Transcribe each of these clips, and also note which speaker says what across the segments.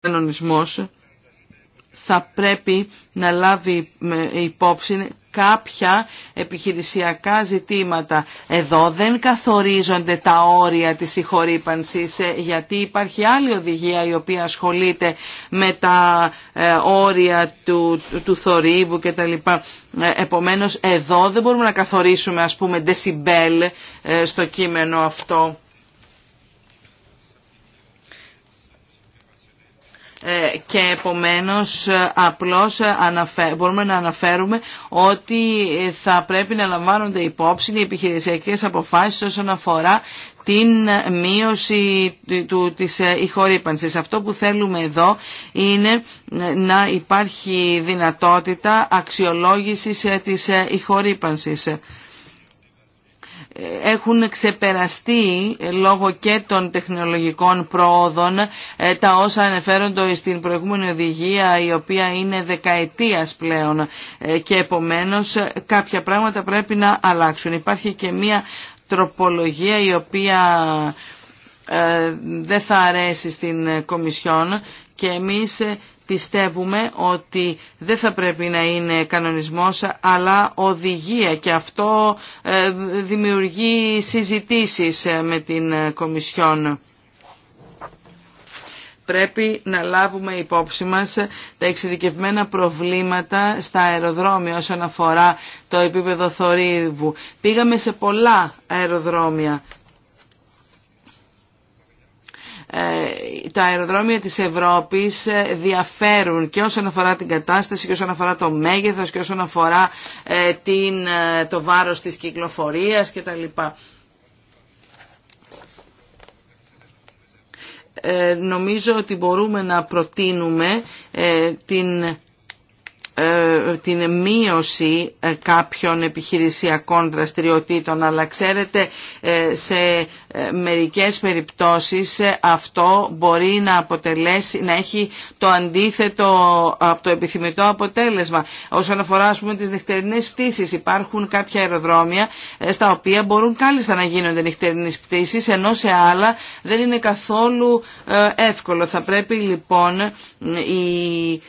Speaker 1: κανονισμός θα πρέπει να λάβει υπόψη κάποια επιχειρησιακά ζητήματα. Εδώ δεν καθορίζονται τα όρια της συγχωρήπανσης ε, γιατί υπάρχει άλλη οδηγία η οποία ασχολείται με τα ε, όρια του, του, του θορύβου κτλ. Ε, επομένως εδώ δεν μπορούμε να καθορίσουμε ας πούμε δεσιμπέλ στο κείμενο αυτό. Ε, και επομένως ε, απλώς ε, μπορούμε να αναφέρουμε ότι θα πρέπει να λαμβάνονται υπόψη οι επιχειρησιακές αποφάσεις όσον αφορά την μείωση του, της ηχορύπανσης. Αυτό που θέλουμε εδώ είναι να υπάρχει δυνατότητα αξιολόγησης της ηχορύπανσης έχουν ξεπεραστεί λόγω και των τεχνολογικών πρόοδων ε, τα όσα ανεφέρονται στην προηγούμενη οδηγία η οποία είναι δεκαετίας πλέον ε, και επομένως ε, κάποια πράγματα πρέπει να αλλάξουν. Υπάρχει και μία τροπολογία η οποία δεν θα αρέσει στην Κομισιόν και εμείς πιστεύουμε ότι δεν θα πρέπει να είναι κανονισμός αλλά οδηγία και αυτό ε, δημιουργεί συζητήσεις ε, με την ε, Κομισιόν. Πρέπει να λάβουμε υπόψη μας τα εξειδικευμένα προβλήματα στα αεροδρόμια όσον αφορά το επίπεδο θορύβου. Πήγαμε σε πολλά αεροδρόμια ε, τα αεροδρόμια της Ευρώπης ε, διαφέρουν και όσον αφορά την κατάσταση και όσον αφορά το μέγεθος και όσον αφορά ε, την, το βάρος της κυκλοφορίας κτλ. νομίζω ότι μπορούμε να προτείνουμε την ε, την μείωση ε, κάποιων επιχειρησιακών δραστηριοτήτων αλλά ξέρετε ε, σε μερικές περιπτώσεις αυτό μπορεί να αποτελέσει να έχει το αντίθετο από το επιθυμητό αποτέλεσμα όσον αφορά ας πούμε τις νυχτερινές πτήσεις υπάρχουν κάποια αεροδρόμια στα οποία μπορούν κάλλιστα να γίνονται νυχτερινές πτήσεις ενώ σε άλλα δεν είναι καθόλου εύκολο θα πρέπει λοιπόν η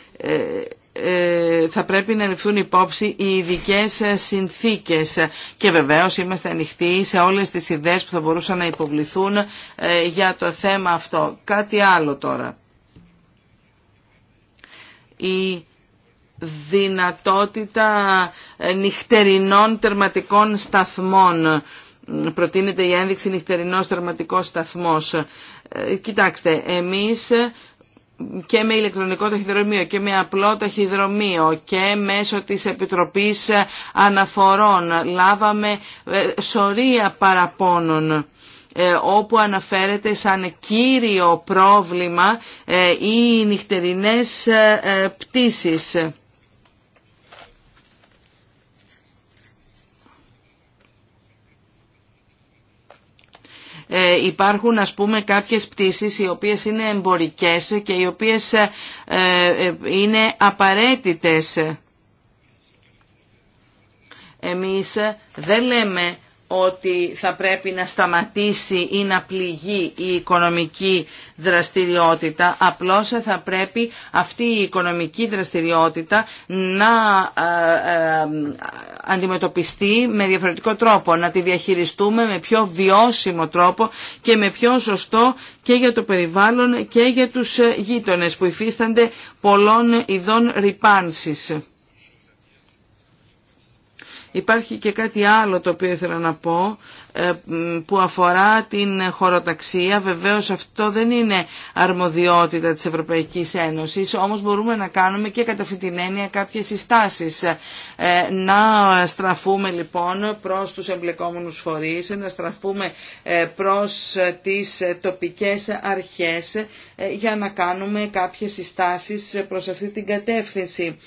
Speaker 1: ε, θα πρέπει να ληφθούν υπόψη οι ειδικέ συνθήκες και βεβαίω είμαστε ανοιχτοί σε όλες τις ιδέες που θα μπορούσαν να υποβληθούν ε, για το θέμα αυτό. Κάτι άλλο τώρα. Η δυνατότητα ε, νυχτερινών τερματικών σταθμών. Προτείνεται η ένδειξη νυχτερινός τερματικός σταθμός. Κοιτάξτε, εμείς και με ηλεκτρονικό ταχυδρομείο και με απλό ταχυδρομείο και μέσω της Επιτροπής Αναφορών λάβαμε ε, σωρία παραπόνων ε, όπου αναφέρεται σαν κύριο πρόβλημα ε, οι νυχτερινές πτήσεις. Ε, υπάρχουν ας πούμε κάποιες πτήσεις οι οποίες είναι εμπορικές και οι οποίες ε, ε, είναι απαραίτητες. Εμείς δεν λέμε ότι θα πρέπει να σταματήσει ή να πληγεί η οικονομική δραστηριότητα. Απλώς θα πρέπει αυτή η οικονομική δραστηριότητα να ε, ε, αντιμετωπιστεί με διαφορετικό τρόπο, να τη διαχειριστούμε με πιο βιώσιμο τρόπο και με πιο σωστό και για το περιβάλλον και για τους γείτονες που υφίστανται πολλών ειδών ρυπάνσης. Υπάρχει και κάτι άλλο το οποίο ήθελα να πω ε, που αφορά την χωροταξία. Βεβαίως αυτό δεν είναι αρμοδιότητα της Ευρωπαϊκής Ένωσης, όμως μπορούμε να κάνουμε και κατά αυτή την έννοια κάποιες συστάσεις. Ε, να στραφούμε λοιπόν προς τους εμπλεκόμενους φορείς, να στραφούμε ε, προς τις τοπικές αρχές για να κάνουμε κάποιες συστάσεις προς αυτή την κατεύθυνση.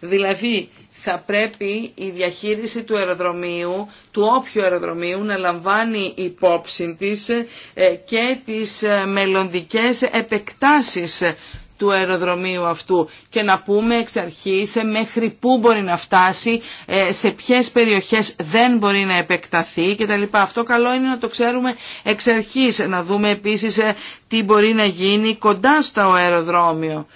Speaker 1: Δηλαδή θα πρέπει η διαχείριση του αεροδρομίου, του όποιου αεροδρομίου, να λαμβάνει υπόψη της ε, και τις ε, μελλοντικές επεκτάσεις του αεροδρομίου αυτού και να πούμε εξ αρχής ε, μέχρι πού μπορεί να φτάσει, σε ποιες περιοχές δεν μπορεί να επεκταθεί κτλ. Αυτό καλό είναι να το ξέρουμε εξ αρχής, να δούμε επίσης τι μπορεί να γίνει κοντά στο αεροδρόμιο.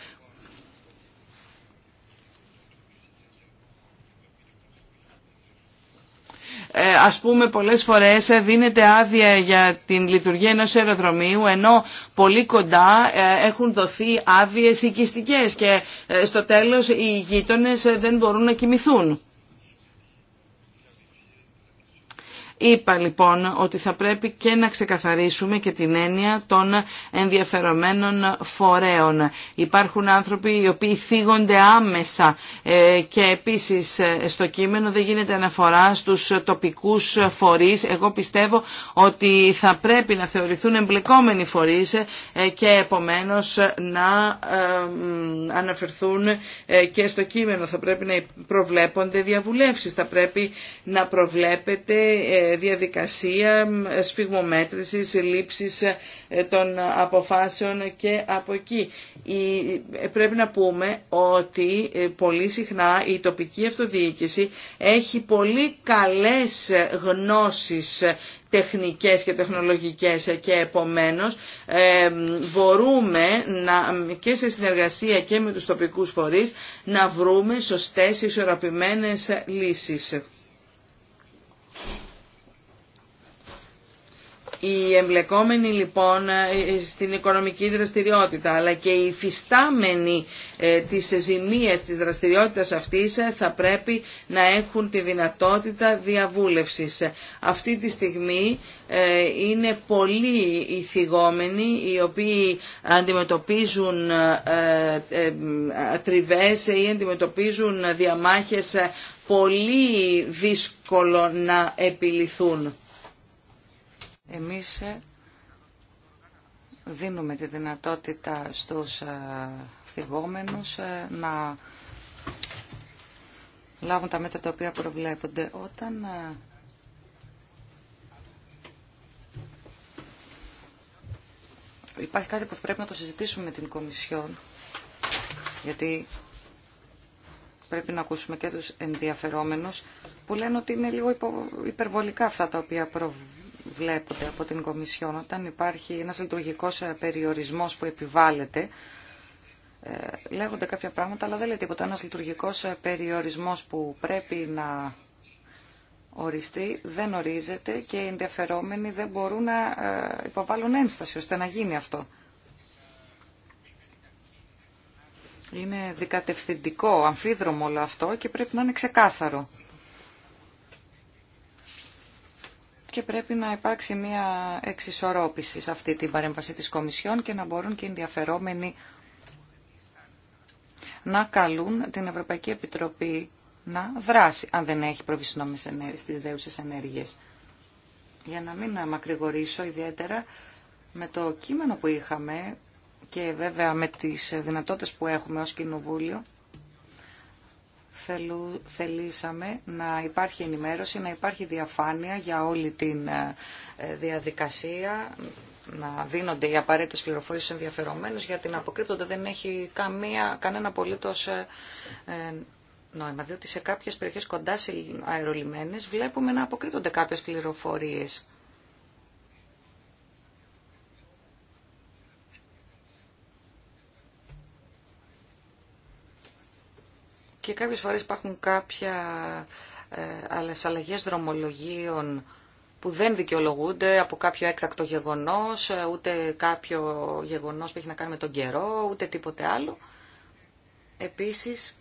Speaker 1: Ε, ας πούμε πολλές φορές ε, δίνεται άδεια για την λειτουργία ενός αεροδρομίου ενώ πολύ κοντά ε, έχουν δοθεί άδειες οικιστικές και στο τέλος οι γείτονες δεν μπορούν να κοιμηθούν. Είπα λοιπόν ότι θα πρέπει και να ξεκαθαρίσουμε και την έννοια των ενδιαφερομένων φορέων. Υπάρχουν άνθρωποι οι οποίοι θίγονται άμεσα ε, και επίσης ε, στο κείμενο δεν γίνεται αναφορά στους τοπικούς φορείς. Εγώ πιστεύω ότι θα πρέπει να θεωρηθούν εμπλεκόμενοι φορείς ε, και επομένως να αναφερθούν και στο κείμενο. Θα πρέπει να προβλέπονται διαβουλεύσεις, θα πρέπει να προβλέπεται διαδικασία σφιγμομέτρησης, λήψης ε, των αποφάσεων και από εκεί. Ε, πρέπει να πούμε ότι ε, πολύ συχνά η τοπική αυτοδιοίκηση έχει πολύ καλές γνώσεις τεχνικές και τεχνολογικές και επομένως μπορούμε να, και σε συνεργασία και με τους τοπικούς φορείς να βρούμε σωστές ισορροπημένες λύσεις. Οι εμπλεκόμενοι λοιπόν ε, στην οικονομική δραστηριότητα αλλά και οι φυστάμενοι ε, της ζημίας της δραστηριότητας αυτής ε, θα πρέπει να έχουν τη δυνατότητα διαβούλευσης. Αυτή τη στιγμή είναι πολλοί οι θυγόμενοι οι οποίοι αντιμετωπίζουν τριβές ή αντιμετωπίζουν διαμάχες
Speaker 2: πολύ δύσκολο να επιληθούν. Εμείς ε, δίνουμε τη δυνατότητα στους φυγόμενους ε, ε, να λάβουν τα μέτρα τα οποία προβλέπονται. Όταν υπάρχει κάτι που πρέπει να το συζητήσουμε με την Κομισιόν, γιατί πρέπει να ακούσουμε και τους ενδιαφερόμενους, που λένε ότι είναι λίγο υπερβολικά αυτά τα οποία προβλέπονται Βλέπετε από την Κομισιόν όταν υπάρχει ένας λειτουργικός ε, περιορισμός που επιβάλλεται ε, λέγονται κάποια πράγματα αλλά δεν λέει τίποτα ένας λειτουργικός ε, περιορισμός που πρέπει να οριστεί δεν ορίζεται και οι ενδιαφερόμενοι δεν μπορούν να υποβάλουν ένσταση ώστε να γίνει αυτό. Είναι δικατευθυντικό, αμφίδρομο όλο αυτό και πρέπει να είναι ξεκάθαρο. και πρέπει να υπάρξει μια εξισορρόπηση σε αυτή την παρέμβαση της Κομισιόν και να μπορούν και οι ενδιαφερόμενοι να καλούν την Ευρωπαϊκή Επιτροπή να δράσει, αν δεν έχει προβεί ενέργειες, στις δέουσες ενέργειες. Για να μην μακρηγορήσω ιδιαίτερα με το κείμενο που είχαμε και βέβαια με τις δυνατότητες που έχουμε ως Κοινοβούλιο, θελού, θελήσαμε να υπάρχει ενημέρωση, να υπάρχει διαφάνεια για όλη την ε, διαδικασία, να δίνονται οι απαραίτητε πληροφορίε στου ενδιαφερομένου, γιατί να αποκρύπτονται δεν έχει καμία, κανένα απολύτω ε, ε, νόημα. Διότι σε κάποιε περιοχέ κοντά σε αερολιμένε βλέπουμε να αποκρύπτονται κάποιε πληροφορίε. και κάποιες φορές υπάρχουν κάποια ε, αλλαγές δρομολογίων που δεν δικαιολογούνται από κάποιο έκτακτο γεγονός, ε, ούτε κάποιο γεγονός που έχει να κάνει με τον καιρό, ούτε τίποτε άλλο. Επίσης,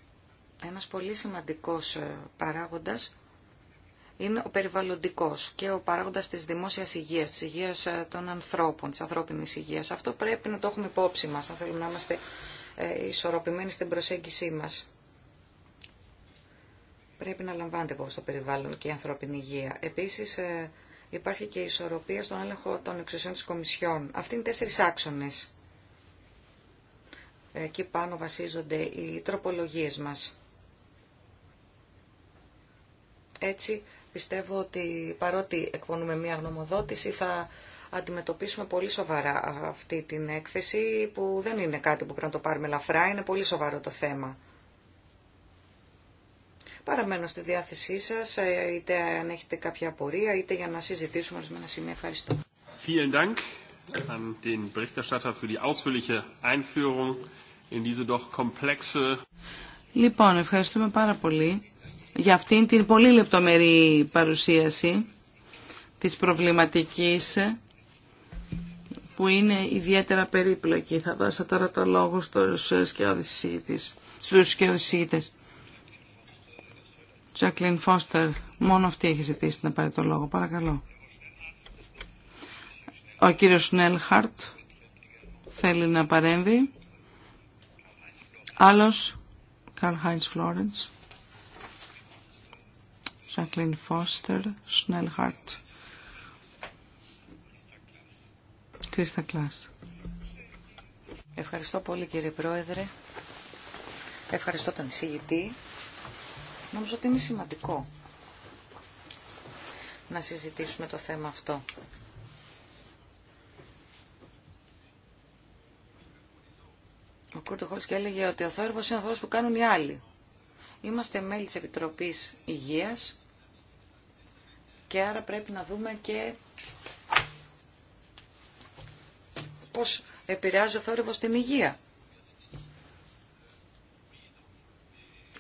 Speaker 2: ένας πολύ σημαντικός ε, παράγοντας είναι ο περιβαλλοντικός και ο παράγοντας της δημόσιας υγείας, της υγείας ε, των ανθρώπων, της ανθρώπινης υγείας. Αυτό πρέπει να το έχουμε υπόψη μας, αν θέλουμε να είμαστε ισορροπημένοι στην προσέγγισή μας πρέπει να λαμβάνεται υπόψη το περιβάλλον και η ανθρώπινη υγεία. Επίσης, ε, υπάρχει και η ισορροπία στον έλεγχο των εξουσιών τη Κομισιόν. Αυτοί είναι τέσσερις άξονες. Εκεί πάνω βασίζονται οι τροπολογίε μα. Έτσι, πιστεύω ότι παρότι εκπονούμε μία γνωμοδότηση, θα αντιμετωπίσουμε πολύ σοβαρά αυτή την έκθεση, που δεν είναι κάτι που πρέπει να το πάρουμε ελαφρά, είναι πολύ σοβαρό το θέμα παραμένω στη διάθεσή σας, ε, είτε αν έχετε κάποια απορία, είτε για να συζητήσουμε ορισμένα σημεία. Ευχαριστώ.
Speaker 1: Λοιπόν, ευχαριστούμε πάρα πολύ για αυτήν την πολύ λεπτομερή παρουσίαση της προβληματικής που είναι ιδιαίτερα περίπλοκη. Θα δώσω τώρα το λόγο στους σκιώδης Τζακλίν Φώστερ, μόνο αυτή έχει ζητήσει να πάρει το λόγο. Παρακαλώ. Ο κύριος Νέλχαρτ θέλει να παρέμβει. Άλλος, Καρλ Χάιντς Φλόρεντς, Ζακλίν Φώστερ, Σνέλχαρτ, Κρίστα Κλάς.
Speaker 2: Ευχαριστώ πολύ κύριε Πρόεδρε. Ευχαριστώ τον εισηγητή. Νομίζω ότι είναι σημαντικό να συζητήσουμε το θέμα αυτό. Ο Κούρτο Χόλσκι έλεγε ότι ο θόρυβος είναι ο θόρυβος που κάνουν οι άλλοι. Είμαστε μέλη της Επιτροπής Υγείας και άρα πρέπει να δούμε και πώς επηρεάζει ο θόρυβος την υγεία.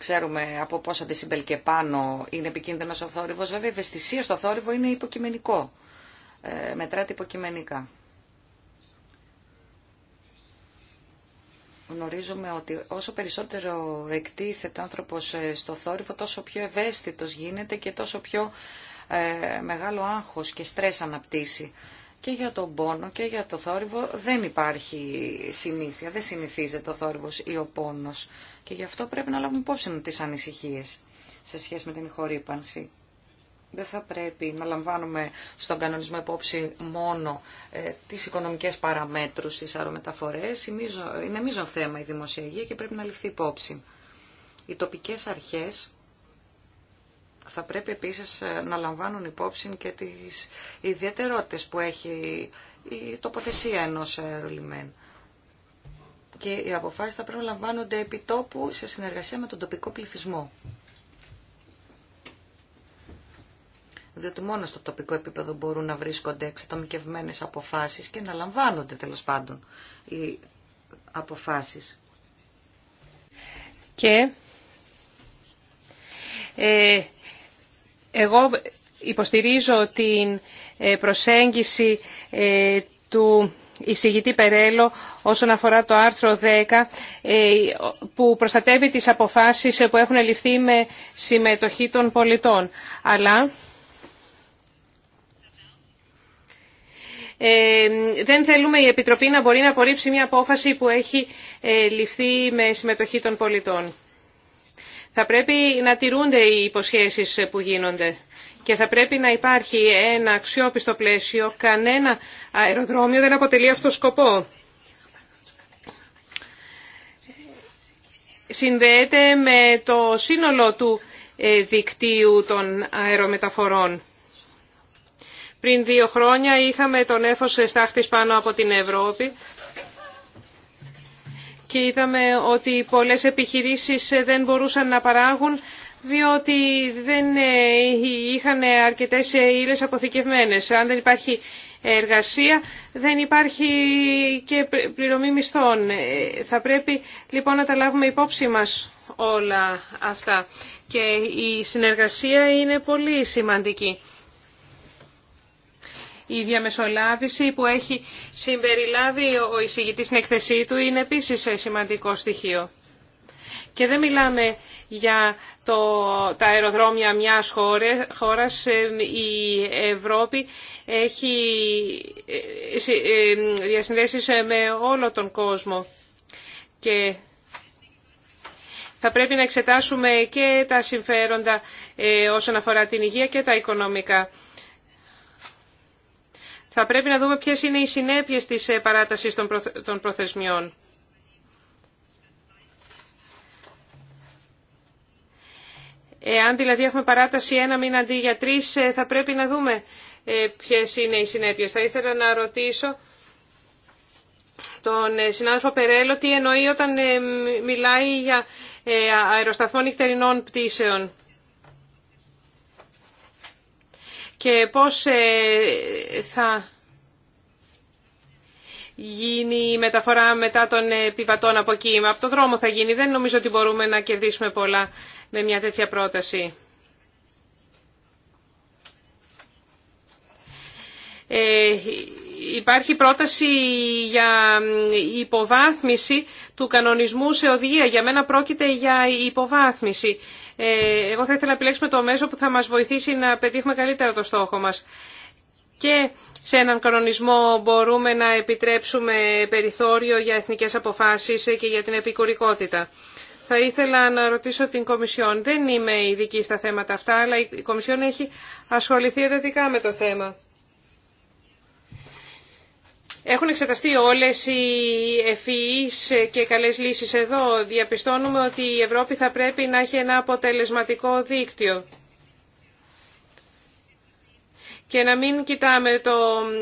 Speaker 2: Ξέρουμε από πόσα δεσιμπελ και πάνω είναι επικίνδυνος ο θόρυβος. Βέβαια, η ευαισθησία στο θόρυβο είναι υποκειμενικό. Ε, μετράται υποκειμενικά. γνωρίζουμε ότι όσο περισσότερο εκτίθεται ο άνθρωπος ε, στο θόρυβο, τόσο πιο ευαίσθητος γίνεται και τόσο πιο ε, μεγάλο άγχος και στρες αναπτύσσει και για τον πόνο και για το θόρυβο δεν υπάρχει συνήθεια, δεν συνηθίζεται ο θόρυβος ή ο πόνος. Και γι' αυτό πρέπει να λάβουμε υπόψη τις ανησυχίες σε σχέση με την χορύπανση. Δεν θα πρέπει να λαμβάνουμε στον κανονισμό υπόψη μόνο ε, τις οικονομικές παραμέτρους στις αερομεταφορές. Είναι μείζον θέμα η δημοσιογεία και πρέπει να ληφθεί υπόψη. Οι τοπικές αρχές θα πρέπει επίσης ε, να λαμβάνουν υπόψη και τις ιδιαιτερότητες που έχει η τοποθεσία ενός αερολιμένου. Και οι αποφάσεις θα πρέπει να λαμβάνονται επί τόπου σε συνεργασία με τον τοπικό πληθυσμό. διότι μόνο στο τοπικό επίπεδο μπορούν να βρίσκονται εξατομικευμένες αποφάσεις και να λαμβάνονται τέλος πάντων οι αποφάσεις.
Speaker 3: Και ε, εγώ υποστηρίζω την ε, προσέγγιση ε, του εισηγητή Περέλο όσον αφορά το άρθρο 10 ε, που προστατεύει τις αποφάσεις που έχουν ληφθεί με συμμετοχή των πολιτών. Αλλά δεν θέλουμε η Επιτροπή να μπορεί να απορρίψει μια απόφαση που έχει ληφθεί με συμμετοχή των πολιτών. Θα πρέπει να τηρούνται οι υποσχέσεις που γίνονται και θα πρέπει να υπάρχει ένα αξιόπιστο πλαίσιο. Κανένα αεροδρόμιο δεν αποτελεί αυτό σκοπό. Συνδέεται με το σύνολο του ε, δικτύου των αερομεταφορών. Πριν δύο χρόνια είχαμε τον έφος στάχτης πάνω από την Ευρώπη και είδαμε ότι πολλές επιχειρήσεις ε, δεν μπορούσαν να παράγουν διότι δεν ε, είχαν αρκετές ε, ύλες αποθηκευμένες. Αν δεν υπάρχει εργασία δεν υπάρχει και πληρωμή μισθών. Θα πρέπει λοιπόν να τα λάβουμε υπόψη μας όλα αυτά και η συνεργασία είναι πολύ σημαντική. Η διαμεσολάβηση που έχει συμπεριλάβει ο εισηγητής στην εκθεσή του είναι επίσης σημαντικό στοιχείο. Και δεν μιλάμε για το, τα αεροδρόμια μιας χώρας, ε, η Ευρώπη έχει ε, ε, διασυνδέσεις με όλο τον κόσμο. Και θα πρέπει να εξετάσουμε και τα συμφέροντα όσον αφορά την υγεία και τα οικονομικά. Θα πρέπει να δούμε ποιες είναι οι συνέπειες της ε, παράτασης των προθεσμιών. Εάν δηλαδή έχουμε παράταση ένα μήνα αντί για τρεις, ε, θα πρέπει να δούμε ε, ποιες είναι οι συνέπειες. Θα ήθελα να ρωτήσω τον συνάδελφο Περέλο τι εννοεί όταν μιλάει για αεροσταθμό νυχτερινών πτήσεων. και πώς ε, θα γίνει η μεταφορά μετά των επιβατών από εκεί. Από το δρόμο θα γίνει. Δεν νομίζω ότι μπορούμε να κερδίσουμε πολλά με μια τέτοια πρόταση. Ε, υπάρχει πρόταση για υποβάθμιση του κανονισμού σε οδηγία. Για μένα πρόκειται για υποβάθμιση. Ε, εγώ θα ήθελα να επιλέξουμε το μέσο που θα μας βοηθήσει να πετύχουμε καλύτερα το στόχο μας. Και σε έναν κανονισμό μπορούμε να επιτρέψουμε περιθώριο για εθνικές αποφάσεις και για την επικουρικότητα. Θα ήθελα να ρωτήσω την Κομισιόν. Δεν είμαι ειδική στα θέματα αυτά, αλλά η Κομισιόν έχει ασχοληθεί εντατικά με το θέμα. Έχουν εξεταστεί όλες οι ευφυείς και καλές λύσεις εδώ. Διαπιστώνουμε ότι η Ευρώπη θα πρέπει να έχει ένα αποτελεσματικό δίκτυο. Και να μην κοιτάμε το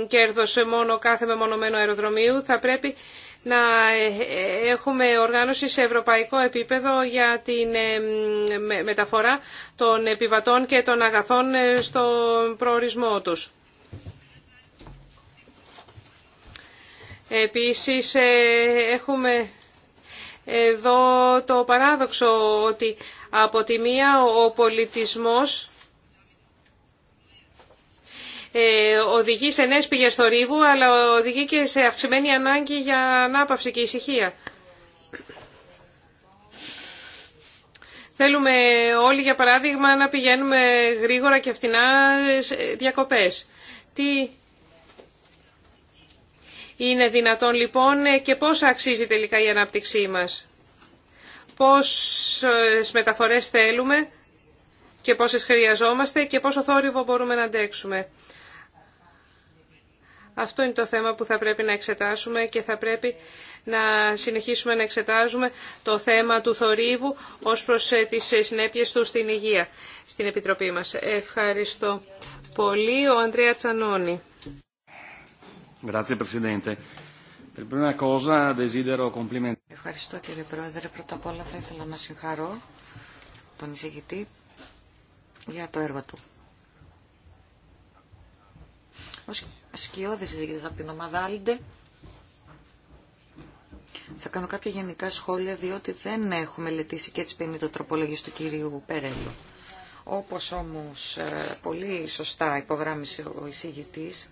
Speaker 3: κέρδος μόνο κάθε μεμονωμένο αεροδρομίου. Θα πρέπει να έχουμε οργάνωση σε ευρωπαϊκό επίπεδο για την ε, μεταφορά των επιβατών και των αγαθών ε, στον προορισμό τους. Επίσης ε, έχουμε εδώ το παράδοξο ότι από τη μία ο πολιτισμός ε, οδηγεί σε νέες πηγές θορύβου, αλλά οδηγεί και σε αυξημένη ανάγκη για ανάπαυση και ησυχία. Θέλουμε όλοι, για παράδειγμα, να πηγαίνουμε γρήγορα και φθηνά διακοπές. Τι είναι δυνατόν λοιπόν και πώς αξίζει τελικά η ανάπτυξή μας. Πόσες μεταφορές θέλουμε και πόσες χρειαζόμαστε και πόσο θόρυβο μπορούμε να αντέξουμε. Αυτό είναι το θέμα που θα πρέπει να εξετάσουμε και θα πρέπει να συνεχίσουμε να εξετάζουμε το θέμα του θορύβου ως προς ε, τις ε, συνέπειες του στην υγεία στην Επιτροπή μας. Ευχαριστώ πολύ. Ο Ανδρέα Τσανώνη. Ευχαριστώ κύριε
Speaker 2: Πρόεδρε. Πρώτα απ' όλα θα ήθελα να συγχαρώ τον εισηγητή για το έργο του. Ως σκιώδης εισηγητής από την ομάδα Άλντε θα κάνω κάποια γενικά σχόλια διότι δεν έχω μελετήσει και τις το τροπολογιστή του κυρίου Περέλου. Όπως όμως ε, πολύ σωστά υπογράμμισε ο εισηγητής,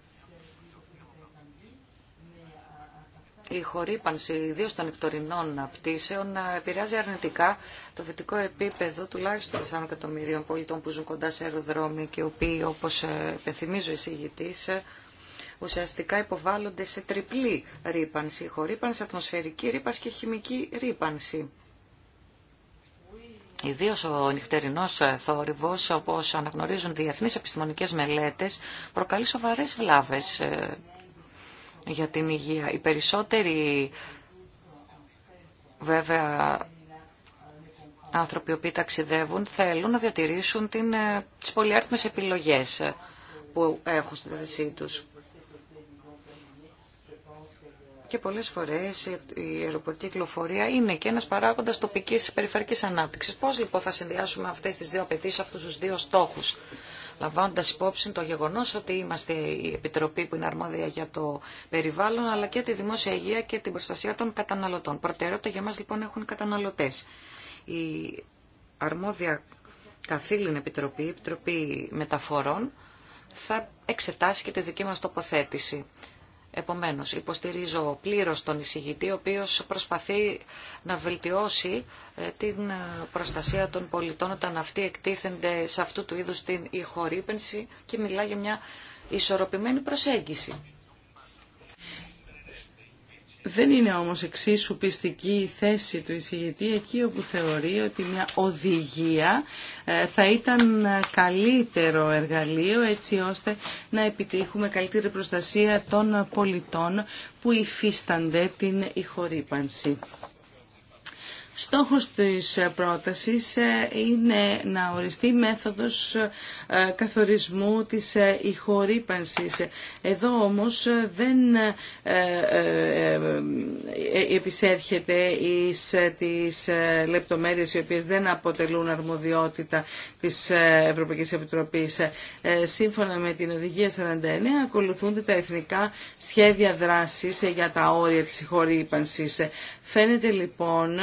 Speaker 2: η χορύπανση ιδίω των νυχτωρινών πτήσεων επηρεάζει αρνητικά το φυτικό επίπεδο τουλάχιστον 4 εκατομμυρίων πολιτών που ζουν κοντά σε αεροδρόμια και οι οποίοι, όπως ε, υπενθυμίζω εισηγητή, ε, ουσιαστικά υποβάλλονται σε τριπλή ρήπανση. Χορύπανση, ατμοσφαιρική ρήπανση και χημική ρήπανση. Ιδίω ο νυχτερινό ε, θόρυβο, όπω αναγνωρίζουν διεθνεί επιστημονικέ μελέτε, προκαλεί σοβαρέ βλάβε για την υγεία. Οι περισσότεροι βέβαια άνθρωποι που ταξιδεύουν θέλουν να διατηρήσουν την, ε, τις πολυάριθμες επιλογές ε, που έχουν στη θέση τους. Και πολλές φορές η αεροπορική κυκλοφορία είναι και ένας παράγοντας τοπικής περιφερειακής ανάπτυξης. Πώς λοιπόν θα συνδυάσουμε αυτές τις δύο απαιτήσει, αυτούς τους δύο στόχους λαμβάνοντα υπόψη το γεγονό ότι είμαστε η Επιτροπή που είναι αρμόδια για το περιβάλλον, αλλά και τη δημόσια υγεία και την προστασία των καταναλωτών. Προτεραιότητα για μα λοιπόν έχουν οι καταναλωτέ. Η αρμόδια καθήλυν Επιτροπή, η Επιτροπή Μεταφορών, θα εξετάσει και τη δική μα τοποθέτηση. Επομένως, υποστηρίζω πλήρως τον εισηγητή, ο οποίος προσπαθεί να βελτιώσει ε, την ε, προστασία των πολιτών όταν αυτοί εκτίθενται σε αυτού του είδους την ηχορύπενση και μιλά για μια ισορροπημένη προσέγγιση
Speaker 1: δεν είναι όμως εξίσου πιστική η θέση του εισηγητή εκεί όπου θεωρεί ότι μια οδηγία ε, θα ήταν καλύτερο εργαλείο έτσι ώστε να επιτύχουμε καλύτερη προστασία των πολιτών που υφίστανται την ηχορύπανση. Στόχος της ε, πρότασης ε, είναι να οριστεί μέθοδος ε, καθορισμού της ηχορύπανσης. Εδώ όμως δεν επισέρχεται εις τις λεπτομέρειες οι οποίες δεν αποτελούν αρμοδιότητα της Ευρωπαϊκής Επιτροπής. Σύμφωνα με την Οδηγία 49 ακολουθούνται τα εθνικά σχέδια δράσης για τα όρια της ηχορύπανσης. Φαίνεται λοιπόν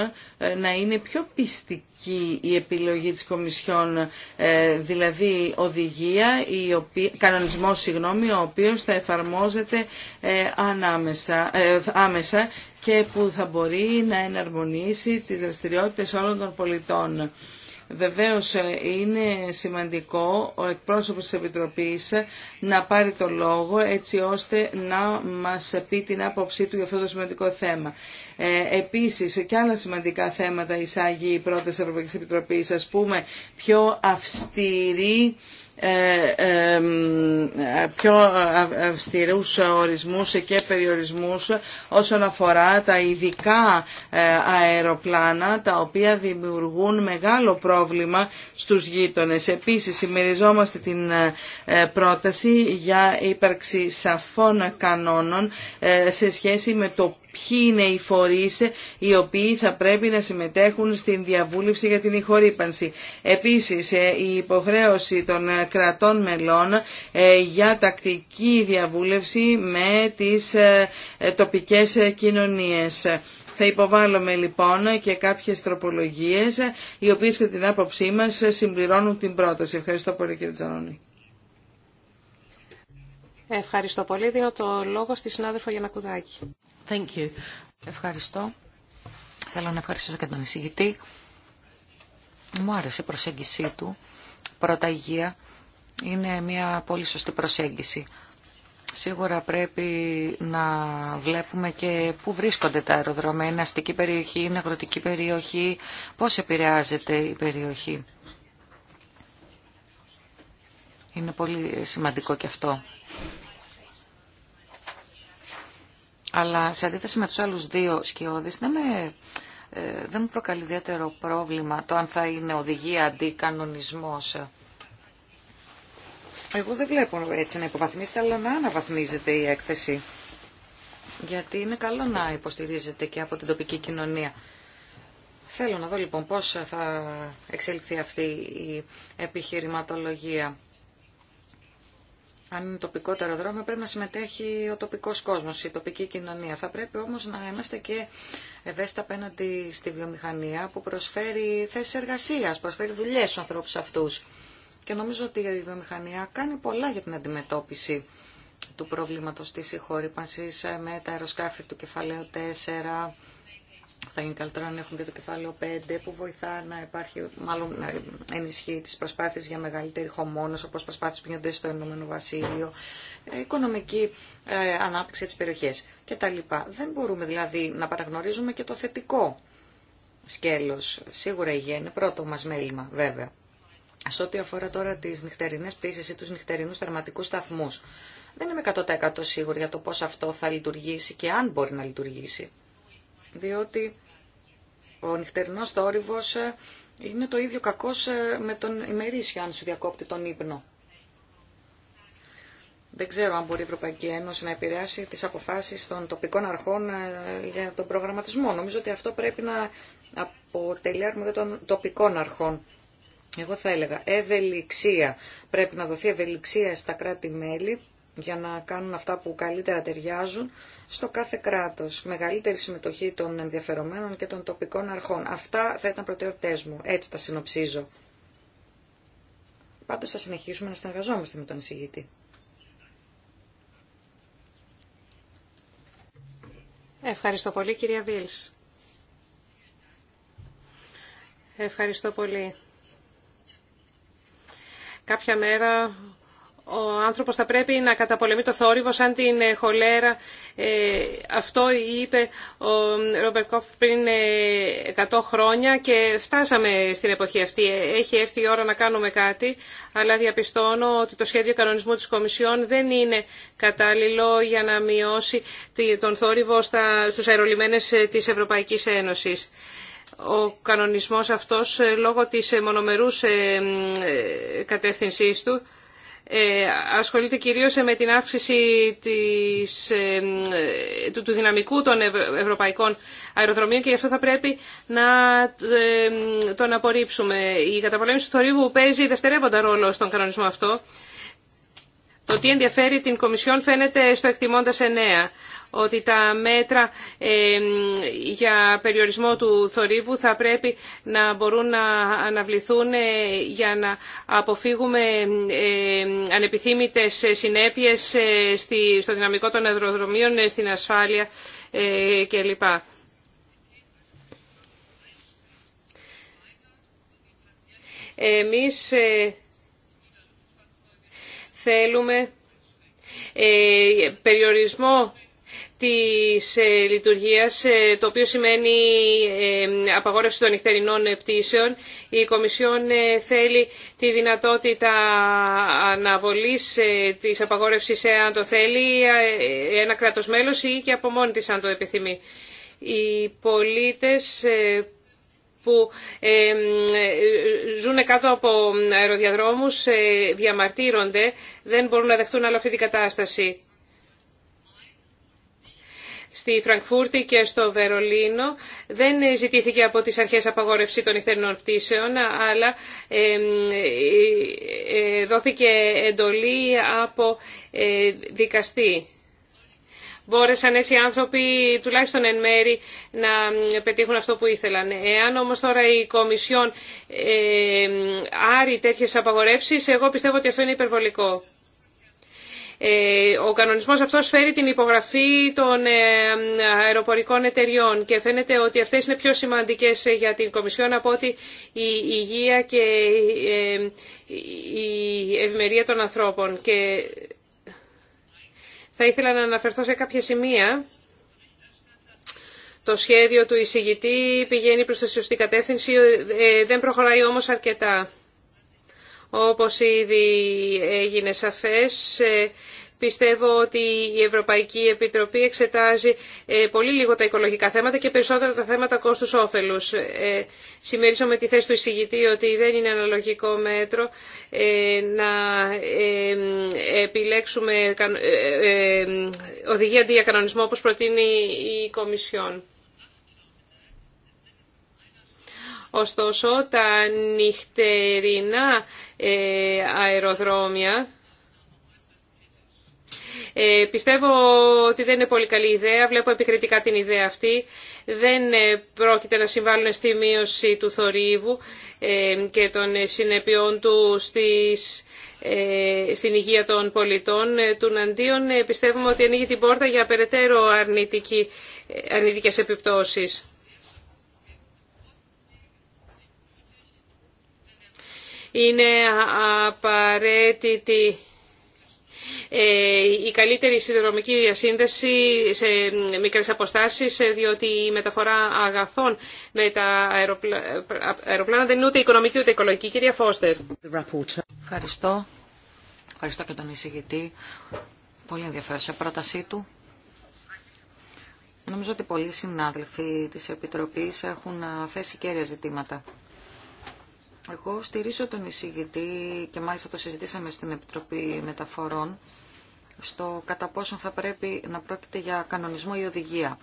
Speaker 1: ε, να είναι πιο πιστική η επιλογή της Κομισιόν, ε, δηλαδή οδηγία, η οποία, κανονισμός συγγνώμη, ο οποίος θα εφαρμόζεται ε, ανάμεσα, άμεσα και που θα μπορεί να εναρμονίσει τις δραστηριότητες όλων των πολιτών. Βεβαίως ε, είναι σημαντικό ο εκπρόσωπος της Επιτροπής να πάρει το λόγο έτσι ώστε να μας πει την άποψή του για αυτό το σημαντικό θέμα. Ε, επίσης και άλλα σημαντικά θέματα εισάγει η πρώτη της Ευρωπαϊκής Επιτροπής, ας πούμε πιο αυστηρή ε, ε, πιο αυστηρούς ορισμούς και περιορισμούς όσον αφορά τα ειδικά ε, αεροπλάνα τα οποία δημιουργούν μεγάλο πρόβλημα στους γείτονες. Επίσης, συμμεριζόμαστε την πρόταση για ύπαρξη σαφών κανόνων σε σχέση με το ποιοι είναι οι φορείς οι οποίοι θα πρέπει να συμμετέχουν στην διαβούλευση για την ηχορύπανση. Επίσης, ε, η υποχρέωση των ε, κρατών μελών ε, για τακτική διαβούλευση με τις τοπικές κοινωνίες. Θα υποβάλλουμε λοιπόν και κάποιες τροπολογίες οι οποίες κατά την άποψή μας συμπληρώνουν την πρόταση. Ευχαριστώ πολύ
Speaker 2: κύριε Τζανώνη.
Speaker 3: Ευχαριστώ πολύ. Δίνω το λόγο στη συνάδελφο Γιανακουδάκη.
Speaker 2: Ευχαριστώ. Θέλω να ευχαριστήσω και τον εισηγητή. Μου άρεσε η προσέγγιση του. Πρώτα υγεία είναι μια πολύ σωστή προσέγγιση. Σίγουρα πρέπει να βλέπουμε και πού βρίσκονται τα αεροδρόμια. Είναι αστική περιοχή, είναι αγροτική περιοχή, πώς επηρεάζεται η περιοχή. Είναι πολύ σημαντικό και αυτό. Αλλά σε αντίθεση με τους άλλους δύο σκιώδεις δεν, με, ε, δεν μου προκαλεί ιδιαίτερο πρόβλημα το αν θα είναι οδηγία αντί κανονισμός. Εγώ δεν βλέπω έτσι να υποβαθμίζεται, αλλά να αναβαθμίζεται η έκθεση. Γιατί είναι καλό να υποστηρίζεται και από την τοπική κοινωνία. Θέλω να δω λοιπόν πώς θα εξελιχθεί αυτή η επιχειρηματολογία αν είναι τοπικό το αεροδρόμιο, πρέπει να συμμετέχει ο τοπικό κόσμο, η τοπική κοινωνία. Θα πρέπει όμω να είμαστε και ευαίσθητα απέναντι στη βιομηχανία που προσφέρει θέσει εργασία, προσφέρει δουλειέ στου ανθρώπου αυτού. Και νομίζω ότι η βιομηχανία κάνει πολλά για την αντιμετώπιση του προβλήματος της συγχώρυπανσης με τα αεροσκάφη του κεφαλαίου 4, θα γίνει καλύτερα να έχουν και το κεφάλαιο 5 που βοηθά να υπάρχει, μάλλον να ενισχύει τις προσπάθειες για μεγαλύτερη χωμόνος, όπως προσπάθειες που γίνονται στο Ηνωμένο Βασίλειο, ε, οικονομική ε, ανάπτυξη της τα κτλ. Δεν μπορούμε δηλαδή να παραγνωρίζουμε και το θετικό σκέλος. Σίγουρα η υγεία είναι πρώτο μας μέλημα βέβαια. Σε ό,τι αφορά τώρα τις νυχτερινές πτήσεις ή τους νυχτερινούς θερματικούς σταθμούς, δεν είμαι 100% σίγουρη για το πώς αυτό θα λειτουργήσει και αν μπορεί να λειτουργήσει διότι ο νυχτερινός θόρυβος ε, είναι το ίδιο κακός ε, με τον ημερήσιο αν σου διακόπτει τον ύπνο. Δεν ξέρω αν μπορεί η Ευρωπαϊκή Ένωση να επηρεάσει τις αποφάσεις των τοπικών αρχών ε, για τον προγραμματισμό. Νομίζω ότι αυτό πρέπει να αποτελεί αρμοδέ των τοπικών αρχών. Εγώ θα έλεγα ευελιξία. Πρέπει να δοθεί ευελιξία στα κράτη-μέλη για να κάνουν αυτά που καλύτερα ταιριάζουν στο κάθε κράτος. Μεγαλύτερη συμμετοχή των ενδιαφερομένων και των τοπικών αρχών. Αυτά θα ήταν προτεραιότητές μου. Έτσι τα συνοψίζω. Πάντως θα συνεχίσουμε να συνεργαζόμαστε με τον εισηγητή.
Speaker 3: Ευχαριστώ πολύ κυρία Βίλς. Ευχαριστώ πολύ. Κάποια μέρα ο άνθρωπος θα πρέπει να καταπολεμεί το θόρυβο σαν την ε, χολέρα. Ε, αυτό είπε ο Ρόμπερ Κόφ πριν 100 ε, χρόνια και φτάσαμε στην εποχή αυτή. Έχει έρθει η ώρα να κάνουμε κάτι, αλλά διαπιστώνω ότι το σχέδιο κανονισμού της Κομισιόν δεν είναι κατάλληλο για να μειώσει τον θόρυβο στα, στους αερολιμένες της Ευρωπαϊκής ο κανονισμός αυτός λόγω της μονομερούς κατεύθυνσής του ε, ασχολείται κυρίως με την αύξηση της, ε, του, του δυναμικού των ευρωπαϊκών αεροδρομίων και γι' αυτό θα πρέπει να ε, τον απορρίψουμε. Η καταπολέμηση του θορύβου παίζει δευτερεύοντα ρόλο στον κανονισμό αυτό. Το τι ενδιαφέρει την Κομισιόν φαίνεται στο εκτιμώντας εννέα ότι τα μέτρα για περιορισμό του θορύβου θα πρέπει να μπορούν να αναβληθούν ε, για να αποφύγουμε ανεπιθύμητες συνέπειες ε, στο δυναμικό των αεροδρομίων, ε, στην ασφάλεια κλπ. Εμείς θέλουμε περιορισμό της ε, λειτουργίας, ε, το οποίο σημαίνει ε, απαγόρευση των νυχτερινών πτήσεων. Η Κομισιόν θέλει τη δυνατότητα αναβολής της απαγόρευσης, εάν το θέλει, ένα κράτος μέλος ή και από μόνη της, αν το επιθυμεί. Οι πολίτες που ζουν κάτω από αεροδιαδρόμους διαμαρτύρονται, δεν μπορούν να δεχτούν άλλο αυτή την κατάσταση στη Φραγκφούρτη και στο Βερολίνο δεν ζητήθηκε από τις αρχές απαγόρευση των νυχτερινών πτήσεων, αλλά ε, ε, δόθηκε εντολή από ε, δικαστή. Μπόρεσαν έτσι οι άνθρωποι τουλάχιστον εν μέρη να πετύχουν αυτό που ήθελαν. Εάν όμως τώρα η Κομισιόν άρει τέτοιες απαγορεύσεις, εγώ πιστεύω ότι αυτό είναι υπερβολικό. Ε, ο κανονισμός αυτός φέρει την υπογραφή των ε, αεροπορικών εταιριών και φαίνεται ότι αυτές είναι πιο σημαντικές για την Κομισιόν από ότι η υγεία και ε, η ευημερία των ανθρώπων. Και θα ήθελα να αναφερθώ σε κάποια σημεία. Το σχέδιο του εισηγητή πηγαίνει προς τη σωστή κατεύθυνση, δεν προχωράει όμως αρκετά. Όπως ήδη έγινε σαφές, ε, πιστεύω ότι η Ευρωπαϊκή Επιτροπή εξετάζει ε, πολύ λίγο τα οικολογικά θέματα και περισσότερα τα θέματα κόστους όφελους. Ε, με τη θέση του εισηγητή ότι δεν είναι αναλογικό μέτρο ε, να επιλέξουμε οδηγία αντί για όπως προτείνει η Κομισιόν. Ωστόσο, τα νυχτερινά ε, αεροδρόμια ε, πιστεύω ότι δεν είναι πολύ καλή ιδέα. Βλέπω επικριτικά την ιδέα αυτή. Δεν ε, πρόκειται να συμβάλλουν στη μείωση του θορύβου και των συνεπειών του στις στην υγεία των πολιτών. Του αντίον πιστεύουμε ότι ανοίγει την πόρτα για περαιτέρω αρνητική, αρνητικές επιπτώσεις. είναι απαραίτητη ε, η καλύτερη συνδρομική διασύνδεση σε μικρές αποστάσεις, ε, διότι η μεταφορά αγαθών με τα αεροπλάνα δεν είναι ούτε οικονομική ούτε οικολογική. Κυρία Φώστερ. Ευχαριστώ. Ευχαριστώ και τον εισηγητή. Πολύ ενδιαφέρουσα πρότασή του.
Speaker 2: Νομίζω ότι πολλοί συνάδελφοι της Επιτροπής έχουν θέσει κέρια ζητήματα εγώ στηρίζω τον εισηγητή και μάλιστα το συζητήσαμε στην Επιτροπή Μεταφορών στο κατά πόσον θα πρέπει να πρόκειται για κανονισμό ή οδηγία.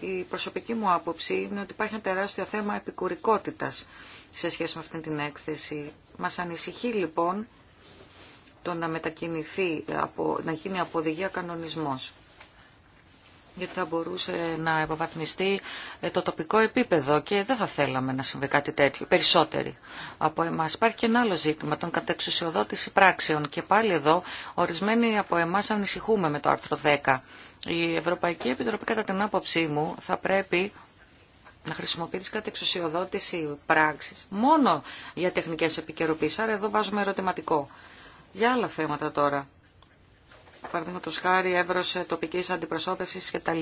Speaker 2: Η προσωπική μου άποψη είναι ότι υπάρχει ένα τεράστιο θέμα επικουρικότητας σε σχέση με αυτή την έκθεση. Μας ανησυχεί λοιπόν το να μετακινηθεί, να γίνει από οδηγία κανονισμός γιατί θα μπορούσε να υποβαθμιστεί ε, το τοπικό επίπεδο και δεν θα θέλαμε να συμβεί κάτι τέτοιο, περισσότεροι από εμάς. Υπάρχει και ένα άλλο ζήτημα, τον κατεξουσιοδότηση πράξεων και πάλι εδώ ορισμένοι από εμάς ανησυχούμε με το άρθρο 10. Η Ευρωπαϊκή Επιτροπή κατά την άποψή μου θα πρέπει να χρησιμοποιεί τις κατεξουσιοδότηση πράξη. μόνο για τεχνικές επικαιροποίησεις. Άρα εδώ βάζουμε ερωτηματικό. Για άλλα θέματα τώρα παραδείγματο χάρη εύρο τοπική αντιπροσώπευση κτλ.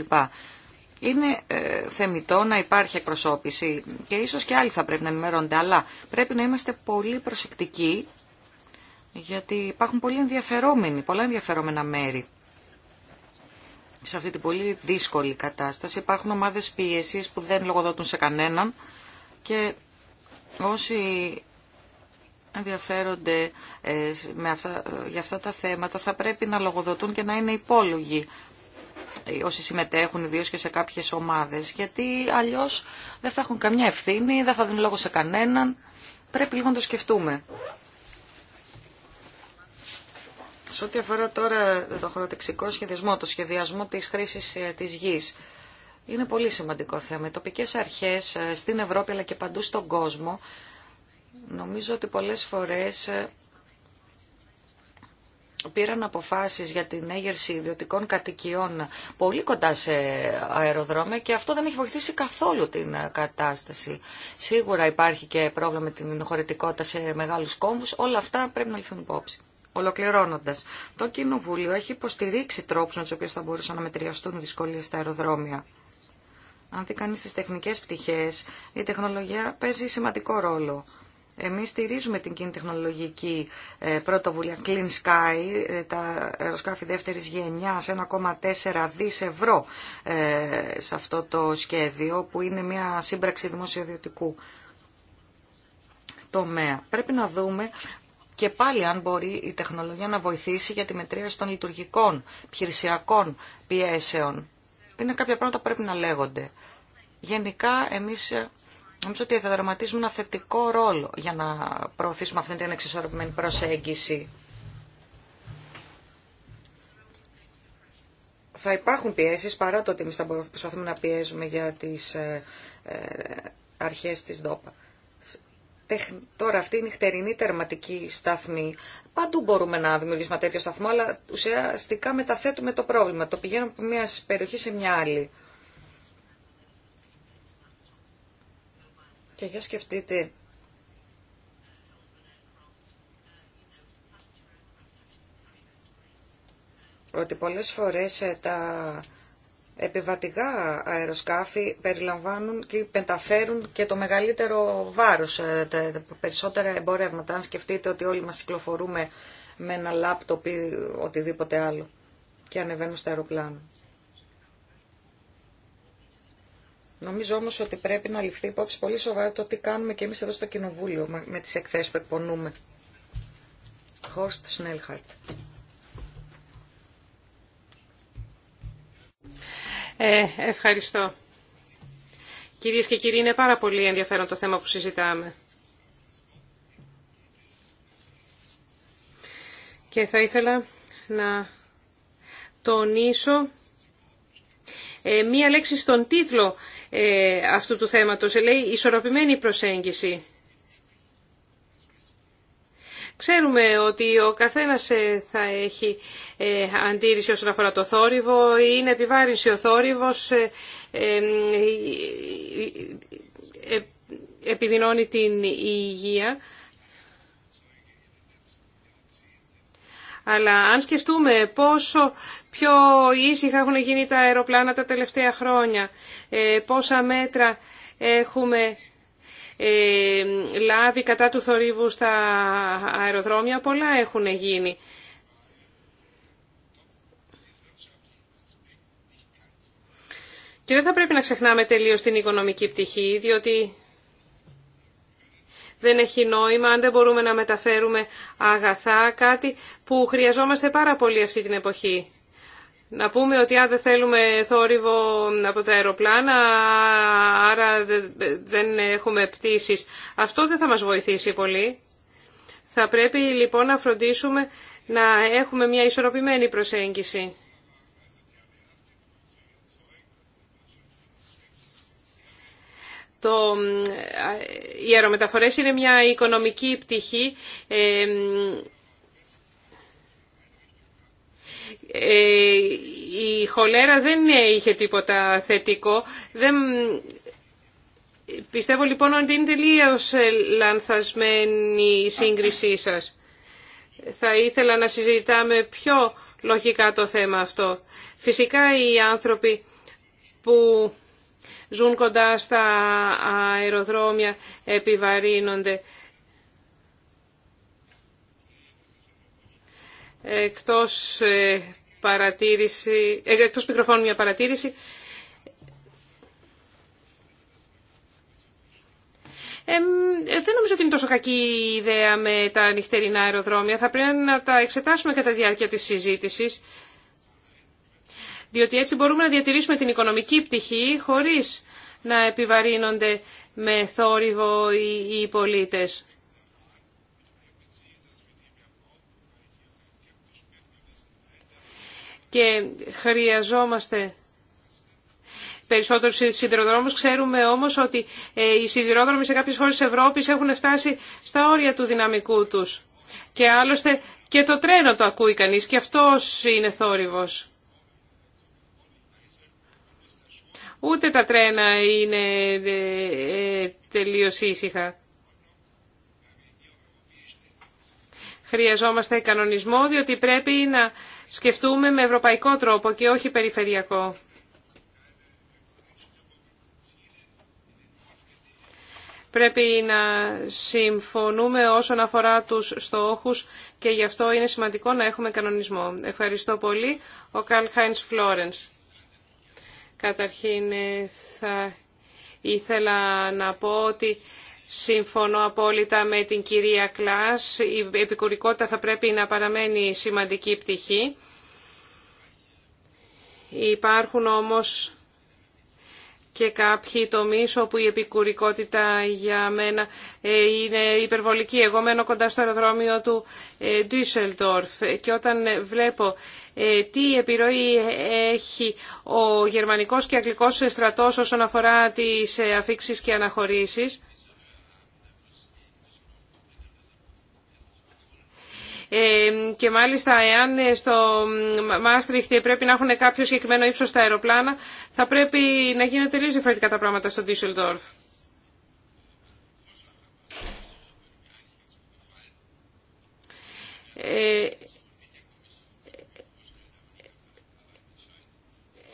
Speaker 2: Είναι ε, θεμητό να υπάρχει εκπροσώπηση και ίσως και άλλοι θα πρέπει να ενημερώνονται, αλλά πρέπει να είμαστε πολύ προσεκτικοί γιατί υπάρχουν πολύ ενδιαφερόμενοι, πολλά ενδιαφερόμενα μέρη. Σε αυτή την πολύ δύσκολη κατάσταση υπάρχουν ομάδες πίεσης που δεν λογοδοτούν σε κανέναν και όσοι ενδιαφέρονται ε, με αυτά, ε, για αυτά τα θέματα θα πρέπει να λογοδοτούν και να είναι υπόλογοι ε, όσοι συμμετέχουν ιδίω και σε κάποιες ομάδες γιατί αλλιώς δεν θα έχουν καμιά ευθύνη, δεν θα δίνουν λόγο σε κανέναν πρέπει λίγο να το σκεφτούμε Σε ό,τι αφορά τώρα το χωροτεξικό σχεδιασμό, το σχεδιασμό της χρήσης της γης είναι πολύ σημαντικό θέμα. Οι τοπικές αρχές στην Ευρώπη αλλά και παντού στον κόσμο Νομίζω ότι πολλές φορές ε, πήραν αποφάσεις για την έγερση ιδιωτικών κατοικιών πολύ κοντά σε αεροδρόμια και αυτό δεν έχει βοηθήσει καθόλου την ε, κατάσταση. Σίγουρα υπάρχει και πρόβλημα με την χωρητικότητα σε μεγάλους κόμβους. Όλα αυτά πρέπει να λυθούν υπόψη. Ολοκληρώνοντα, το Κοινοβούλιο έχει υποστηρίξει τρόπου με του οποίου θα μπορούσαν να μετριαστούν οι δυσκολίε στα αεροδρόμια. Αν δει κανεί τι τεχνικέ πτυχέ, η τεχνολογία παίζει σημαντικό ρόλο. Εμείς στηρίζουμε την κοινή τεχνολογική ε, πρωτοβουλία Clean Sky, ε, τα αεροσκάφη δεύτερης γενιάς, 1,4 δις ευρώ ε, σε αυτό το σχέδιο, που είναι μια σύμπραξη δημοσιοδιωτικού τομέα. Πρέπει να δούμε και πάλι αν μπορεί η τεχνολογία να βοηθήσει για τη μετρίαση των λειτουργικών, επιχειρησιακών πιέσεων. Είναι κάποια πράγματα που πρέπει να λέγονται. Γενικά εμείς Νομίζω ότι θα δραματίζουμε ένα θετικό ρόλο για να προωθήσουμε αυτή την εξισορροπημένη προσέγγιση. Θα υπάρχουν πιέσεις, παρά το ότι εμείς θα προσπαθούμε να πιέζουμε για τις ε, ε, αρχές της ΔΟΠΑ. Τώρα αυτή είναι η χτερινή τερματική σταθμή. Παντού μπορούμε να δημιουργήσουμε τέτοιο σταθμό, αλλά ουσιαστικά μεταθέτουμε το πρόβλημα. Το πηγαίνουμε από μια περιοχή σε μια άλλη. Και για σκεφτείτε ότι πολλές φορές ε, τα επιβατικά αεροσκάφη περιλαμβάνουν και πενταφέρουν και το μεγαλύτερο βάρος, ε, τα περισσότερα εμπορεύματα, αν σκεφτείτε ότι όλοι μας κυκλοφορούμε με ένα λάπτοπ ή οτιδήποτε άλλο και ανεβαίνουν στα αεροπλάνα. Νομίζω όμω ότι πρέπει να ληφθεί υπόψη πολύ σοβαρά το τι κάνουμε και εμεί εδώ στο Κοινοβούλιο με τι εκθέσει που εκπονούμε. Χωστ Σνέλχαρτ.
Speaker 3: Ε, ευχαριστώ. Κυρίες και κύριοι, είναι πάρα πολύ ενδιαφέρον το θέμα που συζητάμε. Και θα ήθελα να τονίσω ε, μία λέξη στον τίτλο ε, αυτού του θέματος. Ε, λέει «Ισορροπημένη προσέγγιση». Ξέρουμε ότι ο καθένας θα έχει αντίρρηση όσον αφορά το θόρυβο, είναι επιβάρυνση ο θόρυβος, επιδεινώνει την υγεία. Αλλά αν σκεφτούμε πόσο πιο ήσυχα έχουν γίνει τα αεροπλάνα τα τελευταία χρόνια, ε, πόσα μέτρα έχουμε ε, λάβει κατά του θορύβου στα αεροδρόμια, πολλά έχουν γίνει. Και δεν θα πρέπει να ξεχνάμε τελείως την οικονομική πτυχή, διότι δεν έχει νόημα αν δεν μπορούμε να μεταφέρουμε αγαθά, κάτι που χρειαζόμαστε πάρα πολύ αυτή την εποχή. Να πούμε ότι αν δεν θέλουμε θόρυβο από τα αεροπλάνα, άρα δεν έχουμε πτήσεις. Αυτό δεν θα μας βοηθήσει πολύ. Θα πρέπει λοιπόν να φροντίσουμε να έχουμε μια ισορροπημένη προσέγγιση. το, ε, οι αερομεταφορές είναι μια οικονομική πτυχή ε, ε, η χολέρα δεν είχε τίποτα θετικό δεν, πιστεύω λοιπόν ότι είναι τελείως λανθασμένη η σύγκρισή σας θα ήθελα να συζητάμε πιο λογικά το θέμα αυτό φυσικά οι άνθρωποι που ζουν κοντά στα αεροδρόμια, επιβαρύνονται. Εκτός, ε, παρατήρηση, ε, εκτός μικροφώνου μια παρατήρηση. Ε, δεν νομίζω ότι είναι τόσο κακή η ιδέα με τα νυχτερινά αεροδρόμια. Θα πρέπει να τα εξετάσουμε κατά τη διάρκεια της συζήτησης διότι έτσι μπορούμε να διατηρήσουμε την οικονομική πτυχή χωρίς να επιβαρύνονται με θόρυβο οι πολίτες. Και χρειαζόμαστε περισσότερους σιδηροδρόμους. Ξέρουμε όμως ότι ε, οι σιδηρόδρομοι σε κάποιες χώρες της Ευρώπης έχουν φτάσει στα όρια του δυναμικού τους. Και άλλωστε και το τρένο το ακούει κανείς και αυτός είναι θόρυβος. Ούτε τα τρένα είναι ε, ε, τελείως ήσυχα. Χρειαζόμαστε κανονισμό διότι πρέπει να σκεφτούμε με ευρωπαϊκό τρόπο και όχι περιφερειακό. Πρέπει να συμφωνούμε όσον αφορά τους στόχους και γι' αυτό είναι σημαντικό να έχουμε κανονισμό. Ευχαριστώ πολύ. Ο Καλ Χάινς Φλόρενς. Καταρχήν ε, θα ήθελα να πω ότι συμφωνώ απόλυτα με την κυρία Κλάς. Η επικουρικότητα θα πρέπει να παραμένει σημαντική πτυχή. Υπάρχουν όμως και κάποιοι τομεί, όπου η επικουρικότητα για μένα ε, είναι υπερβολική. Εγώ μένω κοντά στο αεροδρόμιο του ε, Düsseldorf και όταν ε, βλέπω τι επιρροή έχει ο γερμανικός και αγγλικός στρατός όσον αφορά τις αφήξεις και αναχωρήσεις, και μάλιστα εάν ε, στο Μάστριχτ ε, πρέπει να έχουν κάποιο συγκεκριμένο ύψος στα αεροπλάνα θα πρέπει να γίνουν τελείω διαφορετικά τα πράγματα στο Ντίσσελντορφ.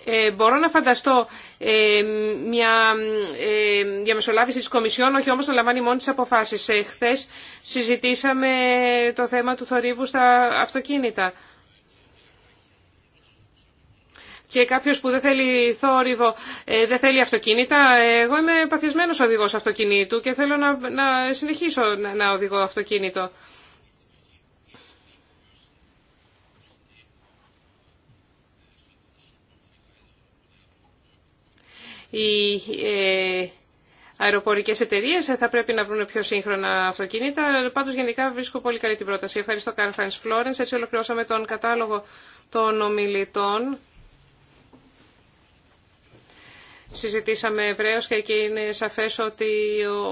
Speaker 3: Ε, μπορώ να φανταστώ ε, μια ε, διαμεσολάβηση της Κομισιόν, όχι όμως να λαμβάνει μόνο τις αποφάσεις. Ε, χθες συζητήσαμε το θέμα του θορύβου στα αυτοκίνητα. Και κάποιος που δεν θέλει θόρυβο, δεν θέλει αυτοκίνητα. Εγώ είμαι παθιασμένος οδηγός αυτοκινήτου και θέλω να, να συνεχίσω να οδηγώ αυτοκίνητο. Οι ε, αεροπορικές εταιρείες θα πρέπει να βρουν πιο σύγχρονα αυτοκίνητα. Πάντως γενικά βρίσκω πολύ καλή την πρόταση. Ευχαριστώ Καρφάνς Φλόρενς. Έτσι ολοκληρώσαμε τον κατάλογο των ομιλητών συζητήσαμε ευρέω και εκεί είναι σαφές ότι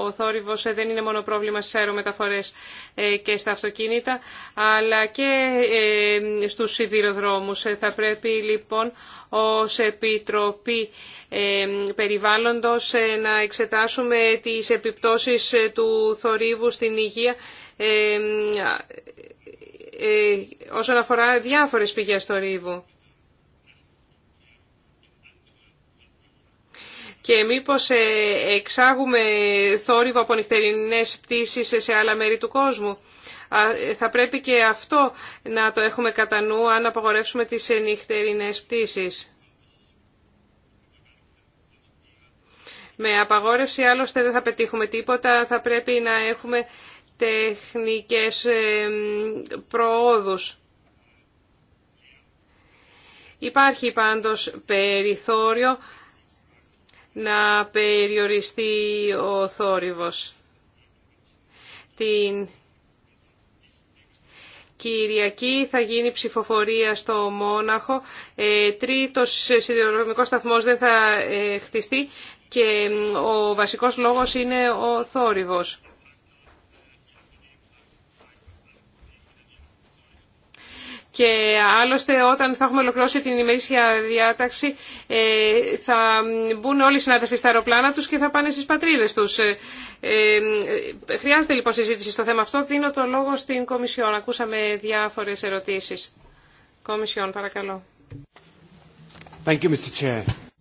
Speaker 3: ο θόρυβος ε, δεν είναι μόνο πρόβλημα στις αερομεταφορές ε, και στα αυτοκίνητα, αλλά και ε, στους σιδηροδρόμους. Θα πρέπει λοιπόν ω Επιτροπή Περιβάλλοντος να εξετάσουμε τις επιπτώσεις του θορύβου στην υγεία όσον αφορά διάφορες πηγές θορύβου. και μήπως ε, εξάγουμε θόρυβο από νυχτερινές πτήσεις σε άλλα μέρη του κόσμου. Ε, θα πρέπει και αυτό να το έχουμε κατά νου αν απαγορεύσουμε τις ε, νυχτερινές πτήσεις. Με απαγόρευση άλλωστε δεν θα πετύχουμε τίποτα, θα πρέπει να έχουμε τεχνικές προόδους. Υπάρχει πάντως περιθώριο να περιοριστεί ο θόρυβος. Την Κυριακή θα γίνει ψηφοφορία στο Μόναχο. Ε, τρίτος σιδηροδρομικός σταθμός δεν θα ε, χτιστεί και ο βασικός λόγος είναι ο θόρυβος. Και άλλωστε όταν θα έχουμε ολοκληρώσει την ημερήσια διάταξη ε, θα μπουν όλοι οι συνάδελφοι στα αεροπλάνα τους και θα πάνε στις πατρίδες τους. Ε, ε, χρειάζεται λοιπόν συζήτηση στο θέμα αυτό. Δίνω το λόγο στην Κομισιόν. Ακούσαμε διάφορες ερωτήσεις. Κομισιόν, παρακαλώ.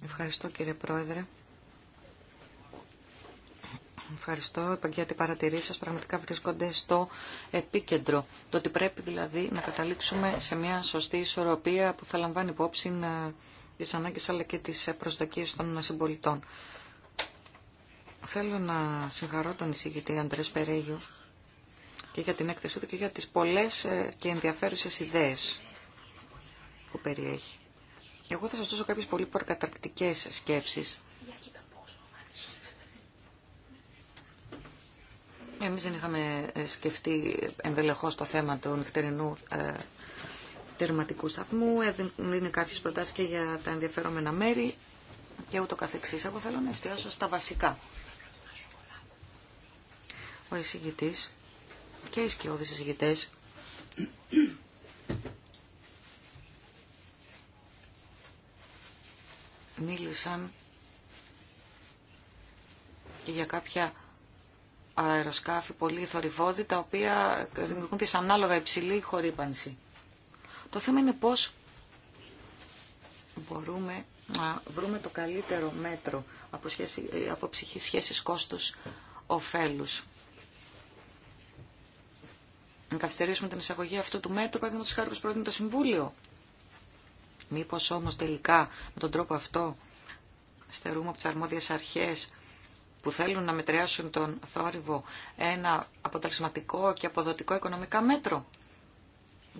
Speaker 3: Ευχαριστώ κύριε Πρόεδρε.
Speaker 2: Ευχαριστώ για την παρατηρή σας. Πραγματικά βρίσκονται στο επίκεντρο. Το ότι πρέπει δηλαδή να καταλήξουμε σε μια σωστή ισορροπία που θα λαμβάνει υπόψη ε, τις ανάγκες αλλά και τις προσδοκίες των συμπολιτών. Θέλω να συγχαρώ τον εισηγητή Αντρές Περέγιο και για την έκθεσή του και για τις πολλές ε, και ενδιαφέρουσες ιδέες που περιέχει. Εγώ θα σας δώσω κάποιες πολύ προκαταρκτικές σκέψεις Εμείς δεν είχαμε ε, σκεφτεί ενδελεχώς το θέμα του νυχτερινού ε, τερματικού σταθμού, έδινε κάποιες προτάσεις και για τα ενδιαφερόμενα μέρη και ούτω καθεξής. Εγώ θέλω να εστιάσω στα βασικά. Ο εισηγητής και οι σκιώδεις εισηγητές μίλησαν και για κάποια αεροσκάφη πολύ θορυβόδη, τα οποία δημιουργούν ανάλογα υψηλή χορύπανση. Το θέμα είναι πώς μπορούμε να βρούμε το καλύτερο μέτρο από, σχέση, από ψυχή σχέσης κόστους ωφέλους. Να καθυστερήσουμε την εισαγωγή αυτού του μέτρου, να χάρη όπως πρότεινε το Συμβούλιο. Μήπως όμως τελικά με τον τρόπο αυτό στερούμε από τις αρμόδιες αρχές που θέλουν να μετριάσουν τον θόρυβο ένα αποτελεσματικό και αποδοτικό οικονομικά μέτρο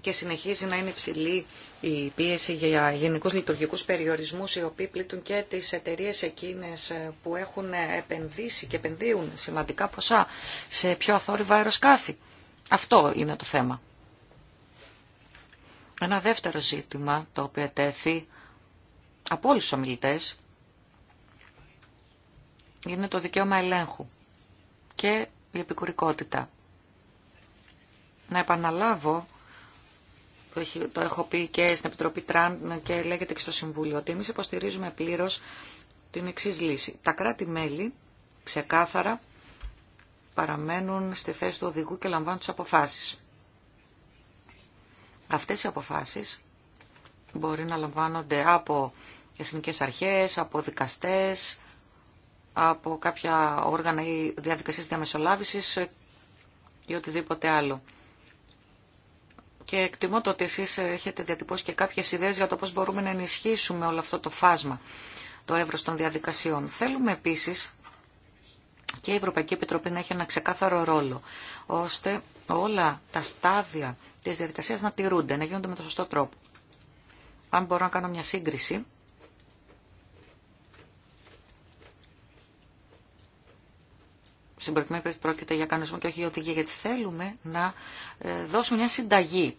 Speaker 2: και συνεχίζει να είναι υψηλή η πίεση για γενικούς λειτουργικούς περιορισμούς οι οποίοι πλήττουν και τις εταιρείε εκείνες που έχουν επενδύσει και επενδύουν σημαντικά ποσά σε πιο αθόρυβα αεροσκάφη. Αυτό είναι το θέμα. Ένα δεύτερο ζήτημα το οποίο τέθη από όλους τους ομιλητές είναι το δικαίωμα ελέγχου και η επικουρικότητα. Να επαναλάβω, το έχω πει και στην Επιτροπή Τραν και λέγεται και στο Συμβούλιο, ότι εμείς υποστηρίζουμε πλήρως την εξή λύση. Τα κράτη-μέλη ξεκάθαρα παραμένουν στη θέση του οδηγού και λαμβάνουν τις αποφάσεις. Αυτές οι αποφάσεις μπορεί να λαμβάνονται από εθνικές αρχές, από δικαστές, από κάποια όργανα ή διαδικασίες διαμεσολάβησης ή οτιδήποτε άλλο. Και εκτιμώ το ότι εσείς έχετε διατυπώσει και κάποιες ιδέες για το πώς μπορούμε να ενισχύσουμε όλο αυτό το φάσμα, το εύρος των διαδικασιών. Θέλουμε επίσης και η Ευρωπαϊκή Επιτροπή να έχει ένα ξεκάθαρο ρόλο, ώστε όλα τα στάδια της διαδικασίας να τηρούνται, να γίνονται με τον σωστό τρόπο. Αν μπορώ να κάνω μια σύγκριση, στην προκειμένη περίπτωση πρόκειται για κανονισμό και όχι για οδηγία, γιατί θέλουμε να ε, δώσουμε μια συνταγή.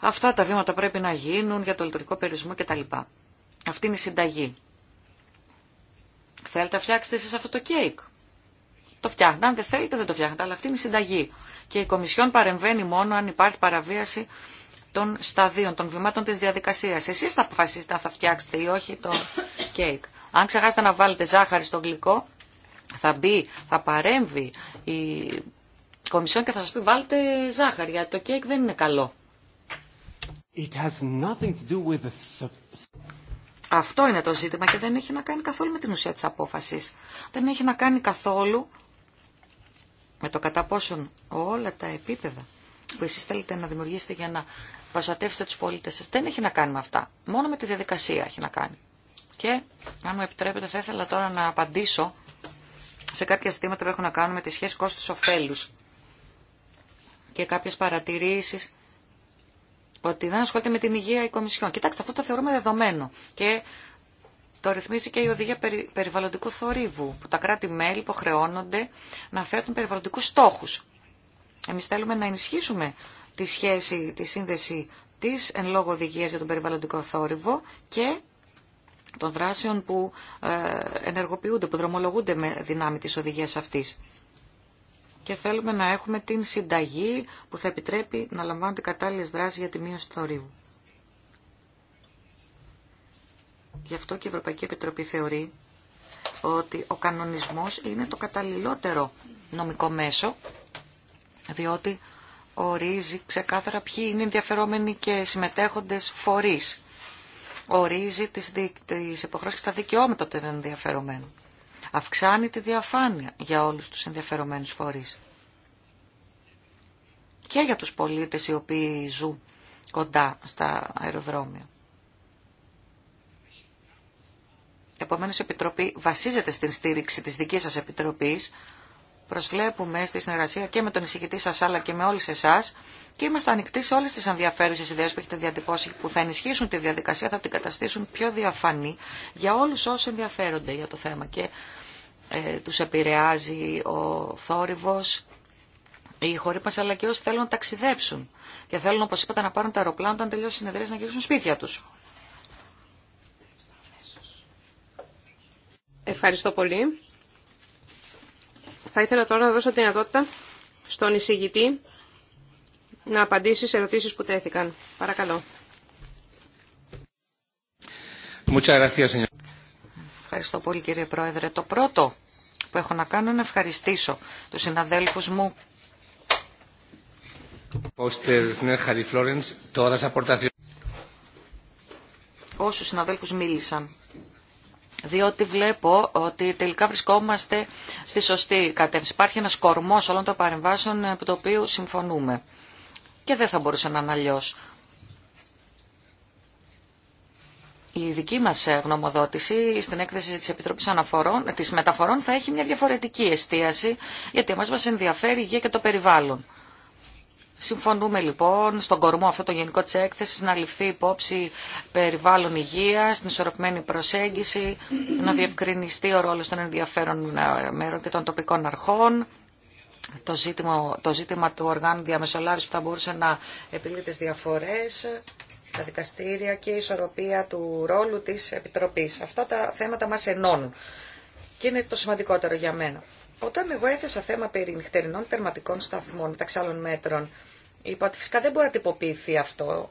Speaker 2: Αυτά τα βήματα πρέπει να γίνουν για το λειτουργικό περιορισμό κτλ. Αυτή είναι η συνταγή. Θέλετε να φτιάξετε εσείς αυτό το κέικ. Το φτιάχνετε, αν δεν θέλετε δεν το φτιάχνετε, αλλά αυτή είναι η συνταγή. Και η Κομισιόν παρεμβαίνει μόνο αν υπάρχει παραβίαση των σταδίων, των βημάτων της διαδικασίας. Εσείς θα αποφασίσετε αν θα φτιάξετε ή όχι το κέικ. Αν ξεχάσετε να βάλετε ζάχαρη στο γλυκό, θα μπει, θα παρέμβει η Κομισιόν και θα σας πει βάλτε ζάχαρη, γιατί το κέικ δεν είναι καλό. It has nothing to do with the... Αυτό είναι το ζήτημα και δεν έχει να κάνει καθόλου με την ουσία της απόφασης. Δεν έχει να κάνει καθόλου με το κατά πόσον όλα τα επίπεδα που εσείς θέλετε να δημιουργήσετε για να προστατεύσετε τους πολίτες σας. Δεν έχει να κάνει με αυτά. Μόνο με τη διαδικασία έχει να κάνει. Και αν μου επιτρέπετε θα ήθελα τώρα να απαντήσω σε κάποια ζητήματα που έχουν να κάνουν με τη σχεση κόστου κόστους-οφέλους και κάποιες παρατηρήσεις ότι δεν ασχολείται με την υγεία η Κομισιόν. Κοιτάξτε, αυτό το θεωρούμε δεδομένο και το ρυθμίζει και η οδηγία περιβαλλοντικού θορύβου, που τα κράτη-μέλη υποχρεώνονται να θέτουν περιβαλλοντικούς στόχους. Εμεί θέλουμε να ενισχύσουμε τη σχέση, τη σύνδεση της εν λόγω οδηγίας για τον περιβαλλοντικό θόρυβο και των δράσεων που ε, ενεργοποιούνται, που δρομολογούνται με δυνάμει της οδηγίας αυτής. Και θέλουμε να έχουμε την συνταγή που θα επιτρέπει να λαμβάνονται κατάλληλες δράσεις για τη μείωση του θορύβου. Γι' αυτό και η Ευρωπαϊκή Επιτροπή θεωρεί ότι ο κανονισμός είναι το καταλληλότερο νομικό μέσο, διότι ορίζει ξεκάθαρα ποιοι είναι ενδιαφερόμενοι και συμμετέχοντες φορείς. Ορίζει τις, τις και τα δικαιώματα των ενδιαφερομένων. Αυξάνει τη διαφάνεια για όλους τους ενδιαφερομένους φορείς. Και για τους πολίτες οι οποίοι ζουν κοντά στα αεροδρόμια. Επομένως, η Επιτροπή βασίζεται στην στήριξη της δικής σας Επιτροπής προσβλέπουμε στη συνεργασία και με τον εισηγητή σας αλλά και με όλους εσάς και είμαστε ανοιχτοί σε όλες τις ενδιαφέρουσες ιδέες που έχετε διατυπώσει που θα ενισχύσουν τη διαδικασία, θα την καταστήσουν πιο διαφανή για όλους όσοι ενδιαφέρονται για το θέμα και ε, τους επηρεάζει ο θόρυβος, οι χωρί μας αλλά και όσοι θέλουν να ταξιδέψουν και θέλουν όπως είπατε να πάρουν το αεροπλάνο όταν τελειώσει η να γυρίσουν σπίτια τους.
Speaker 3: Ευχαριστώ πολύ. Θα ήθελα τώρα να δώσω τη δυνατότητα στον εισηγητή να απαντήσει σε ερωτήσεις που τέθηκαν. Παρακαλώ.
Speaker 2: Ευχαριστώ πολύ κύριε Πρόεδρε. Το πρώτο που έχω να κάνω είναι να ευχαριστήσω τους συναδέλφους μου όσους συναδέλφους μίλησαν διότι βλέπω ότι τελικά βρισκόμαστε στη σωστή κατεύθυνση. Υπάρχει ένας κορμός όλων των παρεμβάσεων από το οποίο συμφωνούμε. Και δεν θα μπορούσε να είναι αλλιώς. Η δική μας γνωμοδότηση στην έκθεση της Επιτροπής Αναφορών, της Μεταφορών θα έχει μια διαφορετική εστίαση, γιατί εμάς μας ενδιαφέρει η υγεία και το περιβάλλον. Συμφωνούμε λοιπόν στον κορμό αυτό το γενικό της έκθεσης να ληφθεί υπόψη περιβάλλον υγεία, στην ισορροπημένη προσέγγιση, να διευκρινιστεί ο ρόλος των ενδιαφέρων ε, μέρων και των τοπικών αρχών, το ζήτημα, το ζήτημα του οργάνου διαμεσολάβησης που θα μπορούσε να επιλύει τις διαφορές, τα δικαστήρια και η ισορροπία του ρόλου της Επιτροπής. Αυτά τα θέματα μας ενώνουν και είναι το σημαντικότερο για μένα. Όταν εγώ έθεσα θέμα περί νυχτερινών τερματικών σταθμών, μεταξύ άλλων μέτρων, είπα ότι φυσικά δεν μπορεί να τυποποιηθεί αυτό,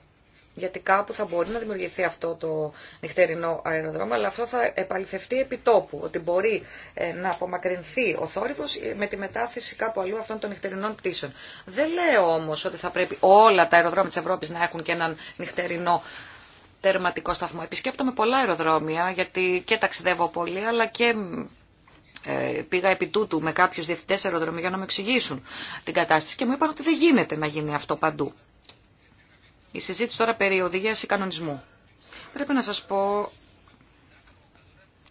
Speaker 2: γιατί κάπου θα μπορεί να δημιουργηθεί αυτό το νυχτερινό αεροδρόμιο, αλλά αυτό θα επαληθευτεί επί τόπου, ότι μπορεί ε, να απομακρυνθεί ο θόρυβος ε, με τη μετάθεση κάπου αλλού αυτών των νυχτερινών πτήσεων. Δεν λέω όμως ότι θα πρέπει όλα τα αεροδρόμια της Ευρώπης να έχουν και έναν νυχτερινό τερματικό σταθμό. Επισκέπτομαι πολλά αεροδρόμια, γιατί και ταξιδεύω πολύ, αλλά και ε, πήγα επί τούτου με κάποιου διευθυντέ αεροδρομίου για να μου εξηγήσουν την κατάσταση και μου είπαν ότι δεν γίνεται να γίνει αυτό παντού. Η συζήτηση τώρα περί οδηγία ή κανονισμού. Πρέπει να σα πω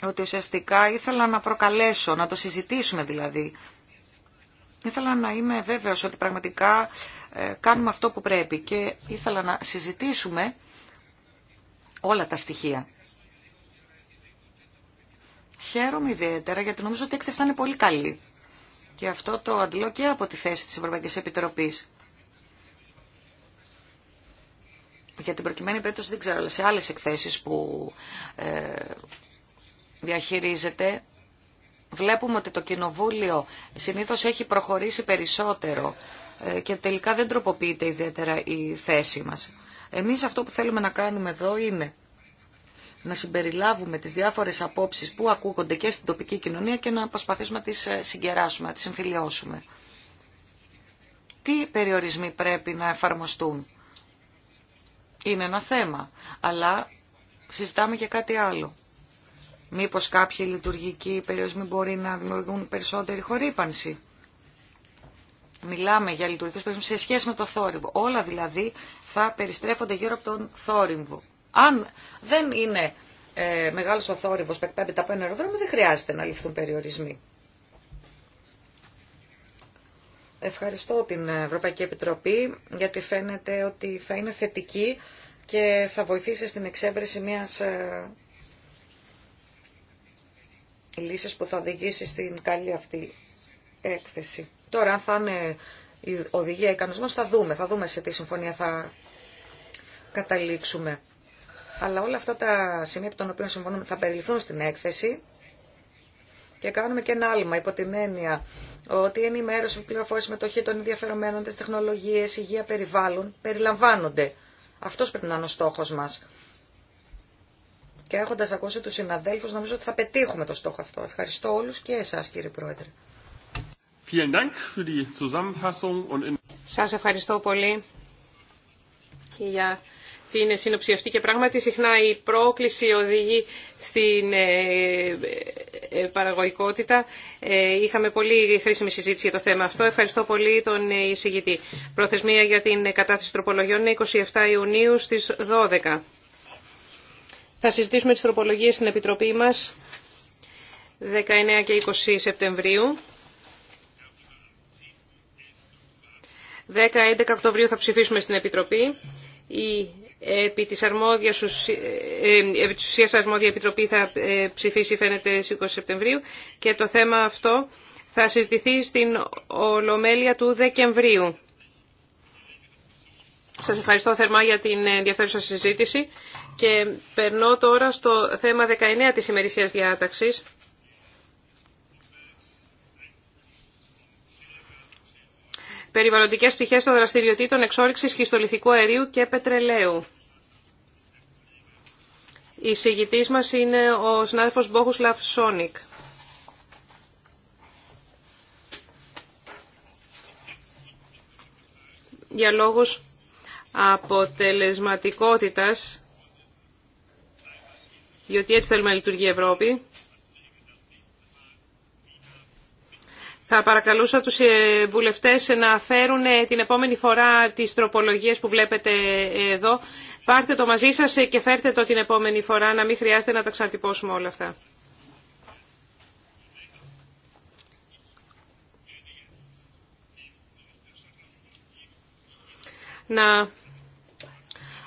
Speaker 2: ότι ουσιαστικά ήθελα να προκαλέσω, να το συζητήσουμε δηλαδή. Ήθελα να είμαι βέβαιος ότι πραγματικά ε, κάνουμε αυτό που πρέπει και ήθελα να συζητήσουμε όλα τα στοιχεία Χαίρομαι ιδιαίτερα γιατί νομίζω ότι η έκθεση θα είναι πολύ καλή. Και αυτό το αντλώ και από τη θέση της Ευρωπαϊκής Επιτροπής. Για την προκειμένη περίπτωση δεν ξέρω, αλλά σε άλλες εκθέσεις που ε, διαχειρίζεται, βλέπουμε ότι το Κοινοβούλιο συνήθως έχει προχωρήσει περισσότερο ε, και τελικά δεν τροποποιείται ιδιαίτερα η θέση μας. Εμείς αυτό που θέλουμε να κάνουμε εδώ είναι να συμπεριλάβουμε τις διάφορες απόψεις που ακούγονται και στην τοπική κοινωνία και να προσπαθήσουμε να τις ε, συγκεράσουμε, να τις συμφιλιώσουμε. Τι περιορισμοί πρέπει να εφαρμοστούν. Είναι ένα θέμα, αλλά συζητάμε και κάτι άλλο. Μήπως κάποιοι λειτουργικοί περιορισμοί μπορεί να δημιουργούν περισσότερη χορύπανση. Μιλάμε για λειτουργικούς περιορισμούς σε σχέση με το θόρυβο. Όλα δηλαδή θα περιστρέφονται γύρω από τον θόρυβο. Αν δεν είναι ε, μεγάλος ο θόρυβος που εκπέμπεται από ένα αεροδρόμιο, δεν χρειάζεται να ληφθούν περιορισμοί. Ευχαριστώ την Ευρωπαϊκή Επιτροπή γιατί φαίνεται ότι θα είναι θετική και θα βοηθήσει στην εξέβρεση μιας ε, λύσης που θα οδηγήσει στην καλή αυτή έκθεση. Τώρα αν θα είναι η οδηγία θα δούμε, θα δούμε σε τι συμφωνία θα καταλήξουμε. Αλλά όλα αυτά τα σημεία από των οποίων συμφωνούμε θα περιληφθούν στην έκθεση και κάνουμε και ένα άλμα υπό την έννοια ότι η ενημέρωση, η πληροφόρηση, συμμετοχή των ενδιαφερομένων, τι τεχνολογίε, υγεία, περιβάλλον περιλαμβάνονται. Αυτό πρέπει να είναι ο στόχο μα. Και έχοντα ακούσει του συναδέλφου, νομίζω ότι θα πετύχουμε το στόχο αυτό. Ευχαριστώ όλου και εσά, κύριε Πρόεδρε.
Speaker 3: Σας ευχαριστώ πολύ την σύνοψη αυτή και πράγματι συχνά η πρόκληση οδηγεί στην ε, ε, ε, παραγωγικότητα. Είχαμε πολύ χρήσιμη συζήτηση για το θέμα αυτό. Ευχαριστώ πολύ τον εισηγητή. Προθεσμία για την κατάθεση τροπολογιών είναι 27 Ιουνίου στις 12. Θα συζητήσουμε τις τροπολογίες στην Επιτροπή μας 19 και 20 Σεπτεμβρίου. 10-11 Οκτωβρίου θα ψηφίσουμε στην Επιτροπή. Η Επί της, αρμόδιας, ε, ε, επί ουσίας αρμόδια επιτροπή θα ε, ψηφίσει φαίνεται στις 20 Σεπτεμβρίου και το θέμα αυτό θα συζητηθεί στην Ολομέλεια του Δεκεμβρίου. Σας ευχαριστώ θερμά για την ενδιαφέρουσα συζήτηση και περνώ τώρα στο θέμα 19 της ημερησίας διάταξης περιβαλλοντικές πτυχές των δραστηριοτήτων εξόριξη χιστολιθικού αερίου και πετρελαίου. Η συγητή μα είναι ο συνάδελφος Μπόχουσλαφ Σόνικ. Για λόγους αποτελεσματικότητας, διότι έτσι θέλουμε να λειτουργεί η Ευρώπη, Θα παρακαλούσα τους ε, βουλευτές να φέρουν ε, την επόμενη φορά τις τροπολογίες που βλέπετε ε, εδώ. Πάρτε το μαζί σας και φέρτε το την επόμενη φορά, να μην χρειάζεται να τα ξανατυπώσουμε όλα αυτά. Να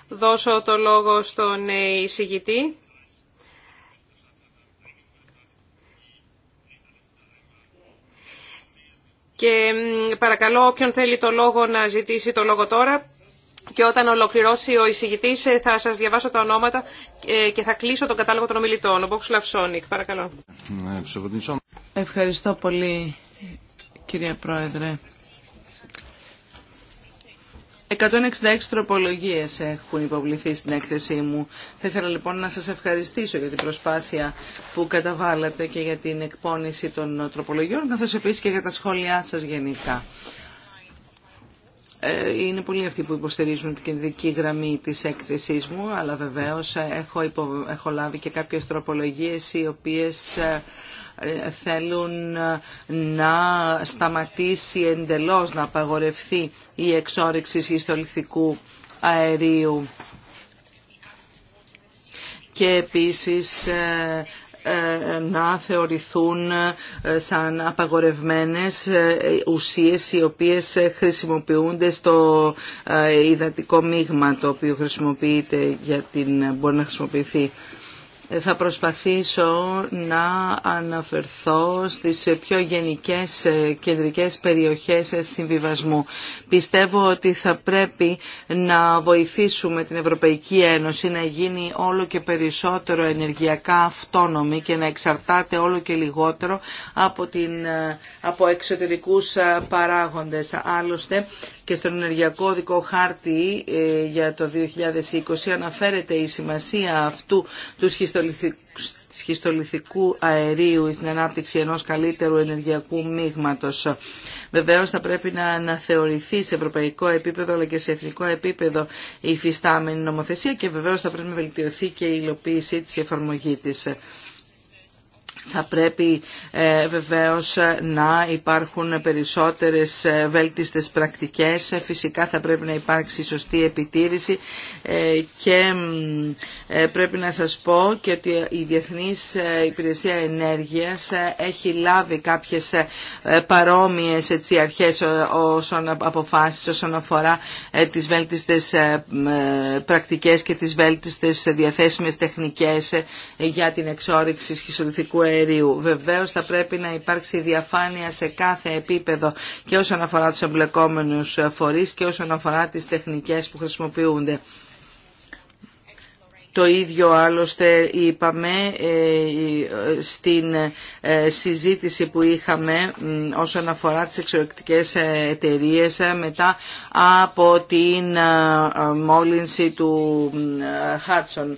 Speaker 3: δώσω το λόγο στον εισηγητή. και παρακαλώ όποιον θέλει το λόγο να ζητήσει το λόγο τώρα και όταν ολοκληρώσει ο εισηγητή, ε, θα σας διαβάσω τα ονόματα ε, και θα κλείσω τον κατάλογο των ομιλητών. Ο Μπόξουλαφ Σόνικ, παρακαλώ.
Speaker 1: Ε, Ευχαριστώ πολύ κυρία Πρόεδρε. 166 τροπολογίε έχουν υποβληθεί στην έκθεσή μου. Θα ήθελα λοιπόν να σας ευχαριστήσω για την προσπάθεια που καταβάλατε και για την εκπόνηση των τροπολογιών, καθώς επίσης και για τα σχόλιά σας γενικά. Ε, είναι πολλοί αυτοί που υποστηρίζουν την κεντρική γραμμή της έκθεσής μου, αλλά βεβαίως έχω, υπο... έχω λάβει και κάποιες τροπολογίες οι οποίες ε, θέλουν να σταματήσει εντελώς, να απαγορευτεί η εξόρυξη ιστολιθικού αερίου. Και επίσης ε, ε, να θεωρηθούν ε, σαν απαγορευμένες ουσίες οι οποίες χρησιμοποιούνται στο υδατικό μείγμα το οποίο χρησιμοποιείται για την, μπορεί να χρησιμοποιηθεί θα προσπαθήσω να αναφερθώ στις πιο γενικές κεντρικές περιοχές συμβιβασμού. Πιστεύω ότι θα πρέπει να βοηθήσουμε την Ευρωπαϊκή Ένωση να γίνει όλο και περισσότερο ενεργειακά αυτόνομη και να εξαρτάται όλο και λιγότερο από, την, από εξωτερικούς παράγοντες. Άλλωστε, και στον ενεργειακό οδικό χάρτη ε, για το 2020 αναφέρεται η σημασία αυτού του σχιστολιθικού αερίου στην ανάπτυξη ενός καλύτερου ενεργειακού μείγματος. Βεβαίως θα πρέπει να αναθεωρηθεί σε ευρωπαϊκό επίπεδο αλλά και σε εθνικό επίπεδο η φυστάμενη νομοθεσία και βεβαίως θα πρέπει να βελτιωθεί και η υλοποίησή της εφαρμογή της. Θα πρέπει ε, βεβαίως να υπάρχουν περισσότερες ε, βέλτιστες πρακτικές. Ε, φυσικά θα πρέπει να υπάρξει σωστή επιτήρηση ε, και πρέπει να σας πω και ότι η Διεθνής Υπηρεσία Ενέργειας έχει λάβει κάποιες παρόμοιες έτσι, αρχές όσον όσον αφορά τις βέλτιστες πρακτικές και τις βέλτιστες διαθέσιμες τεχνικές για την εξόριξη σχιστολιθικού έργου αερίου. Βεβαίως θα πρέπει να υπάρξει διαφάνεια σε κάθε επίπεδο και όσον αφορά του εμπλεκόμενους φορεί και όσον αφορά τις τεχνικές που χρησιμοποιούνται. Το ίδιο άλλωστε είπαμε ε, στην ε, συζήτηση που είχαμε όσον αφορά τις εξωτερικές ε, εταιρείε μετά από την μόλυνση του Χάτσον.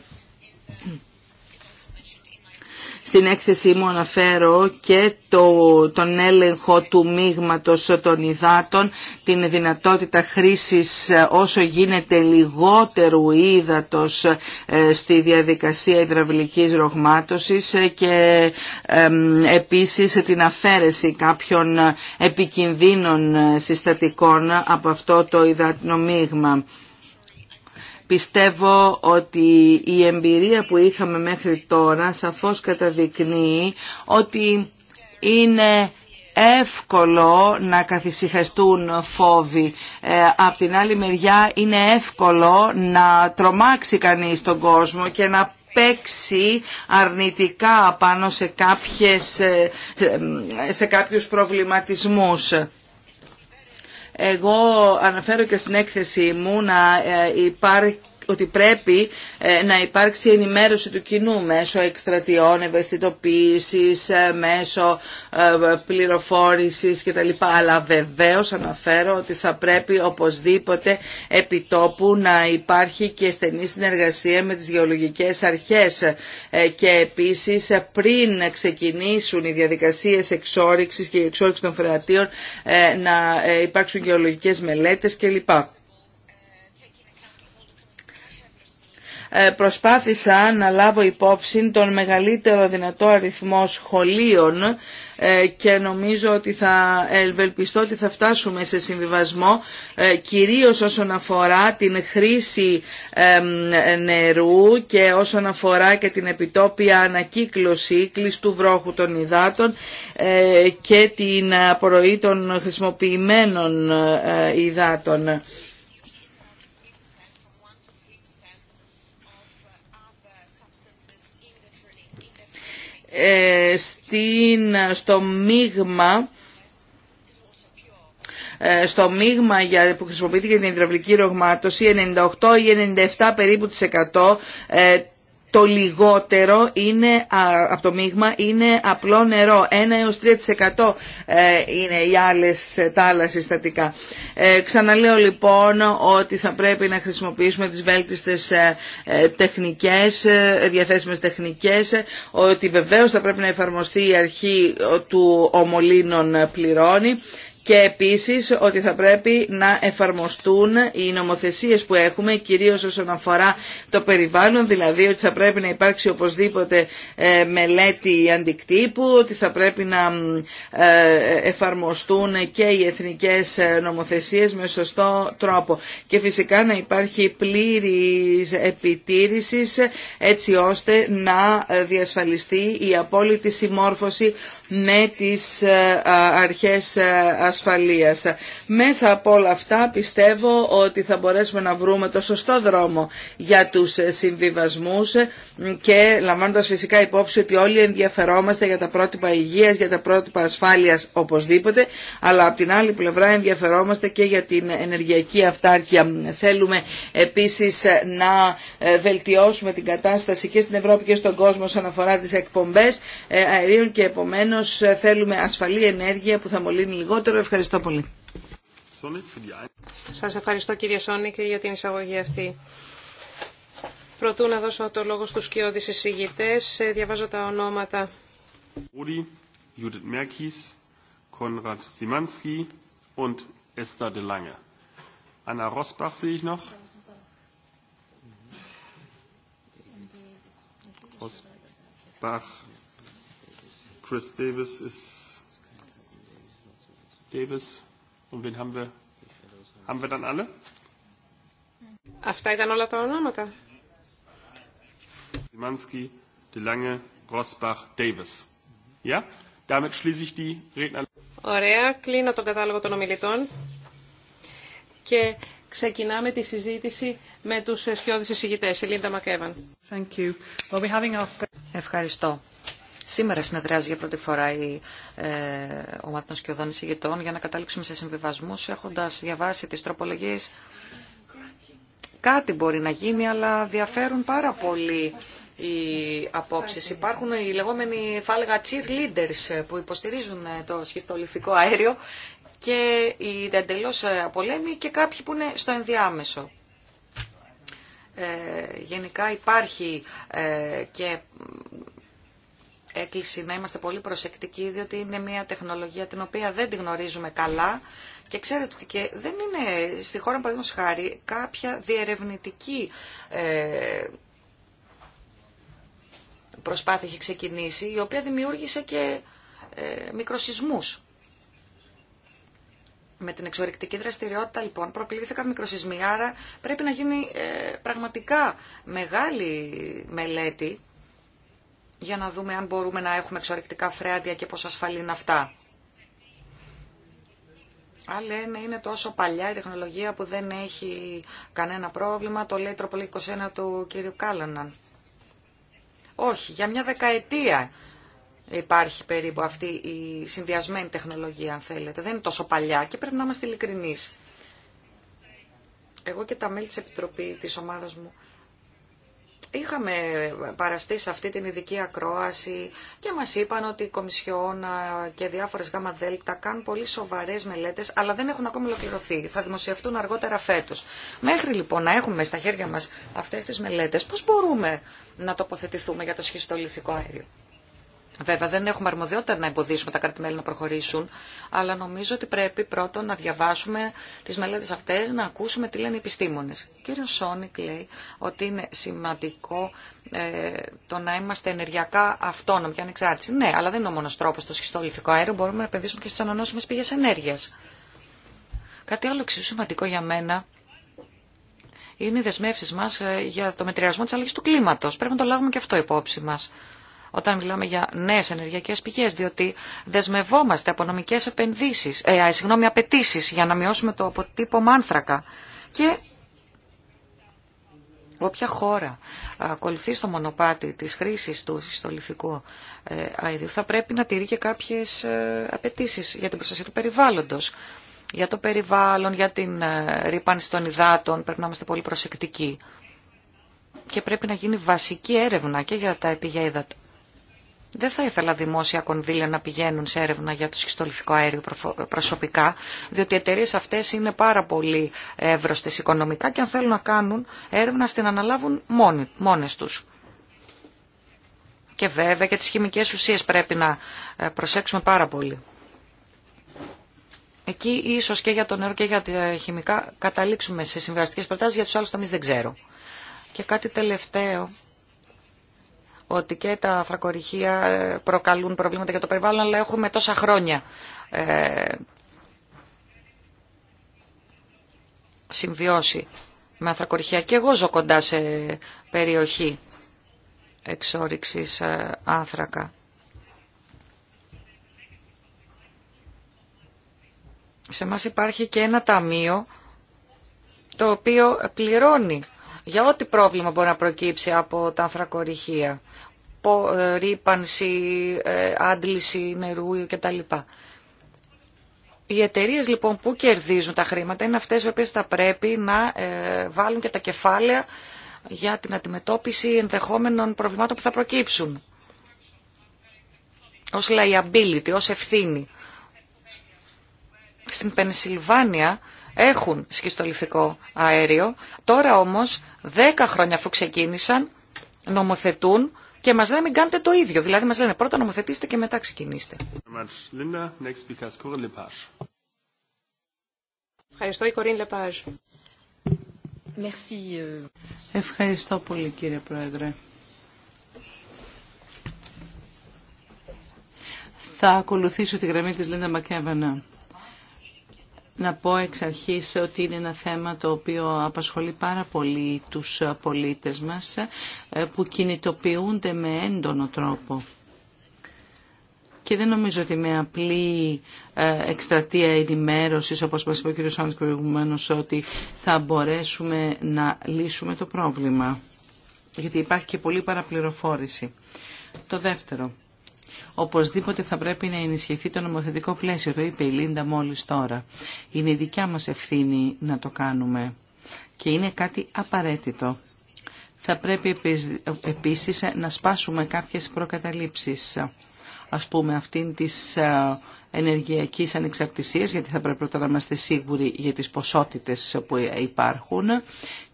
Speaker 1: Στην έκθεσή μου αναφέρω και το, τον έλεγχο του μείγματος των υδάτων, την δυνατότητα χρήσης ε, όσο γίνεται λιγότερου ύδατος ε, στη διαδικασία υδραυλικής ρογμάτωσης ε, και επίσης την αφαίρεση κάποιων επικινδύνων συστατικών από αυτό το υδατινό μείγμα. Πιστεύω ότι η εμπειρία που είχαμε μέχρι τώρα σαφώς καταδεικνύει ότι είναι εύκολο να καθησυχαστούν φόβοι. Ε, απ' την άλλη μεριά είναι εύκολο να τρομάξει κανείς τον κόσμο και να παίξει αρνητικά πάνω σε, κάποιες, ε, ε, σε κάποιους προβληματισμούς. Εγώ αναφέρω και στην έκθεσή μου να ε, υπάρχει ότι πρέπει ε, να υπάρξει ενημέρωση του κοινού μέσω εκστρατιών, ευαισθητοποίησης, ε, μέσω ε, πληροφόρησης κτλ. Αλλά βεβαίως αναφέρω ότι θα πρέπει οπωσδήποτε επιτόπου να υπάρχει και στενή συνεργασία με τις γεωλογικές αρχές και επίσης πριν ξεκινήσουν οι διαδικασίες εξόριξης και η εξόριξη των φρεατίων να υπάρξουν γεωλογικές μελέτες κλπ. Ε, προσπάθησα να λάβω υπόψη τον μεγαλύτερο δυνατό αριθμό σχολείων ε, και νομίζω ότι θα ελβελπιστώ ότι θα φτάσουμε σε συμβιβασμό ε, κυρίως όσον αφορά την χρήση νερού και όσον αφορά και την επιτόπια ανακύκλωση κλειστού βρόχου των υδάτων και την απορροή των χρησιμοποιημένων υδάτων. Ε, στην, στο μείγμα ε, στο μείγμα για, που χρησιμοποιείται για την υδραυλική ρογμάτωση 98 ή 97 περίπου της 100 το λιγότερο είναι, από το μείγμα είναι απλό νερό. 1 έως 3% ε, είναι οι άλλες, τα άλλα συστατικά. Ε, ξαναλέω λοιπόν ότι θα πρέπει να χρησιμοποιήσουμε τις βέλτιστες ε, τεχνικές, διαθέσιμες τεχνικές, ότι βεβαίως θα πρέπει να εφαρμοστεί η αρχή του ομολύνων πληρώνει και επίσης ότι θα πρέπει να εφαρμοστούν οι νομοθεσίες που έχουμε, κυρίως όσον αφορά το περιβάλλον, δηλαδή ότι θα πρέπει να υπάρξει οπωσδήποτε ε, μελέτη αντικτύπου, ότι θα πρέπει να ε, εφαρμοστούν και οι εθνικές ε, νομοθεσίες με σωστό τρόπο. Και φυσικά να υπάρχει πλήρης επιτήρηση, έτσι ώστε να διασφαλιστεί η απόλυτη συμμόρφωση με τις ε, αρχές ε, ασφαλείας. Μέσα από όλα αυτά πιστεύω ότι θα μπορέσουμε να βρούμε το σωστό δρόμο για τους ε, συμβιβασμούς και λαμβάνοντας φυσικά υπόψη ότι όλοι ενδιαφερόμαστε για τα πρότυπα υγείας, για τα πρότυπα ασφάλειας οπωσδήποτε, αλλά από την άλλη πλευρά ενδιαφερόμαστε και για την ενεργειακή αυτάρκεια. Θέλουμε επίσης να ε, βελτιώσουμε την κατάσταση και στην Ευρώπη και στον κόσμο όσον αφορά τις εκπομπές ε, αερίων και επομένως ε, θέλουμε ασφαλή ενέργεια που θα μολύνει λιγότερο. Ευχαριστώ πολύ.
Speaker 3: Σας ευχαριστώ κύριε Σόνικ για την εισαγωγή αυτή. Προτού να δώσω το λόγο στους κοιόδης εισηγητές, διαβάζω τα ονόματα.
Speaker 4: Ρούδι, Judith Merkis, Konrad Simanski und Esther de Lange. Anna Rosbach sehe ich noch. Rosbach. Chris Davis ist Davis. Und wen haben wir? Haben wir dann alle? Αυτά ήταν όλα τα ονόματα. De Rosbach, Davis.
Speaker 3: Ωραία, κλείνω τον κατάλογο των ομιλητών και ξεκινάμε τη συζήτηση με τους σκιώδεις εισηγητές. Ελίντα Μακέβαν.
Speaker 2: Ευχαριστώ. Σήμερα συνεδριάζει για πρώτη φορά η ε, ομάδα των σκιωδών εισηγητών για να καταλήξουμε σε συμβιβασμούς έχοντας διαβάσει τις τροπολογίες. Κάτι μπορεί να γίνει, αλλά διαφέρουν πάρα πολύ οι απόψεις. Υπάρχουν οι λεγόμενοι, θα έλεγα, cheerleaders που υποστηρίζουν ε, το σχιστολιθικό αέριο και οι εντελώ ε, απολέμοι και κάποιοι που είναι στο ενδιάμεσο. Ε, γενικά υπάρχει και έκκληση να είμαστε πολύ προσεκτικοί, διότι είναι μια τεχνολογία την οποία δεν τη γνωρίζουμε καλά και ξέρετε ότι και δεν είναι στη χώρα, παραδείγματος χάρη, κάποια διερευνητική προσπάθεια έχει ξεκινήσει, η οποία δημιούργησε και ε, μικροσυσμούς. Με την εξορρυκτική δραστηριότητα λοιπόν προκλήθηκαν μικροσυσμοί, άρα πρέπει να γίνει ε, πραγματικά μεγάλη μελέτη για να δούμε αν μπορούμε να έχουμε εξορρυκτικά φρέατια και πόσο ασφαλή είναι αυτά. Αλλά λένε, είναι τόσο παλιά η τεχνολογία που δεν έχει κανένα πρόβλημα, το λέει τροπολογική 21 του κ. Κάλαναν. Όχι, για μια δεκαετία υπάρχει περίπου αυτή η συνδυασμένη τεχνολογία, αν θέλετε. Δεν είναι τόσο παλιά και πρέπει να είμαστε ειλικρινεί. Εγώ και τα μέλη της Επιτροπής της ομάδας μου Είχαμε παραστεί σε αυτή την ειδική ακρόαση και μας είπαν ότι η Κομισιόν και διάφορες γάμα δέλτα κάνουν πολύ σοβαρές μελέτες, αλλά δεν έχουν ακόμη ολοκληρωθεί. Θα δημοσιευτούν αργότερα φέτος. Μέχρι λοιπόν να έχουμε στα χέρια μας αυτές τις μελέτες, πώς μπορούμε να τοποθετηθούμε για το σχιστολιθικό αέριο. Βέβαια δεν έχουμε αρμοδιότητα να εμποδίσουμε τα κράτη-μέλη να προχωρήσουν, αλλά νομίζω ότι πρέπει πρώτον να διαβάσουμε τι μελέτε αυτέ, να ακούσουμε τι λένε οι επιστήμονες. Ο κύριος Σόνικ λέει ότι είναι σημαντικό ε, το να είμαστε ενεργειακά αυτόνομοι και ανεξάρτητοι. Ναι, αλλά δεν είναι ο μόνο τρόπο το λιθικό αέριο, μπορούμε να επενδύσουμε και στι ανανόσιμε πηγέ ενέργεια. Κάτι άλλο εξίσου σημαντικό για μένα είναι οι δεσμεύσει μα ε, για το μετριασμό τη αλλαγή του κλίματο. Πρέπει να το λάβουμε και αυτό υπόψη μα όταν μιλάμε για νέε ενεργειακέ πηγέ, διότι δεσμευόμαστε από νομικέ απαιτήσει ε, για να μειώσουμε το αποτύπωμα άνθρακα. Και όποια χώρα ακολουθεί στο μονοπάτι της χρήσης του συστολιθικού ε, αερίου θα πρέπει να τηρεί και κάποιες ε, απαιτήσει για την προστασία του περιβάλλοντος. Για το περιβάλλον, για την ε, ρήπανση των υδάτων πρέπει να είμαστε πολύ προσεκτικοί. Και πρέπει να γίνει βασική έρευνα και για τα επίγεια δεν θα ήθελα δημόσια κονδύλια να πηγαίνουν σε έρευνα για το σχιστολιθικό αέριο προσωπικά, διότι οι εταιρείε αυτέ είναι πάρα πολύ εύρωστε οικονομικά και αν θέλουν να κάνουν έρευνα στην αναλάβουν μόνε του. Και βέβαια και τις χημικές ουσίες πρέπει να ε, προσέξουμε πάρα πολύ. Εκεί ίσως και για το νερό και για τα χημικά καταλήξουμε σε συμβαστικέ προτάσει, για του άλλου τομεί δεν ξέρω. Και κάτι τελευταίο ότι και τα θρακορυχεία ε, προκαλούν προβλήματα για το περιβάλλον, αλλά έχουμε τόσα χρόνια ε, συμβιώσει με ανθρακοριχεία. Και εγώ ζω κοντά σε περιοχή εξόριξης ε, άνθρακα. Σε μας υπάρχει και ένα ταμείο το οποίο πληρώνει για ό,τι πρόβλημα μπορεί να προκύψει από τα ανθρακοριχεία. Ε, ρήπανση, ε, άντληση νερού κτλ. Οι εταιρείε λοιπόν που κερδίζουν τα χρήματα είναι αυτές οι οποίες θα πρέπει να ε, βάλουν και τα κεφάλαια για την αντιμετώπιση ενδεχόμενων προβλημάτων που θα προκύψουν. Ως liability, ως ευθύνη. Στην Πενσιλβάνια έχουν σχιστολιθικό αέριο. Τώρα όμως, δέκα χρόνια αφού ξεκίνησαν, νομοθετούν και μας λένε μην κάνετε το ίδιο. Δηλαδή μας λένε πρώτα νομοθετήστε και μετά ξεκινήστε.
Speaker 3: Ευχαριστώ η Κορίν Λεπάζ. Ε.
Speaker 1: Ευχαριστώ πολύ κύριε Πρόεδρε. Θα ακολουθήσω τη γραμμή της Λίντα Μακέβανα να πω εξ αρχής ότι είναι ένα θέμα το οποίο απασχολεί πάρα πολύ τους πολίτες μας ε, που κινητοποιούνται με έντονο τρόπο. Και δεν νομίζω ότι με απλή ε, εκστρατεία ενημέρωση, όπως μας είπε ο κ. Σάντς ότι θα μπορέσουμε να λύσουμε το πρόβλημα. Γιατί υπάρχει και πολλή παραπληροφόρηση. Το δεύτερο Οπωσδήποτε θα πρέπει να ενισχυθεί το νομοθετικό πλαίσιο, το είπε η Λίντα μόλις τώρα. Είναι η δικιά μας ευθύνη να το κάνουμε και είναι κάτι απαραίτητο. Θα πρέπει επίσης να σπάσουμε κάποιες προκαταλήψεις, ας πούμε αυτήν της ε, ενεργειακής ανεξαρτησίας, γιατί θα πρέπει πρώτα να είμαστε σίγουροι για τις ποσότητες που ε, υπάρχουν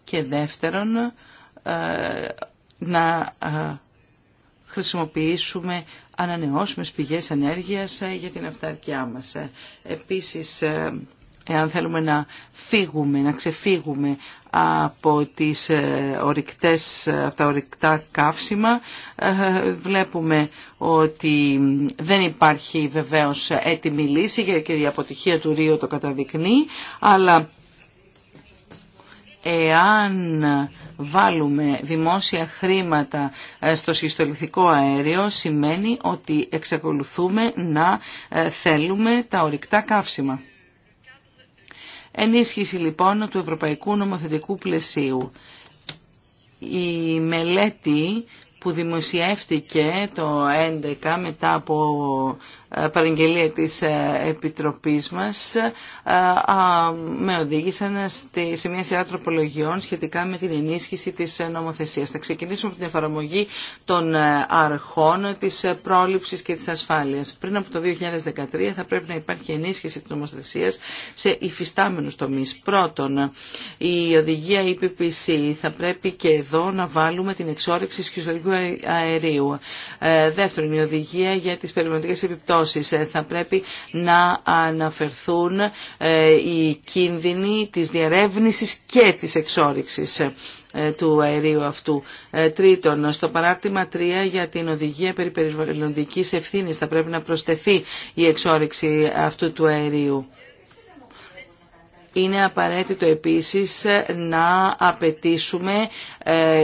Speaker 1: και δεύτερον ε, να χρησιμοποιήσουμε ανανεώσιμες πηγές ενέργειας ε, για την αυτάρκειά μας. Ε, επίσης, ε, εάν θέλουμε να φύγουμε, να ξεφύγουμε από, τις ορυκτές, από τα ορυκτά καύσιμα βλέπουμε ότι δεν υπάρχει βεβαίως έτοιμη λύση και η αποτυχία του Ρίο το καταδεικνύει αλλά εάν βάλουμε δημόσια χρήματα ε, στο συστολιθικό αέριο σημαίνει ότι εξακολουθούμε να ε, θέλουμε τα ορυκτά καύσιμα. Ενίσχυση λοιπόν του Ευρωπαϊκού Νομοθετικού Πλαισίου. Η μελέτη που δημοσιεύτηκε το 2011 μετά από παραγγελία της ε, Επιτροπής μας ε, με οδήγησαν σε μια σειρά τροπολογιών σχετικά με την ενίσχυση της νομοθεσίας. Θα ξεκινήσουμε από την εφαρμογή των ε, αρχών της πρόληψης και της ασφάλειας. Πριν από το 2013 θα πρέπει να υπάρχει ενίσχυση της νομοθεσίας σε υφιστάμενους τομείς. Πρώτον, η οδηγία EPPC θα πρέπει και εδώ να βάλουμε την εξόρυξη σχιστολικού αερίου. Δεύτερον, η οδηγία για τις περιβαλλοντικές επιπτώσεις ε, θα πρέπει να αναφερθούν ε, οι κίνδυνοι της διερεύνησης και της εξόριξης ε, του αερίου αυτού. Τρίτον, στο παράρτημα 3 για την οδηγία περί περιβαλλοντικής ευθύνης θα πρέπει να προσθεθεί η εξόρυξη αυτού του αερίου. Είναι απαραίτητο επίσης να απαιτήσουμε ε,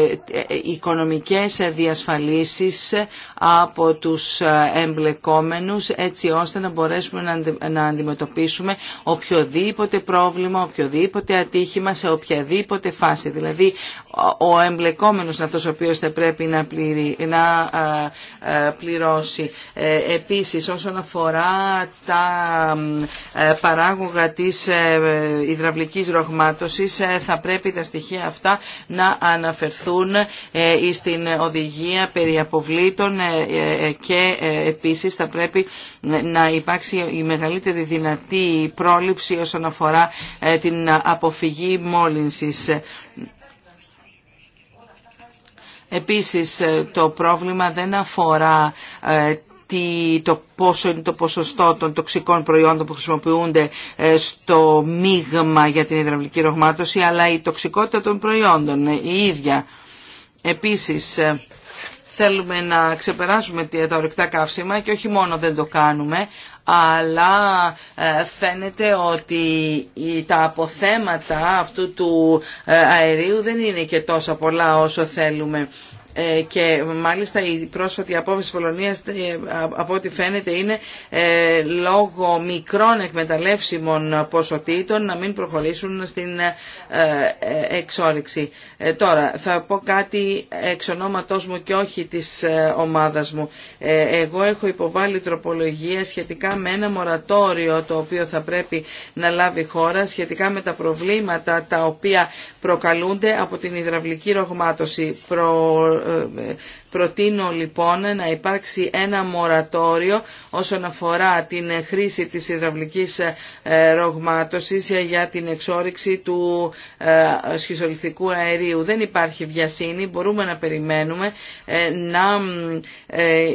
Speaker 1: οικονομικές διασφαλίσεις από τους ε, εμπλεκόμενους έτσι ώστε να μπορέσουμε να αντιμετωπίσουμε οποιοδήποτε πρόβλημα, οποιοδήποτε ατύχημα σε οποιαδήποτε φάση. Δηλαδή ο εμπλεκόμενος είναι αυτός ο οποίος θα πρέπει να, να ε, πληρώσει. Επίσης όσον αφορά τα παράγωγα της υδραυλικής ρογμάτωσης ε, θα πρέπει τα στοιχεία αυτά να αναφερθούν ε, στην οδηγία περί αποβλήτων ε, και επίσης θα πρέπει να υπάρξει η μεγαλύτερη δυνατή πρόληψη όσον αφορά την αποφυγή μόλυνσης. Επίσης το πρόβλημα δεν αφορά το πόσο είναι το ποσοστό των τοξικών προϊόντων που χρησιμοποιούνται ε, στο μείγμα για την υδραυλική ρογμάτωση, αλλά η τοξικότητα των προϊόντων ε, η ίδια. Επίσης, ε, θέλουμε να ξεπεράσουμε τα ορυκτά καύσιμα και όχι μόνο δεν το κάνουμε, αλλά φαίνεται ότι τα αποθέματα αυτού του αερίου δεν είναι και τόσα πολλά όσο θέλουμε. Ε, και μάλιστα η πρόσφατη απόφαση της Πολωνίας ε, από ό,τι φαίνεται είναι ε, λόγω μικρών εκμεταλλεύσιμων ποσοτήτων να μην προχωρήσουν στην εξόριξη. Τώρα θα πω κάτι εξ μου και όχι της ομάδας μου. Εγώ έχω υποβάλει τροπολογία σχετικά με ένα μορατόριο το οποίο θα πρέπει να λάβει χώρα σχετικά με τα προβλήματα τα οποία προκαλούνται από την υδραυλική ρογμάτωση. Προ Προτείνω λοιπόν να υπάρξει ένα μορατόριο όσον αφορά την χρήση της υδραυλικής ε, ρογμάτωσης για την εξόριξη του ε, σχισολιθικού αερίου. Δεν υπάρχει βιασύνη, μπορούμε να περιμένουμε ε, να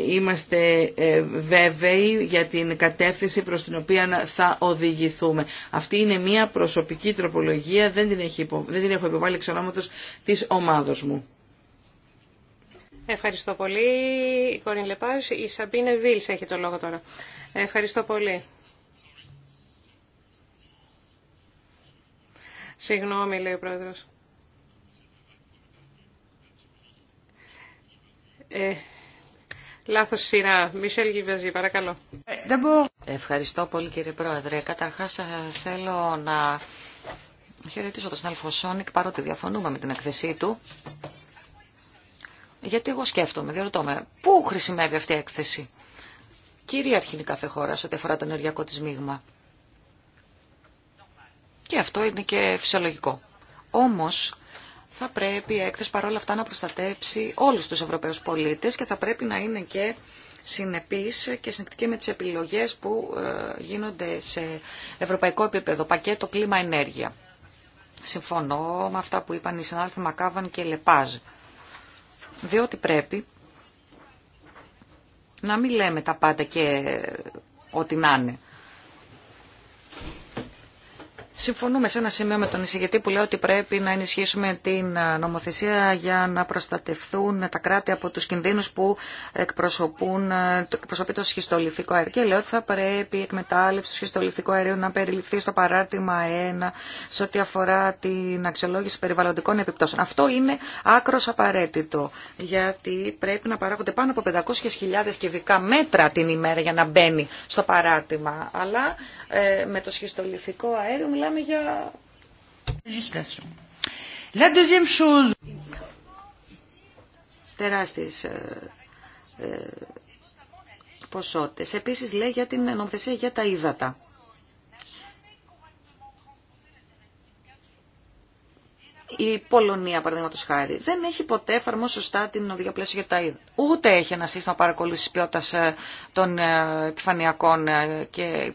Speaker 1: είμαστε βέβαιοι για την κατεύθυνση προς την οποία θα οδηγηθούμε. Αυτή είναι μια προσωπική τροπολογία, δεν την, έχω υποβάλει εξ της ομάδος μου.
Speaker 3: Ευχαριστώ πολύ. Η Κορίν η Σαμπίνε Βίλς έχει το λόγο τώρα. Ευχαριστώ πολύ. Συγγνώμη, λέει ο Πρόεδρος. Ε, λάθος σειρά. Μισελ Γιβεζή, παρακαλώ.
Speaker 2: Ευχαριστώ πολύ κύριε Πρόεδρε. Καταρχάς ε, θέλω να χαιρετήσω τον Σνάλφο Σόνικ, παρότι διαφωνούμε με την εκθεσή του. Γιατί εγώ σκέφτομαι, διαρωτώ με, πού χρησιμεύει αυτή η έκθεση. Κυρίαρχη είναι κάθε χώρα σε ό,τι αφορά το ενεργειακό τη μείγμα. Και αυτό είναι και φυσιολογικό. Όμως, θα πρέπει η έκθεση παρόλα αυτά να προστατέψει όλους τους Ευρωπαίους πολίτες και θα πρέπει να είναι και συνεπής και συνεκτική με τις επιλογές που ε, γίνονται σε ευρωπαϊκό επίπεδο. Πακέτο κλίμα ενέργεια. Συμφωνώ με αυτά που είπαν οι συνάδελφοι Μακάβαν και Λεπάζ διότι πρέπει να μην λέμε τα πάντα και ό,τι να είναι. Συμφωνούμε σε ένα σημείο με τον εισηγητή που λέει ότι πρέπει να ενισχύσουμε την ε, νομοθεσία για να προστατευθούν τα κράτη από τους κινδύνους που εκπροσωπούν, ε, εκπροσωπεί το σχιστολιθικό αέριο. Και λέει ότι θα πρέπει η εκμετάλλευση του σχιστολιθικού αερίου να περιληφθεί στο παράρτημα 1 σε ό,τι αφορά την αξιολόγηση περιβαλλοντικών επιπτώσεων. Αυτό είναι άκρος απαραίτητο, γιατί πρέπει να παράγονται πάνω από 500.000 κυβικά μέτρα την ημέρα για να μπαίνει στο παράρτημα. Αλλά ε, με το σχιστολιθικό αέριο μιλάμε μιλάμε για... La deuxième chose. Τεράστιες ε, ε, ποσότητες. Επίσης λέει για την νομοθεσία για τα ύδατα. Η Πολωνία, παραδείγματο χάρη, δεν έχει ποτέ εφαρμόσει σωστά την οδηγία πλαίσιο για τα είδη. Ούτε έχει ένα σύστημα παρακολούθηση ποιότητα ε, των ε, επιφανειακών ε, και,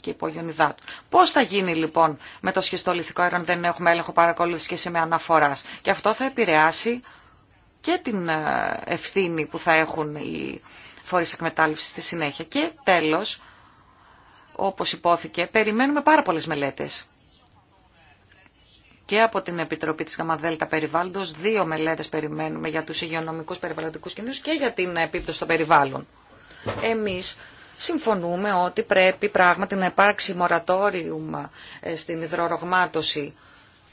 Speaker 2: και υπόγειων υδάτων. Πώ θα γίνει λοιπόν με το σχέστο αέρα, αν δεν έχουμε έλεγχο παρακολούθηση και σημαία αναφορά. Και αυτό θα επηρεάσει και την ευθύνη που θα έχουν οι φορεί εκμετάλλευση στη συνέχεια. Και τέλο, όπως υπόθηκε, περιμένουμε πάρα πολλές μελέτες και από την Επιτροπή της ΓΑΜΑΔΕΛΤΑ Περιβάλλοντος. Δύο μελέτες περιμένουμε για τους υγειονομικούς περιβαλλοντικούς κινδύνους και για την επίπτωση των περιβάλλων. Εμείς συμφωνούμε ότι πρέπει πράγματι να υπάρξει μορατόριουμα ε, στην υδρορογμάτωση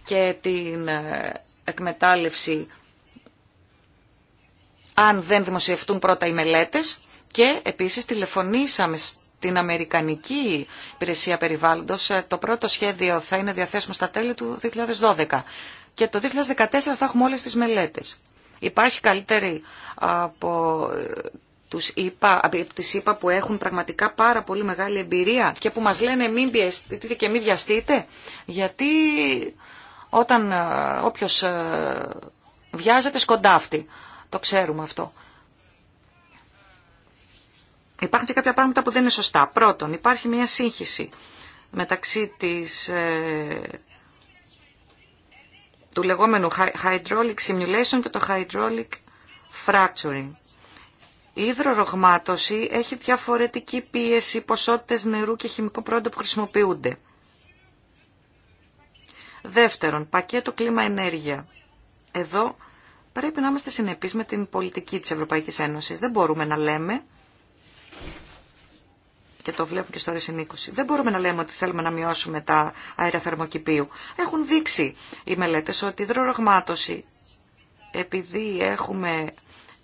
Speaker 2: και την ε, εκμετάλλευση αν δεν δημοσιευτούν πρώτα οι μελέτες και επίσης τηλεφωνήσαμε την Αμερικανική Υπηρεσία Περιβάλλοντος. Ε, το πρώτο σχέδιο θα είναι διαθέσιμο στα τέλη του 2012 και το 2014 θα έχουμε όλες τις μελέτες. Υπάρχει καλύτερη από ε, τους από τις που έχουν πραγματικά πάρα πολύ μεγάλη εμπειρία και που μας λένε μην πιεστείτε και μην βιαστείτε γιατί όταν ε, όποιος βιάζεται σκοντάφτει. Το ξέρουμε αυτό. Υπάρχουν και κάποια πράγματα που δεν είναι σωστά. Πρώτον, υπάρχει μια σύγχυση μεταξύ της, ε, του λεγόμενου hydraulic simulation και το hydraulic fracturing. Η υδρορογμάτωση έχει διαφορετική πίεση, ποσότητες νερού και χημικό πρόοδο που χρησιμοποιούνται. Δεύτερον, πακέτο κλίμα-ενέργεια. Εδώ πρέπει να είμαστε συνεπείς με την πολιτική της Ευρωπαϊκής Ένωσης. Δεν μπορούμε να λέμε και το βλέπω και στο ΡΕΣΙΝ20. Δεν μπορούμε να λέμε ότι θέλουμε να μειώσουμε τα αέρα θερμοκηπίου. Έχουν δείξει οι μελέτες ότι η υδρορογμάτωση, επειδή έχουμε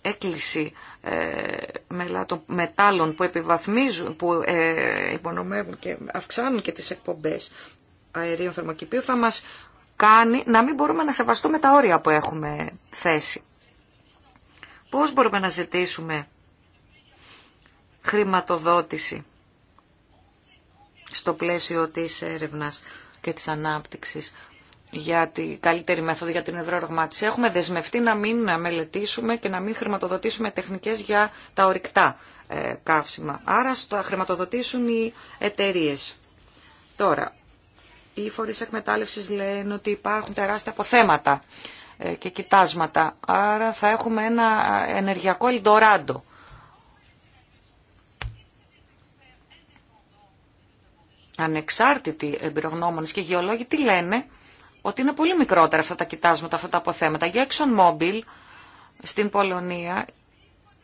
Speaker 2: έκκληση ε, μελάτων, μετάλλων που επιβαθμίζουν, που ε, υπονομεύουν και αυξάνουν και τις εκπομπές αερίων θερμοκηπίου, θα μας κάνει να μην μπορούμε να σεβαστούμε τα όρια που έχουμε θέσει. Πώς μπορούμε να ζητήσουμε χρηματοδότηση στο πλαίσιο της έρευνας και της ανάπτυξης για την καλύτερη μέθοδο για την ευρωρογμάτιση. Έχουμε δεσμευτεί να μην μελετήσουμε και να μην χρηματοδοτήσουμε τεχνικές για τα ορυκτά ε, καύσιμα. Άρα θα χρηματοδοτήσουν οι εταιρείε. Τώρα, οι φορείς εκμετάλλευσης λένε ότι υπάρχουν τεράστια αποθέματα ε, και κοιτάσματα. Άρα θα έχουμε ένα ενεργειακό ελντοράντο ανεξάρτητοι εμπειρογνώμονες και γεωλόγοι τι λένε, ότι είναι πολύ μικρότερα αυτά τα κοιτάσματα, αυτά τα αποθέματα. Για Exxon Mobil στην Πολωνία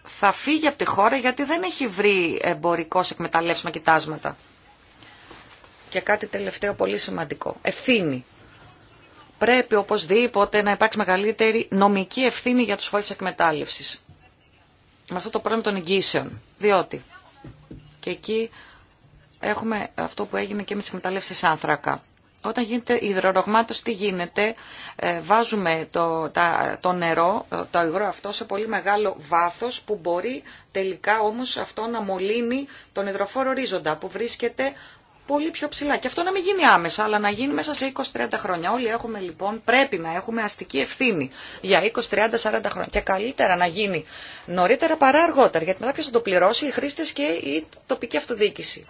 Speaker 2: θα φύγει από τη χώρα γιατί δεν έχει βρει εμπορικό εκμεταλλεύσιμα κοιτάσματα. Και κάτι τελευταίο πολύ σημαντικό. Ευθύνη. Πρέπει οπωσδήποτε να υπάρξει μεγαλύτερη νομική ευθύνη για τους φορείς εκμετάλλευσης. Με αυτό το πρόβλημα των εγγύσεων. Διότι και εκεί έχουμε αυτό που έγινε και με τις εκμεταλλεύσεις άνθρακα. Όταν γίνεται υδρορογμάτωση, τι γίνεται, ε, βάζουμε το, το νερό, ε, το υγρό αυτό σε πολύ μεγάλο βάθος που μπορεί τελικά όμως αυτό να μολύνει τον υδροφόρο ορίζοντα που βρίσκεται πολύ πιο ψηλά. Και αυτό να μην γίνει άμεσα, αλλά να γίνει μέσα σε 20-30 χρόνια. Όλοι έχουμε λοιπόν, πρέπει να έχουμε αστική ευθύνη για 20-30-40 χρόνια. Και καλύτερα να γίνει νωρίτερα παρά αργότερα, γιατί μετά ποιος θα το πληρώσει, οι χρήστες και η τοπική αυτοδιοίκηση.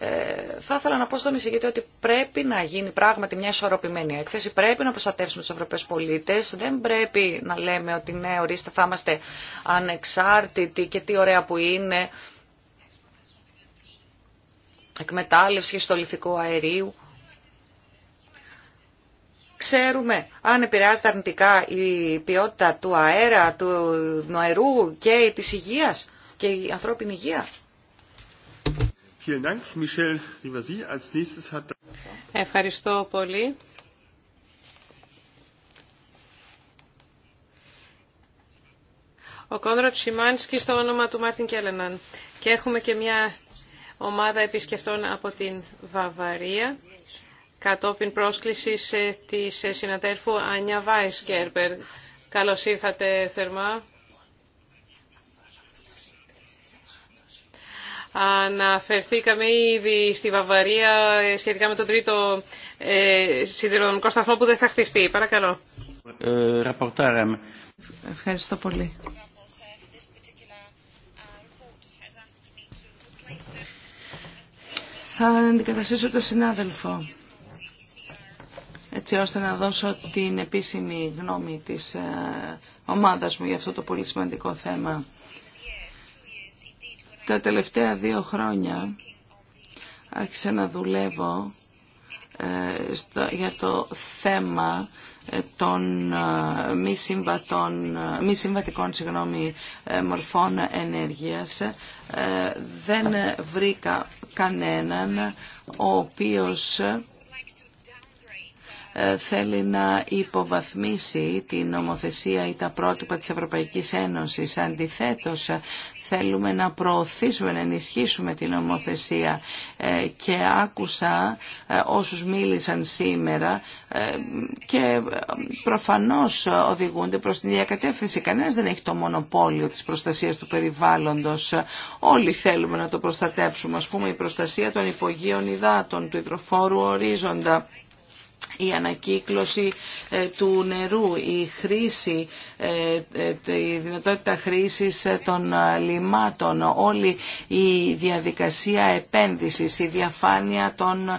Speaker 2: Ε, θα ήθελα να πω στον εισηγητή ότι πρέπει να γίνει πράγματι μια ισορροπημένη έκθεση. Πρέπει να προστατεύσουμε του Ευρωπαίου πολίτε. Δεν πρέπει να λέμε ότι ναι, ορίστε, θα είμαστε ανεξάρτητοι και τι ωραία που είναι. Εκμετάλλευση στο λιθικό αερίου. Ξέρουμε αν επηρεάζεται αρνητικά η ποιότητα του αέρα, του νοερού και της υγείας και η ανθρώπινη
Speaker 4: υγεία.
Speaker 3: Ευχαριστώ πολύ. Ο Κόνρατ Σιμάνσκι στο όνομα του Μάρτιν Κέλεναν. Και έχουμε και μια ομάδα επισκεφτών από την Βαβαρία κατόπιν πρόσκλησης ε, της ε, συνατέρφου Άνια Βάισκερπερ. Καλώς ήρθατε θερμά. Αναφερθήκαμε ήδη στη Βαβαρία ε, σχετικά με τον τρίτο ε, σιδηροδρομικό σταθμό που δεν θα χτιστεί. Παρακαλώ.
Speaker 1: Ε, Ευχαριστώ πολύ. Θα αντικαταστήσω τον συνάδελφο έτσι ώστε να δώσω την επίσημη γνώμη της ε, ομάδας μου για αυτό το πολύ σημαντικό θέμα. Τα τελευταία δύο χρόνια άρχισα να δουλεύω ε, στο, για το θέμα ε, των ε, μη, συμβατών, μη συμβατικών συγγνώμη, μορφών ενέργειας. Δεν βρήκα κανέναν ο οποίος θέλει να υποβαθμίσει την νομοθεσία ή τα πρότυπα της Ευρωπαϊκής Ένωσης. Αντιθέτως, θέλουμε να προωθήσουμε, να ενισχύσουμε την νομοθεσία ε, και άκουσα ε, όσους μίλησαν σήμερα ε, και προφανώς οδηγούνται προς την διακατεύθυνση. Κανένας δεν έχει το μονοπόλιο της προστασίας του περιβάλλοντος. Όλοι θέλουμε να το προστατέψουμε, ας πούμε η προστασία των υπογείων υδάτων, του υδροφόρου ορίζοντα η ανακύκλωση ε, του νερού, η χρήση, ε, ε, η δυνατότητα χρήσης των λιμάτων, όλη η διαδικασία επένδυσης, η διαφάνεια των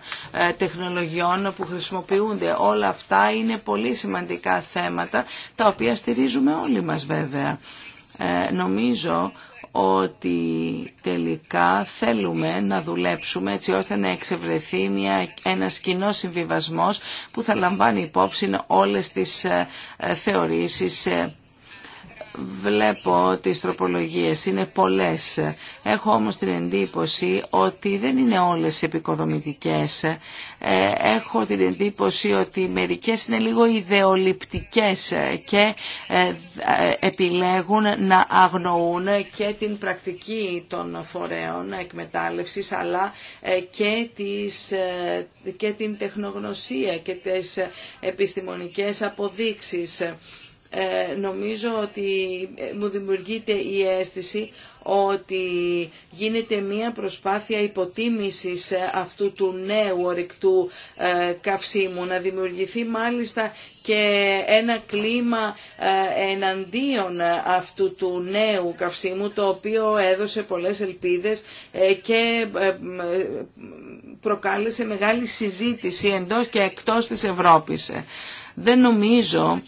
Speaker 1: τεχνολογιών που χρησιμοποιούνται. Όλα αυτά είναι πολύ σημαντικά θέματα τα οποία στηρίζουμε όλοι μας βέβαια. νομίζω ότι τελικά θέλουμε να δουλέψουμε έτσι ώστε να εξευρεθεί μια, ένας κοινός συμβιβασμός που θα λαμβάνει υπόψη όλες τις ε, ε, θεωρήσεις ε, βλέπω ότι οι τροπολογίες, είναι πολλές. Έχω όμως την εντύπωση ότι δεν είναι όλες επικοδομητικές. Ε, έχω την εντύπωση ότι μερικές είναι λίγο ιδεολειπτικές ε, και ε, επιλέγουν να αγνοούν και την πρακτική των φορέων εκμετάλλευσης αλλά και, τις, και την τεχνογνωσία και τις επιστημονικές αποδείξεις. Ε, νομίζω ότι ε, μου δημιουργείται η αίσθηση ότι γίνεται μία προσπάθεια υποτίμησης ε, αυτού του νέου ορυκτού καυσίμου, να δημιουργηθεί μάλιστα και ένα κλίμα εναντίον αυτού του νέου καυσίμου, το οποίο έδωσε πολλές ελπίδες και προκάλεσε μεγάλη συζήτηση εντός και εκτός της Ευρώπης. Δεν νομίζω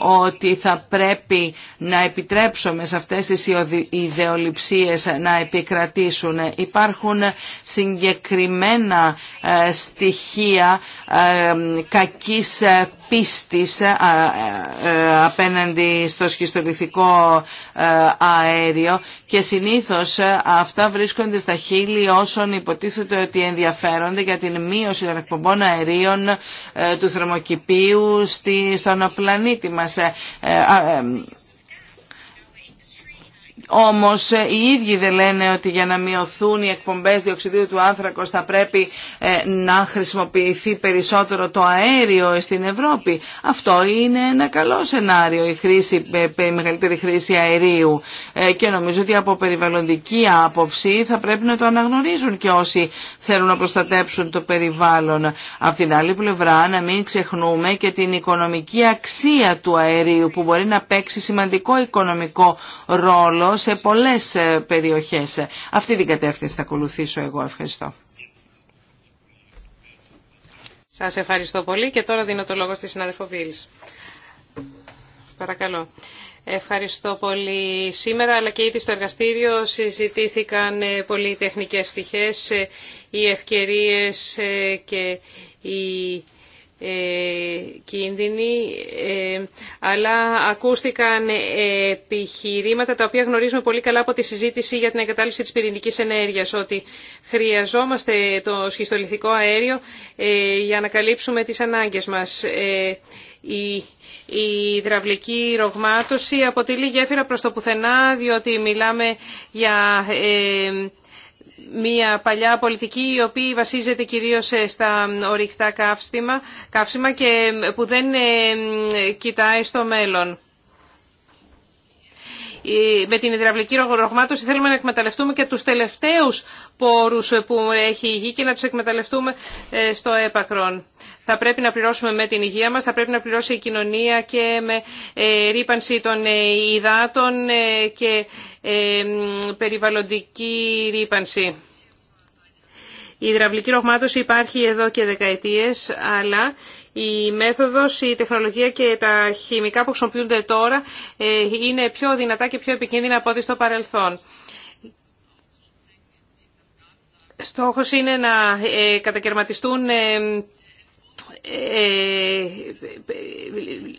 Speaker 1: ότι θα πρέπει να επιτρέψουμε σε αυτές τις ιδεολειψίες να επικρατήσουν. Υπάρχουν συγκεκριμένα ε, στοιχεία ε, κακής ε, πίστης απέναντι στο σχιστολιθικό αέριο και συνήθως ε, αυτά βρίσκονται στα χείλη όσων υποτίθεται ότι ενδιαφέρονται για την μείωση των εκπομπών αερίων ε, του θερμοκηπίου στον πλανήτη μας ε, όμως ε, οι ίδιοι δεν λένε ότι για να μειωθούν οι εκπομπές διοξιδίου του άνθρακος θα πρέπει ε, να χρησιμοποιηθεί περισσότερο το αέριο στην Ευρώπη. Αυτό είναι ένα καλό σενάριο, η, χρήση, ε, η μεγαλύτερη χρήση αερίου. Και νομίζω ότι από περιβαλλοντική άποψη θα πρέπει να το αναγνωρίζουν και όσοι θέλουν να προστατέψουν το περιβάλλον. Απ' την άλλη πλευρά να μην ξεχνούμε και την οικονομική αξία του αερίου που μπορεί να παίξει σημαντικό οικονομικό ρόλο σε πολλές ε, περιοχές. Αυτή την κατεύθυνση θα ακολουθήσω εγώ. Ευχαριστώ.
Speaker 3: Σας ευχαριστώ πολύ και τώρα δίνω το λόγο στη συνάδελφο Βίλς. Παρακαλώ. Ευχαριστώ πολύ. Σήμερα αλλά και ήδη στο εργαστήριο συζητήθηκαν ε, πολλοί τεχνικές πτυχές, ε, οι ευκαιρίες και οι ε, κίνδυνοι, ε, αλλά ακούστηκαν ε, επιχειρήματα τα οποία γνωρίζουμε πολύ καλά από τη συζήτηση για την εγκατάλειψη της πυρηνικής ενέργειας, ότι χρειαζόμαστε το σχιστολιθικό αέριο για να καλύψουμε τις ανάγκες μας. Η η υδραυλική ρογμάτωση αποτελεί γέφυρα προς το πουθενά, διότι μιλάμε για μια παλιά πολιτική η οποία βασίζεται κυρίως ε, στα ορυκτά καύσιμα, καύσιμα και ε, που δεν ε, κοιτάει στο μέλλον. Με την υδραυλική ρογμάτωση θέλουμε να εκμεταλλευτούμε και τους τελευταίους πόρους που έχει η γη και να τους εκμεταλλευτούμε στο έπακρον θα πρέπει να πληρώσουμε με την υγεία μας, θα πρέπει να πληρώσει η κοινωνία και με ε, ρήπανση των ε, υδάτων ε, και περιβαλλοντική ρήπανση. Η υδραυλική ρογμάτωση υπάρχει εδώ και δεκαετίες, αλλά η μέθοδος, η τεχνολογία και τα χημικά που χρησιμοποιούνται τώρα είναι πιο δυνατά και πιο επικίνδυνα από ό,τι στο παρελθόν. Στόχος είναι να κατακαιρματιστούν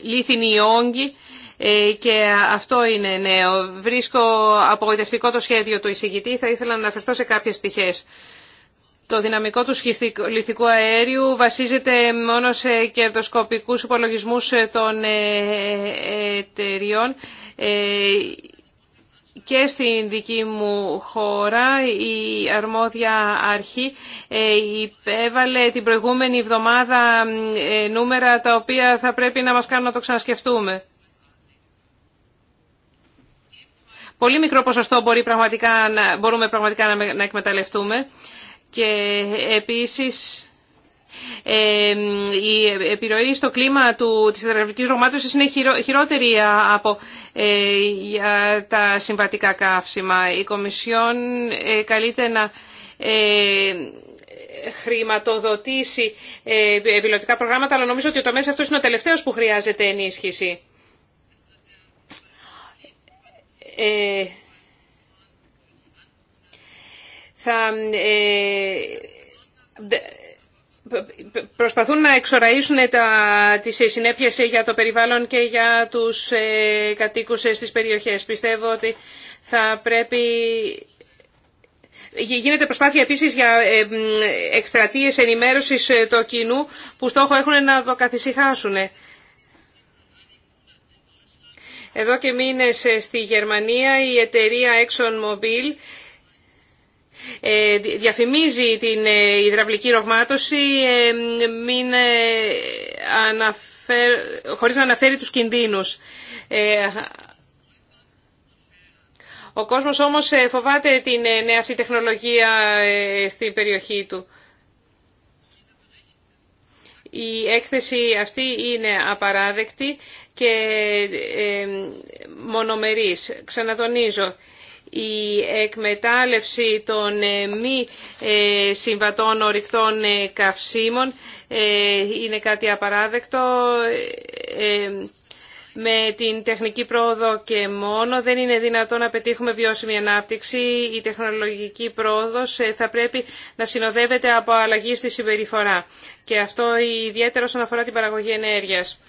Speaker 3: λίθινοι όγκοι ε, και αυτό είναι νέο. Βρίσκω απογοητευτικό το σχέδιο του εισηγητή. Θα ήθελα να αναφερθώ σε κάποιες πτυχές. Το δυναμικό του λιθικού αέριου βασίζεται μόνο σε κερδοσκοπικούς υπολογισμούς των ε, ε, εταιριών και στην δική μου χώρα η αρμόδια αρχή ε, υπέβαλε την προηγούμενη εβδομάδα ε, νούμερα τα οποία θα πρέπει να μας κάνουν να το ξανασκεφτούμε. Πολύ μικρό ποσοστό μπορεί πραγματικά, μπορούμε πραγματικά να εκμεταλλευτούμε και επίσης η επιρροή στο κλίμα του, της υδραυλικής ρογμάτωσης είναι χειρότερη από ε, τα συμβατικά καύσιμα. Η Κομισιόν ε, καλείται να ε, χρηματοδοτήσει επιλοτικά προγράμματα, αλλά νομίζω ότι ο τομέας αυτός είναι ο τελευταίος που χρειάζεται ενίσχυση. θα, προσπαθούν να εξοραίσουν τα, τις συνέπειες για το περιβάλλον και για τους ε, κατοίκους ε, στις περιοχές. Πιστεύω ότι θα πρέπει... Γίνεται προσπάθεια επίσης για ε, εκστρατείες ενημέρωσης το κοινού που στόχο έχουν να το καθησυχάσουν. Εδώ και μήνες στη Γερμανία η εταιρεία ExxonMobil ε, διαφημίζει την ε, υδραυλική ρογμάτωση ε, μην χωρίς να αναφέρει τους κινδύνους. Ο κόσμος όμως φοβάται την νέα αυτή τεχνολογία στην περιοχή του. Η έκθεση αυτή είναι απαράδεκτη και μονομερής. Ξανατονίζω, η εκμετάλλευση των ε, μη ε, συμβατών ορυκτών ε, καυσίμων είναι κάτι απαράδεκτο. Με την τεχνική πρόοδο και μόνο δεν είναι δυνατό να πετύχουμε βιώσιμη ανάπτυξη. Η τεχνολογική πρόοδος θα πρέπει να συνοδεύεται από αλλαγή στη συμπεριφορά. Και αυτό ιδιαίτερα όσον αφορά την παραγωγή ενέργειας.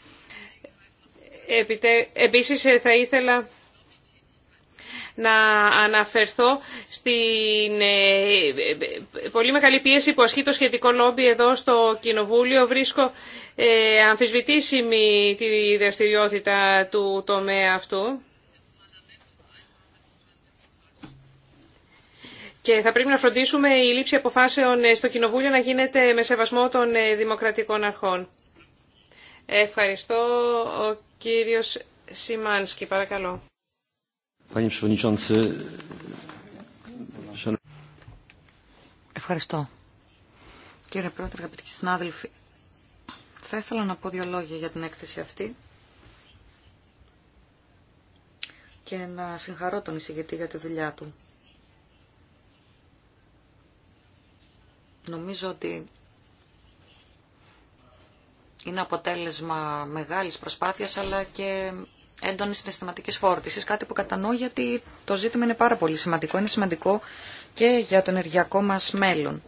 Speaker 3: Επίσης θα ήθελα να αναφερθώ στην ε, ε, πολύ μεγάλη πίεση που ασχεί το σχετικό λόμπι εδώ στο Κοινοβούλιο. Βρίσκω ε, αμφισβητήσιμη τη δραστηριότητα του τομέα αυτού. Και θα πρέπει να φροντίσουμε η λήψη αποφάσεων στο Κοινοβούλιο να γίνεται με σεβασμό των δημοκρατικών αρχών. Ευχαριστώ. Ο κύριος Σιμάνσκι, παρακαλώ.
Speaker 2: Ευχαριστώ. Κύριε Πρόεδρε, αγαπητοί συνάδελφοι, θα ήθελα να πω δύο λόγια για την έκθεση αυτή και να συγχαρώ τον εισηγητή για τη δουλειά του. Νομίζω ότι είναι αποτέλεσμα μεγάλης προσπάθειας αλλά και έντονη συναισθηματική φόρτιση. κάτι που κατανοώ γιατί το ζήτημα είναι πάρα πολύ σημαντικό, είναι σημαντικό και για το ενεργειακό μα μέλλον.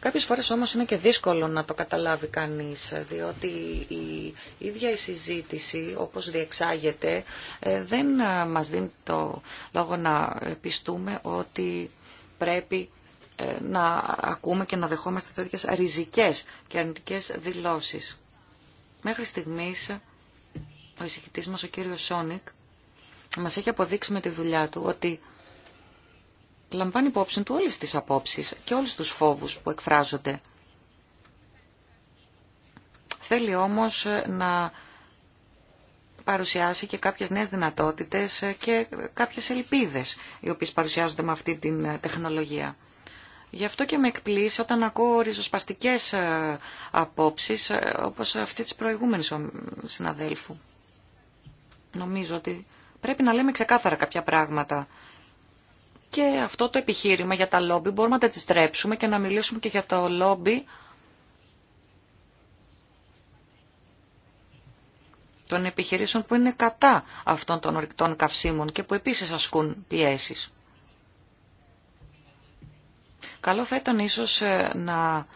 Speaker 2: Κάποιες φορές όμως είναι και δύσκολο να το καταλάβει κανείς, διότι η ίδια η συζήτηση, όπως διεξάγεται, ε, δεν ε, μας δίνει το λόγο να πιστούμε ότι πρέπει ε, να ακούμε και να δεχόμαστε τέτοιες ριζικές και αρνητικές δηλώσεις. Μέχρι στιγμής ο εισηγητής μας, ο κύριος Σόνικ, μας έχει αποδείξει με τη δουλειά του ότι λαμβάνει υπόψη του όλες τις απόψεις και όλους τους φόβους που εκφράζονται. Θέλει όμως να παρουσιάσει και κάποιες νέες δυνατότητες και κάποιες ελπίδες οι οποίες παρουσιάζονται με αυτή την τεχνολογία. Γι' αυτό και με εκπλήσει όταν ακούω ριζοσπαστικές ε, απόψεις ε, όπως αυτή της προηγούμενης συναδέλφου. Νομίζω ότι πρέπει να λέμε ξεκάθαρα κάποια πράγματα. Και αυτό το επιχείρημα για τα λόμπι μπορούμε να τα αντιστρέψουμε και να μιλήσουμε και για το λόμπι των επιχειρήσεων που είναι κατά αυτών των ορυκτών καυσίμων και που επίσης ασκούν πιέσεις. Καλό θα ήταν ίσως ε, να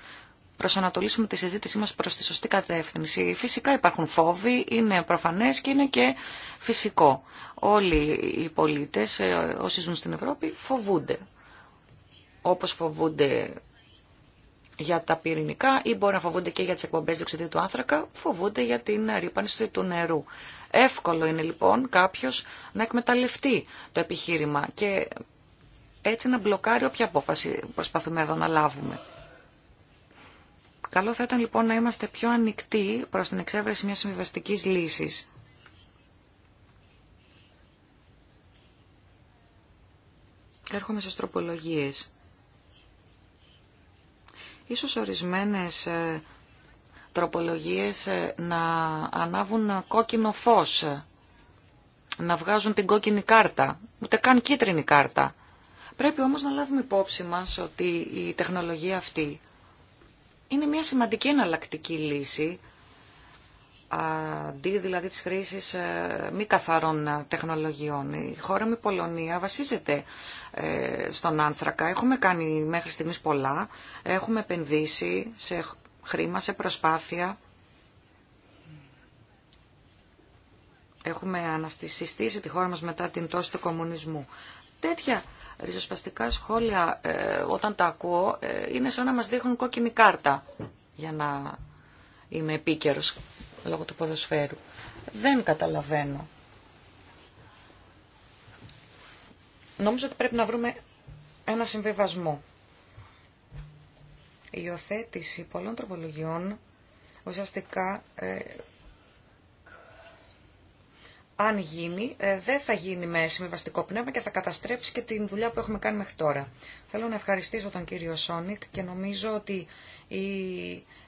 Speaker 2: προσανατολίσουμε τη συζήτησή μας προς τη σωστή κατεύθυνση. Φυσικά υπάρχουν φόβοι, είναι προφανές και είναι και φυσικό. Όλοι οι πολίτες, ε, όσοι ζουν στην Ευρώπη, φοβούνται. Όπως φοβούνται για τα πυρηνικά ή μπορεί να φοβούνται και για τις εκπομπές διοξιδίου του άνθρακα, φοβούνται για την ρήπανση του νερού. Εύκολο είναι λοιπόν κάποιος να εκμεταλλευτεί το επιχείρημα και έτσι να μπλοκάρει όποια απόφαση προσπαθούμε εδώ να λάβουμε. Καλό θα ήταν λοιπόν να είμαστε πιο ανοιχτοί προς την εξέβρεση μιας συμβιβαστική λύσης. Έρχομαι στις τροπολογίες. Ίσως ορισμένες ε, τροπολογίες ε, να ανάβουν κόκκινο φως, ε, να βγάζουν την κόκκινη κάρτα, ούτε καν κίτρινη κάρτα. Πρέπει όμως να λάβουμε υπόψη μας ότι η τεχνολογία αυτή είναι μια σημαντική εναλλακτική λύση αντί δηλαδή της χρήσης ε, μη καθαρών ε, τεχνολογιών. Η χώρα μου η Πολωνία βασίζεται ε, στον άνθρακα. Έχουμε κάνει μέχρι στιγμής πολλά. Έχουμε επενδύσει σε χρήμα, σε προσπάθεια. Έχουμε αναστησιστήσει τη χώρα μας μετά την τόση του κομμουνισμού. Τέτοια ριζοσπαστικά σχόλια ε, όταν τα ακούω ε, είναι σαν να μας δείχνουν κόκκινη κάρτα για να είμαι επίκαιρος λόγω του ποδοσφαίρου. Δεν καταλαβαίνω. Νομίζω ότι πρέπει να βρούμε ένα συμβιβασμό. Η υιοθέτηση πολλών τροπολογιών ουσιαστικά ε, αν γίνει, ε, δεν θα γίνει με συμβιβαστικό πνεύμα και θα καταστρέψει και την δουλειά που έχουμε κάνει μέχρι τώρα. Θέλω να ευχαριστήσω τον κύριο Σόνιτ και νομίζω ότι οι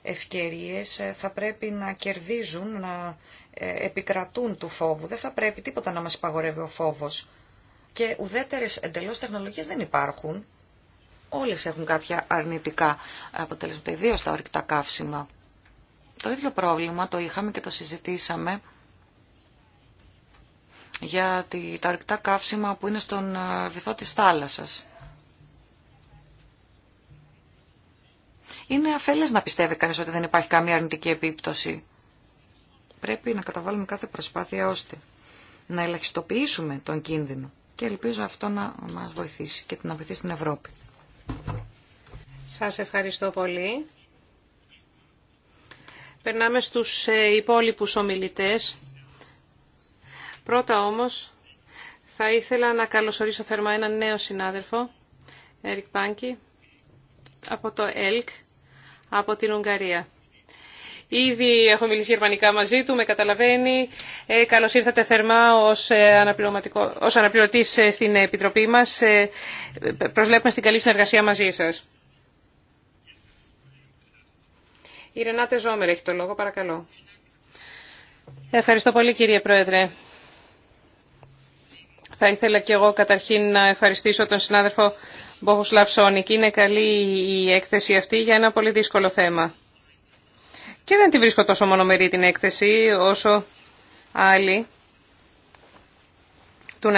Speaker 2: ευκαιρίες ε, θα πρέπει να κερδίζουν, να ε, επικρατούν του φόβου. Δεν θα πρέπει τίποτα να μας υπαγορεύει ο φόβος. Και ουδέτερες εντελώς τεχνολογίες δεν υπάρχουν. Όλες έχουν κάποια αρνητικά αποτελέσματα, ιδίως τα ορυκτά καύσιμα. Το ίδιο πρόβλημα το είχαμε και το συζητήσαμε για τα ορυκτά καύσιμα που είναι στον ε, βυθό της θάλασσας. Είναι αφέλες να πιστεύει κανείς ότι δεν υπάρχει καμία αρνητική επίπτωση. Πρέπει να καταβάλουμε κάθε προσπάθεια ώστε να ελαχιστοποιήσουμε τον κίνδυνο και ελπίζω αυτό να μας βοηθήσει και να βοηθήσει την Ευρώπη.
Speaker 3: Σας ευχαριστώ πολύ. Περνάμε στους ε, υπόλοιπους ομιλητές. Πρώτα όμως θα ήθελα να καλωσορίσω θερμά έναν νέο συνάδελφο, Έρικ Πάνκι, από το ΕΛΚ, από την Ουγγαρία. Ήδη έχω μιλήσει γερμανικά μαζί του, με καταλαβαίνει. Ε, καλώς ήρθατε θερμά ως, ε, αναπληρωματικό, ως αναπληρωτής ε, στην Επιτροπή μας. Ε, προσβλέπουμε στην καλή συνεργασία μαζί σας. Η Ρενάτε Ζόμερ έχει το λόγο, παρακαλώ. Ευχαριστώ πολύ κύριε Πρόεδρε. Θα ήθελα και εγώ καταρχήν να ευχαριστήσω τον συνάδελφο Μπόχουσλαβ Σόνικ. Είναι καλή η έκθεση αυτή για ένα πολύ δύσκολο θέμα. Και δεν τη βρίσκω τόσο μονομερή την έκθεση όσο άλλη του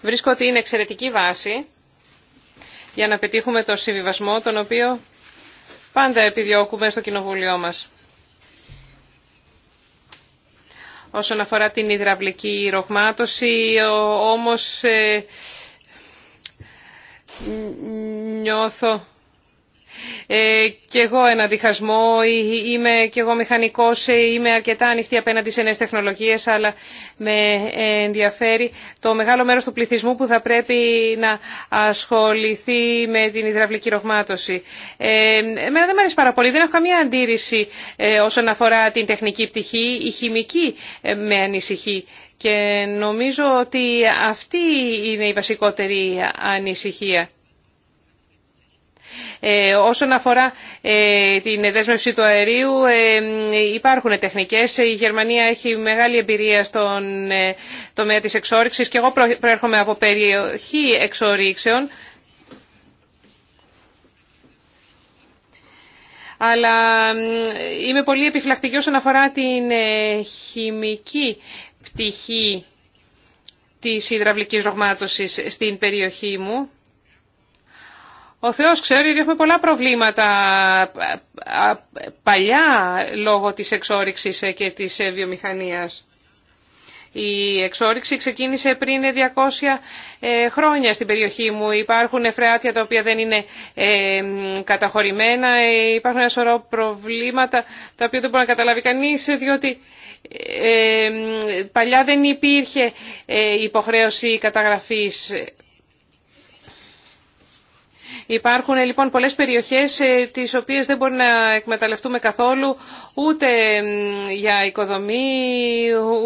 Speaker 3: Βρίσκω ότι είναι εξαιρετική βάση για να πετύχουμε το συμβιβασμό τον οποίο πάντα επιδιώκουμε στο κοινοβούλιο μας. όσον αφορά την υδραυλική ρογμάτωση, όμως ε, νιώθω ε, και εγώ ένα διχασμό, είμαι και εγώ μηχανικός, ε, είμαι αρκετά ανοιχτή απέναντι σε νέες τεχνολογίες, αλλά με ενδιαφέρει το μεγάλο μέρος του πληθυσμού που θα πρέπει να ασχοληθεί με την υδραυλική ρογμάτωση. Ε, εμένα δεν μου αρέσει πάρα πολύ, δεν έχω καμία αντίρρηση ε, όσον αφορά την τεχνική πτυχή, η χημική ε, με ανησυχεί. Και νομίζω ότι αυτή είναι η βασικότερη ανησυχία. Ε, όσον αφορά ε, την δέσμευση του αερίου ε, υπάρχουν τεχνικές. Η Γερμανία έχει μεγάλη εμπειρία στον τομέα της εξόριξης και εγώ προέρχομαι από περιοχή εξορίξεων αλλά είμαι πολύ επιφυλακτική όσον αφορά την χημική πτυχή της υδραυλικής ρογμάτωσης στην περιοχή μου. Ο Θεός ξέρει ότι έχουμε πολλά προβλήματα παλιά λόγω της εξόριξης ε, και της ε, βιομηχανίας. Η εξόριξη ξεκίνησε πριν 200 ε, χρόνια στην περιοχή μου. Υπάρχουν φρεάτια τα οποία δεν είναι καταχωρημένα. Υπάρχουν ένα σωρό προβλήματα τα οποία δεν μπορεί να καταλάβει κανείς διότι παλιά δεν υπήρχε υποχρέωση καταγραφής Υπάρχουν λοιπόν πολλές περιοχές ε, τις οποίες δεν μπορεί να εκμεταλλευτούμε καθόλου ούτε για οικοδομή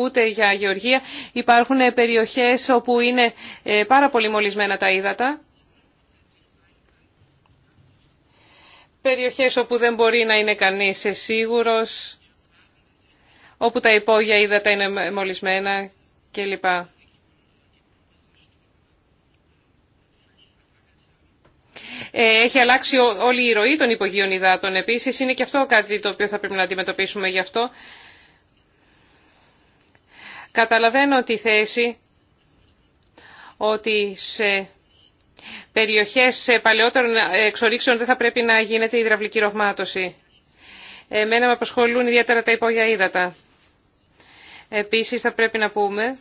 Speaker 3: ούτε για γεωργία. Υπάρχουν ε, περιοχές όπου είναι ε, πάρα πολύ μολυσμένα τα ύδατα. Περιοχές όπου δεν μπορεί να είναι κανείς σίγουρος, όπου τα υπόγεια ύδατα είναι μολυσμένα κλπ. Ε, έχει αλλάξει όλη η ροή των υπογείων υδάτων. Επίσης είναι και αυτό κάτι το οποίο θα πρέπει να αντιμετωπίσουμε γι' αυτό. Καταλαβαίνω τη θέση ότι σε περιοχές παλαιότερων εξορίξεων δεν θα πρέπει να γίνεται υδραυλική ρογμάτωση. Εμένα με απασχολούν ιδιαίτερα τα υπόγεια ύδατα. Επίσης θα πρέπει να πούμε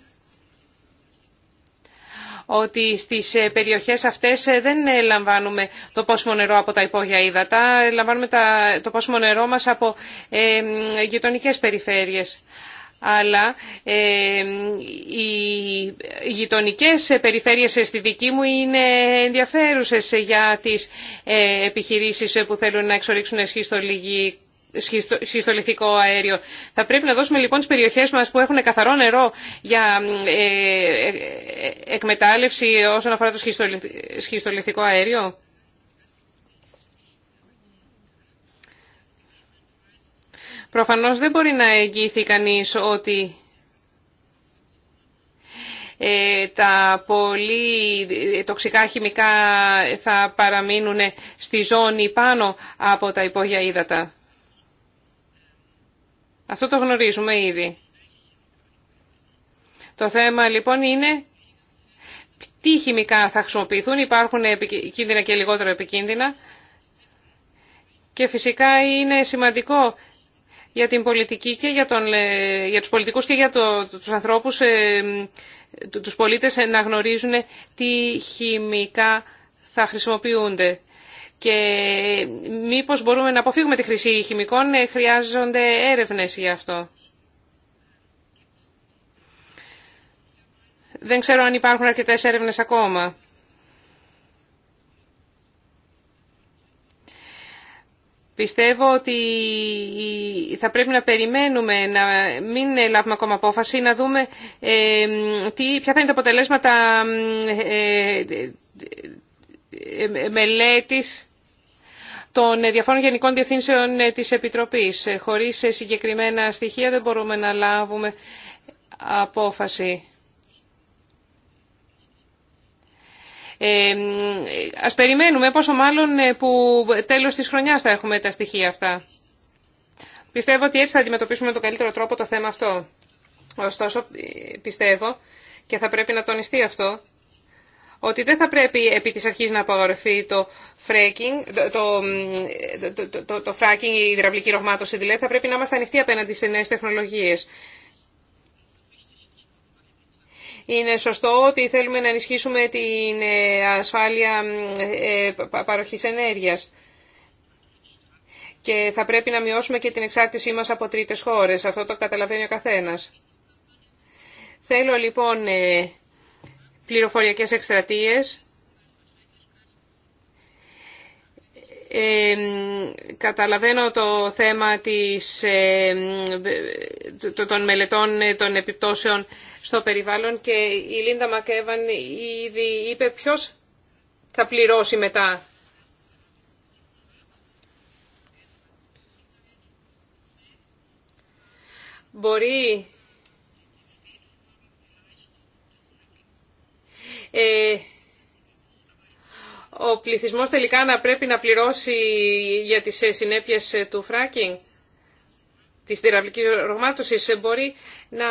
Speaker 3: ότι στις ε, περιοχές αυτές ε, δεν ε, λαμβάνουμε το πόσιμο νερό από τα υπόγεια ύδατα, λαμβάνουμε το πόσιμο νερό μας από γειτονικές περιφέρειες. Αλλά οι γειτονικές περιφέρειες στη δική μου είναι ενδιαφέρουσες για τις επιχειρήσεις που θέλουν να εξορίξουν αισχή στο σχιστολιθικό αέριο. Θα πρέπει να δώσουμε λοιπόν τις περιοχές μας που έχουν καθαρό νερό για ε, ε, εκμετάλλευση όσον αφορά το σχιστολιθικό αέριο. Προφανώς δεν μπορεί να εγγύθει κανείς ότι ε, τα πολύ τοξικά χημικά θα παραμείνουν στη ζώνη πάνω από τα υπόγεια ύδατα. Αυτό το γνωρίζουμε ήδη. Το θέμα λοιπόν είναι τι χημικά θα χρησιμοποιηθούν, υπάρχουν επικίνδυνα και λιγότερο επικίνδυνα και φυσικά είναι σημαντικό για την πολιτική και για, τον, ε, για τους πολιτικούς και για τους ανθρώπους, ε, τους πολίτες να γνωρίζουν τι χημικά θα χρησιμοποιούνται και μήπως μπορούμε να αποφύγουμε τη χρήση χημικών, ε, χρειάζονται έρευνες για αυτό. Δεν ξέρω αν υπάρχουν αρκετές έρευνες ακόμα. Πιστεύω ότι θα πρέπει να περιμένουμε, να μην λάβουμε ακόμα απόφαση, να δούμε ε, τι, ποια θα είναι τα αποτελέσματα ε, ε μελέτης των ε, διαφόρων γενικών διευθύνσεων ε, της Επιτροπής. Ε, χωρίς συγκεκριμένα στοιχεία δεν μπορούμε να λάβουμε απόφαση. Ε, ας περιμένουμε πόσο μάλλον που τέλος της χρονιάς θα έχουμε τα στοιχεία αυτά. Πιστεύω ότι έτσι θα αντιμετωπίσουμε με τον καλύτερο τρόπο το θέμα αυτό. Ωστόσο πιστεύω και θα πρέπει να τονιστεί αυτό ότι δεν θα πρέπει επί της αρχής να απαγορευτεί το fracking, το, το, το, το, fracking, η υδραυλική ρογμάτωση δηλαδή, θα πρέπει να είμαστε ανοιχτοί απέναντι σε νέες τεχνολογίες. Είναι σωστό ότι θέλουμε να ενισχύσουμε την ε, ασφάλεια ε, ε, παροχής ενέργειας και θα πρέπει να μειώσουμε και την εξάρτησή μας από τρίτες χώρες. Αυτό το καταλαβαίνει ο καθένας. Θέλω λοιπόν πληροφοριακές εκστρατείες ε, καταλαβαίνω το θέμα της, ε, των μελετών ε, των επιπτώσεων στο περιβάλλον και η Λίντα Μακέβαν ήδη είπε ποιος θα πληρώσει μετά. Μπορεί Ε, ο πληθυσμός τελικά να πρέπει να πληρώσει για τις ε, συνέπειες ε, του φράκινγκ της θεραπευτικής ρογμάτωσης μπορεί να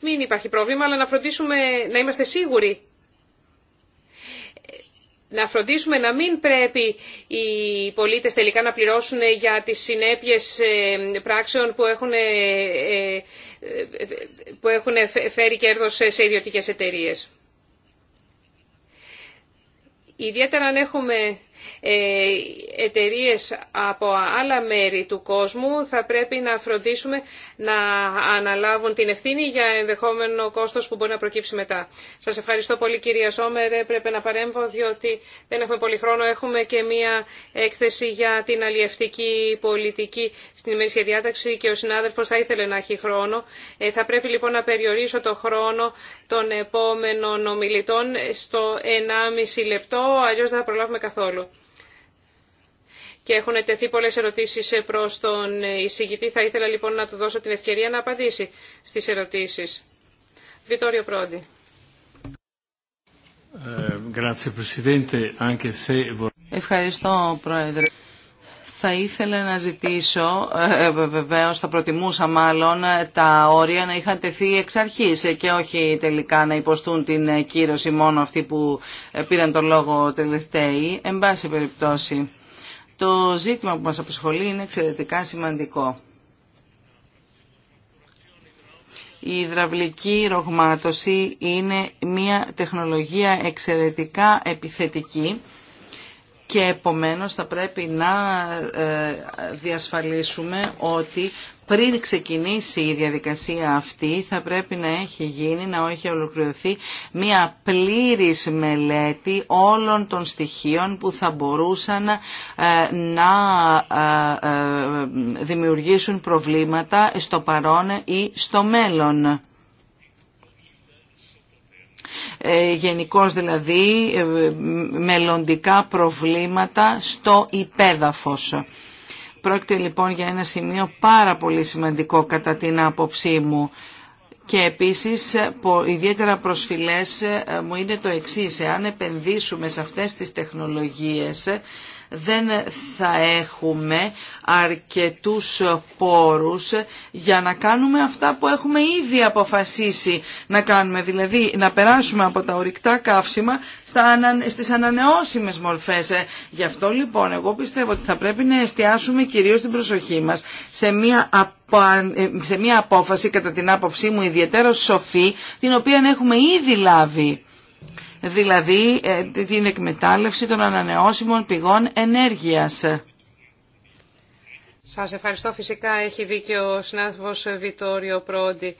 Speaker 3: μην υπάρχει πρόβλημα, αλλά να φροντίσουμε να είμαστε σίγουροι. Να φροντίσουμε να μην πρέπει οι πολίτες τελικά να πληρώσουν για τις συνέπειες πράξεων που έχουν, που έχουν φέρει κέρδος σε ιδιωτικές εταιρείες. Ιδιαίτερα αν έχουμε ε, εταιρείε από άλλα μέρη του κόσμου θα πρέπει να φροντίσουμε να αναλάβουν την ευθύνη για ενδεχόμενο κόστος που μπορεί να προκύψει μετά. Σας ευχαριστώ πολύ κυρία Σόμερ. Πρέπει να παρέμβω διότι δεν έχουμε πολύ χρόνο. Έχουμε και μία έκθεση για την αλλιευτική πολιτική στην ημερήσια διάταξη και ο συνάδελφος θα ήθελε να έχει χρόνο. Ε, θα πρέπει λοιπόν να περιορίσω το χρόνο των επόμενων ομιλητών στο 1,5 λεπτό, αλλιώς δεν θα προλάβουμε καθόλου και έχουν τεθεί πολλές ερωτήσεις προς τον εισηγητή. Θα ήθελα λοιπόν να του δώσω την ευκαιρία να απαντήσει στις ερωτήσεις. Βιτόριο Πρόντι.
Speaker 1: Ευχαριστώ, Πρόεδρε. Θα ήθελα να ζητήσω, ε, βεβαίω θα προτιμούσα μάλλον, ε, τα όρια να είχαν τεθεί εξ αρχή ε, και όχι τελικά να υποστούν την κύρωση μόνο αυτοί που πήραν τον λόγο τελευταίοι. Εν πάση περιπτώσει. Το ζήτημα που μας απασχολεί είναι εξαιρετικά σημαντικό. Η υδραυλική ρογμάτωση είναι μια τεχνολογία εξαιρετικά επιθετική και επομένως θα πρέπει να ε, διασφαλίσουμε ότι πριν ξεκινήσει η διαδικασία αυτή θα πρέπει να έχει γίνει, να έχει ολοκληρωθεί μια πλήρης μελέτη όλων των στοιχείων που θα μπορούσαν ε, να ε, ε, δημιουργήσουν προβλήματα στο παρόν ή στο μέλλον γενικώ δηλαδή μελλοντικά προβλήματα στο υπέδαφος. Πρόκειται λοιπόν για ένα σημείο πάρα πολύ σημαντικό κατά την άποψή μου. Και επίσης ιδιαίτερα προσφυλές ε, μου είναι το εξής, εάν επενδύσουμε σε αυτές τις τεχνολογίες δεν θα έχουμε αρκετούς πόρους για να κάνουμε αυτά που έχουμε ήδη αποφασίσει να κάνουμε, δηλαδή να περάσουμε από τα ορυκτά καύσιμα στα, στις ανανεώσιμες μορφές. Ε, γι' αυτό λοιπόν εγώ πιστεύω ότι θα πρέπει να εστιάσουμε κυρίως την προσοχή μας σε μια ε, σε μια απόφαση κατά την άποψή μου ιδιαίτερα σοφή, την οποία έχουμε ήδη λάβει δηλαδή ε, την εκμετάλλευση των ανανεώσιμων πηγών ενέργειας.
Speaker 3: Σας ευχαριστώ. Φυσικά έχει δίκιο ο συνάδελφος Βιτόριο Πρόντι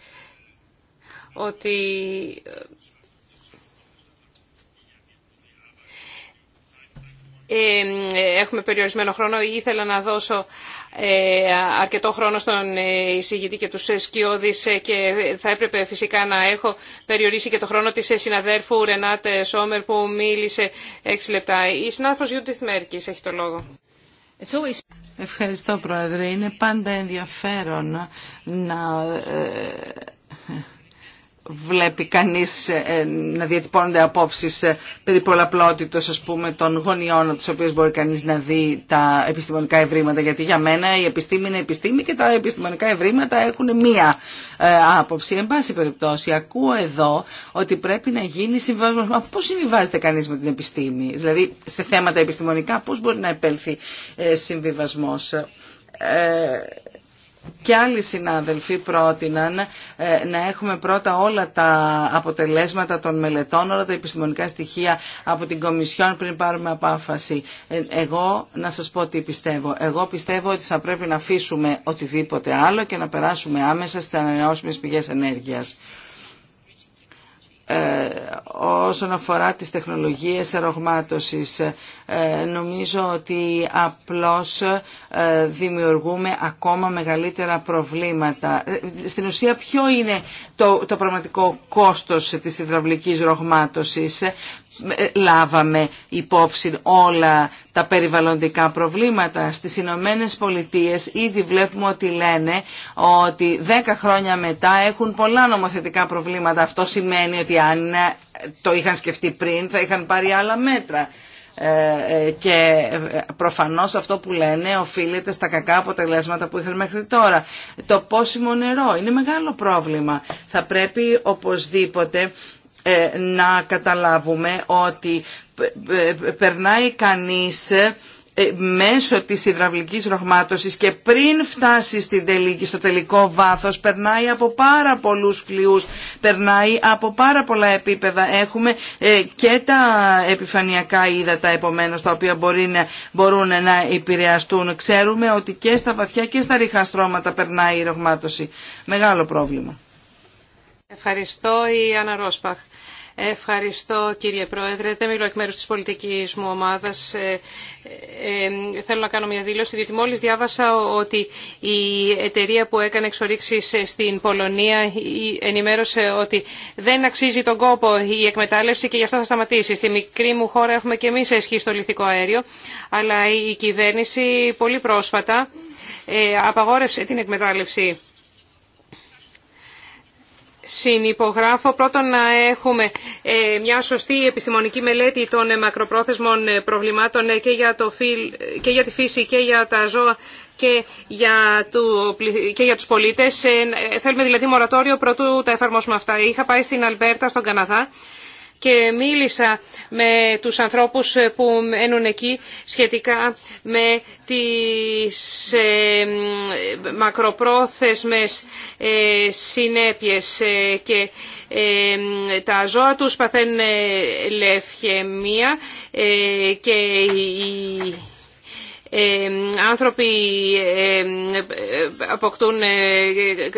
Speaker 3: ότι ε, ε, έχουμε περιορισμένο χρόνο. Ήθελα να δώσω ε, αρκετό χρόνο στον ε, εισηγητή και τους ε, σκιώδεις και θα έπρεπε φυσικά να έχω περιορίσει και το χρόνο της συναδέρφου Ρενάτε Σόμερ που μίλησε έξι λεπτά. Η συνάδελφος Γιούντιθ Μέρκης έχει το λόγο.
Speaker 1: Ευχαριστώ Πρόεδρε. Είναι πάντα ενδιαφέρον να βλέπει κανείς ε, να διατυπώνονται απόψεις ε, περί πολλαπλότητος ας πούμε των γωνιών από τις οποίες μπορεί κανείς να δει τα επιστημονικά ευρήματα γιατί για μένα η επιστήμη είναι επιστήμη και τα επιστημονικά ευρήματα έχουν μία ε, άποψη. Εν πάση περιπτώσει ακούω εδώ ότι πρέπει να γίνει συμβιβασμός. Μα πώς συμβιβάζεται κανείς με την επιστήμη δηλαδή σε θέματα επιστημονικά πώς μπορεί να επέλθει συμβιβασμός και άλλοι συνάδελφοι πρότειναν ε, να έχουμε πρώτα όλα τα αποτελέσματα των μελετών, όλα τα επιστημονικά στοιχεία από την Κομισιόν πριν πάρουμε απάφαση. Ε, εγώ να σας πω τι πιστεύω. Εγώ πιστεύω ότι θα πρέπει να αφήσουμε οτιδήποτε άλλο και να περάσουμε άμεσα στις ανανεώσιμες πηγές ενέργειας. Ε, όσον αφορά τις τεχνολογίες ρογμάτωσης. Ε, νομίζω ότι απλώς ε, δημιουργούμε ακόμα μεγαλύτερα προβλήματα. Στην ουσία ποιο είναι το, το πραγματικό κόστος της υδραυλικής ρογμάτωσης. Ε, λάβαμε υπόψη όλα τα περιβαλλοντικά προβλήματα. Στις Ηνωμένε Πολιτείες ήδη βλέπουμε ότι λένε ότι 10 χρόνια μετά έχουν πολλά νομοθετικά προβλήματα. Αυτό σημαίνει ότι αν ε, το είχαν σκεφτεί πριν θα είχαν πάρει άλλα μέτρα ε, και προφανώς αυτό που λένε οφείλεται στα κακά αποτελέσματα που είχαν μέχρι τώρα. Το πόσιμο νερό είναι μεγάλο πρόβλημα. Θα πρέπει οπωσδήποτε ε, να καταλάβουμε ότι ε, ε, περνάει κανείς μέσω της υδραυλικής ρογμάτωσης και πριν φτάσει στην τελική, στο τελικό βάθος περνάει από πάρα πολλούς φλοιούς, περνάει από πάρα πολλά επίπεδα. Έχουμε και τα επιφανειακά ύδατα επομένως τα οποία μπορεί να, μπορούν να επηρεαστούν. Ξέρουμε ότι και στα βαθιά και στα ριχά στρώματα περνάει η ρογμάτωση. Μεγάλο πρόβλημα.
Speaker 3: Ευχαριστώ η Άννα Ρόσπαχ. Ευχαριστώ κύριε Πρόεδρε. Δεν μιλώ εκ μέρους της πολιτικής μου ομάδας. Ε, ε, ε θέλω να κάνω μια δήλωση, διότι μόλις διάβασα ότι η εταιρεία που έκανε εξορίξεις ε, στην Πολωνία ενημέρωσε ότι δεν αξίζει τον κόπο η εκμετάλλευση και γι' αυτό θα σταματήσει. Στη μικρή μου χώρα έχουμε και εμείς αισχύ στο λιθικό αέριο, αλλά η κυβέρνηση πολύ πρόσφατα απαγόρευσε την εκμετάλλευση Συνυπογράφω πρώτον να έχουμε ε, μια σωστή επιστημονική μελέτη των ε, μακροπρόθεσμων ε, προβλημάτων και για, το και για τη φύση και για τα ζώα και για, του, και για τους πολίτες. Θέλουμε δηλαδή μορατόριο πρωτού τα εφαρμόσουμε αυτά. Είχα πάει στην Αλμπέρτα, στον Καναδά και μίλησα με τους ανθρώπους που μένουν εκεί σχετικά με τις ε, μακροπρόθεσμες ε, συνέπειες ε, και τα ζώα τους παθαίνουν λευχαιμία και άνθρωποι αποκτούν ε,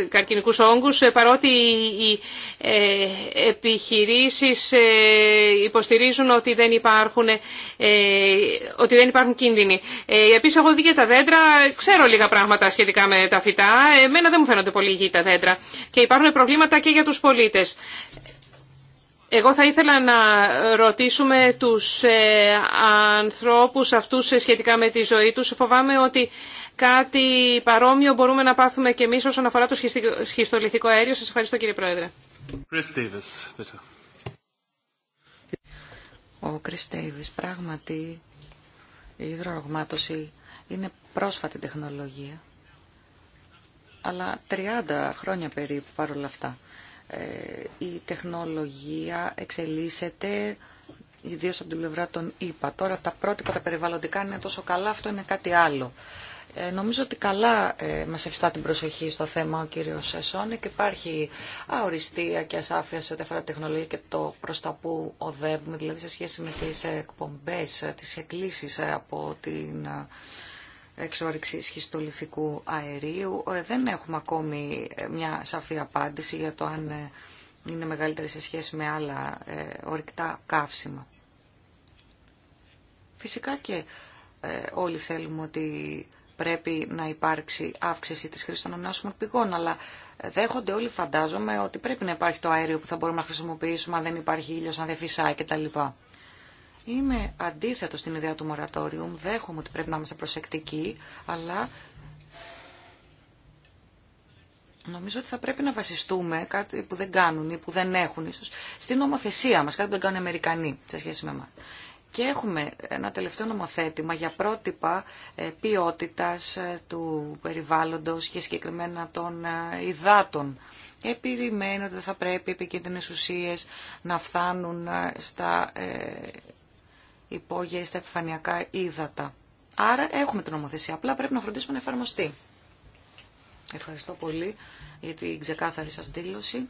Speaker 3: καρκινικούς όγκους ε, παρότι οι ε, επιχειρήσεις υποστηρίζουν ότι δεν υπάρχουν, ότι δεν υπάρχουν κίνδυνοι. Επίσης εγώ δει τα δέντρα, ξέρω λίγα πράγματα σχετικά με τα φυτά, εμένα δεν μου φαίνονται πολύ υγιή τα δέντρα και υπάρχουν προβλήματα και για τους πολίτες. Εγώ θα ήθελα να ρωτήσουμε τους ε, ανθρώπους αυτούς ε, σχετικά με τη ζωή τους. Φοβάμαι ότι κάτι παρόμοιο μπορούμε να πάθουμε και εμείς όσον αφορά το σχιστολιθικό αέριο. Σας ευχαριστώ κύριε Πρόεδρε.
Speaker 4: Chris Davis,
Speaker 2: Ο Chris Davis, πράγματι η υδρορογμάτωση είναι πρόσφατη τεχνολογία αλλά 30 χρόνια περίπου παρόλα αυτά ε, η τεχνολογία εξελίσσεται, ιδίω από την πλευρά των ΙΠΑ. Τώρα τα πρότυπα τα περιβαλλοντικά είναι τόσο καλά, αυτό είναι κάτι άλλο. Ε, νομίζω ότι καλά ε, μας ευστά την προσοχή στο θέμα ο κύριος Σεσόνε και υπάρχει αοριστία και ασάφεια σε ό,τι αφορά τεχνολογία και το προς τα που οδεύουμε, δηλαδή σε σχέση με τις εκπομπές, ε, τις εκκλήσεις από την εξόρυξη σχιστολιθικού αερίου. Ε, δεν έχουμε ακόμη ε, μια σαφή απάντηση για το αν ε, είναι μεγαλύτερη σε σχέση με άλλα ορυκτά καύσιμα. Φυσικά και όλοι θέλουμε ότι πρέπει να υπάρξει αύξηση της χρήσης των ανανεώσιμων πηγών, αλλά δέχονται όλοι φαντάζομαι ότι πρέπει να υπάρχει το αέριο που θα μπορούμε να χρησιμοποιήσουμε αν δεν υπάρχει ήλιος, αν δεν φυσάει κτλ. Είμαι αντίθετο στην ιδέα του μορατόριου, δέχομαι ότι πρέπει να είμαστε προσεκτικοί, αλλά νομίζω ότι θα πρέπει να βασιστούμε κάτι που δεν κάνουν ή που δεν έχουν ίσως στην νομοθεσία μας, κάτι που δεν κάνουν οι Αμερικανοί σε σχέση με εμάς. Και έχουμε ένα τελευταίο νομοθέτημα για πρότυπα ε, ποιότητας ε, του περιβάλλοντο και συγκεκριμένα των ε, υδάτων. Επιμένει ότι δεν θα πρέπει επικίνδυνε ουσίες να φτάνουν στα υπόγεια ή στα επιφανειακά ύδατα. Άρα έχουμε την νομοθεσία, απλά πρέπει να φροντίσουμε να εφαρμοστεί. Ευχαριστώ πολύ για την ξεκάθαρη σας δήλωση.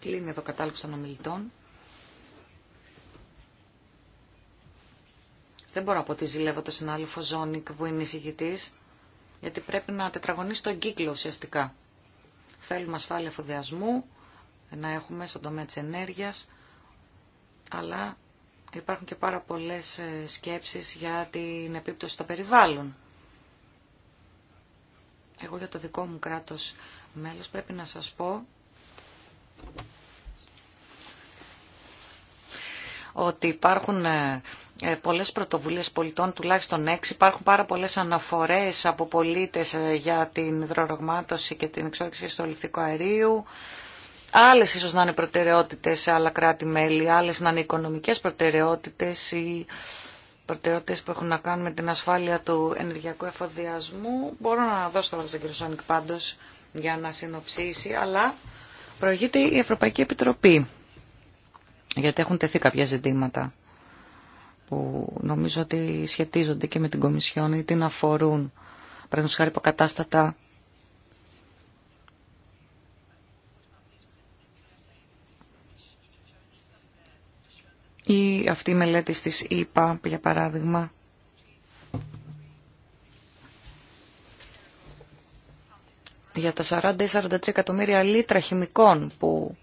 Speaker 2: Κλείνει εδώ κατάλογος των ομιλητών. Δεν μπορώ να πω ότι ζηλεύω τον συνάδελφο Ζόνικ που είναι εισηγητή, γιατί πρέπει να τετραγωνίσει τον κύκλο ουσιαστικά. Θέλουμε ασφάλεια φοδεασμού να έχουμε στον τομέα τη ενέργεια, αλλά Υπάρχουν και πάρα πολλές ε, σκέψεις για την επίπτωση των περιβάλλον. Εγώ για το δικό μου κράτος μέλος πρέπει να σας πω ότι υπάρχουν ε, ε, πολλές πρωτοβουλίες πολιτών, τουλάχιστον έξι. Υπάρχουν πάρα πολλές αναφορές από πολίτες για την υδρορογμάτωση και την εξόρυξη στο αερίου άλλες ίσως να είναι προτεραιότητες σε άλλα κράτη-μέλη, άλλες να είναι οικονομικές προτεραιότητες ή προτεραιότητες που έχουν να κάνουν με την ασφάλεια του ενεργειακού εφοδιασμού. Μπορώ να δώσω το λόγο στον κύριο Σόνικ πάντως για να συνοψίσει, αλλά προηγείται η Ευρωπαϊκή Επιτροπή, γιατί έχουν τεθεί κάποια ζητήματα που νομίζω ότι σχετίζονται και με την Κομισιόν ή την αφορούν. Παραδείγματο χάρη υποκατάστατα αυτή η μελέτη στις ΕΙΠΑ, για παράδειγμα. Για τα 40-43 εκατομμύρια λίτρα χημικών που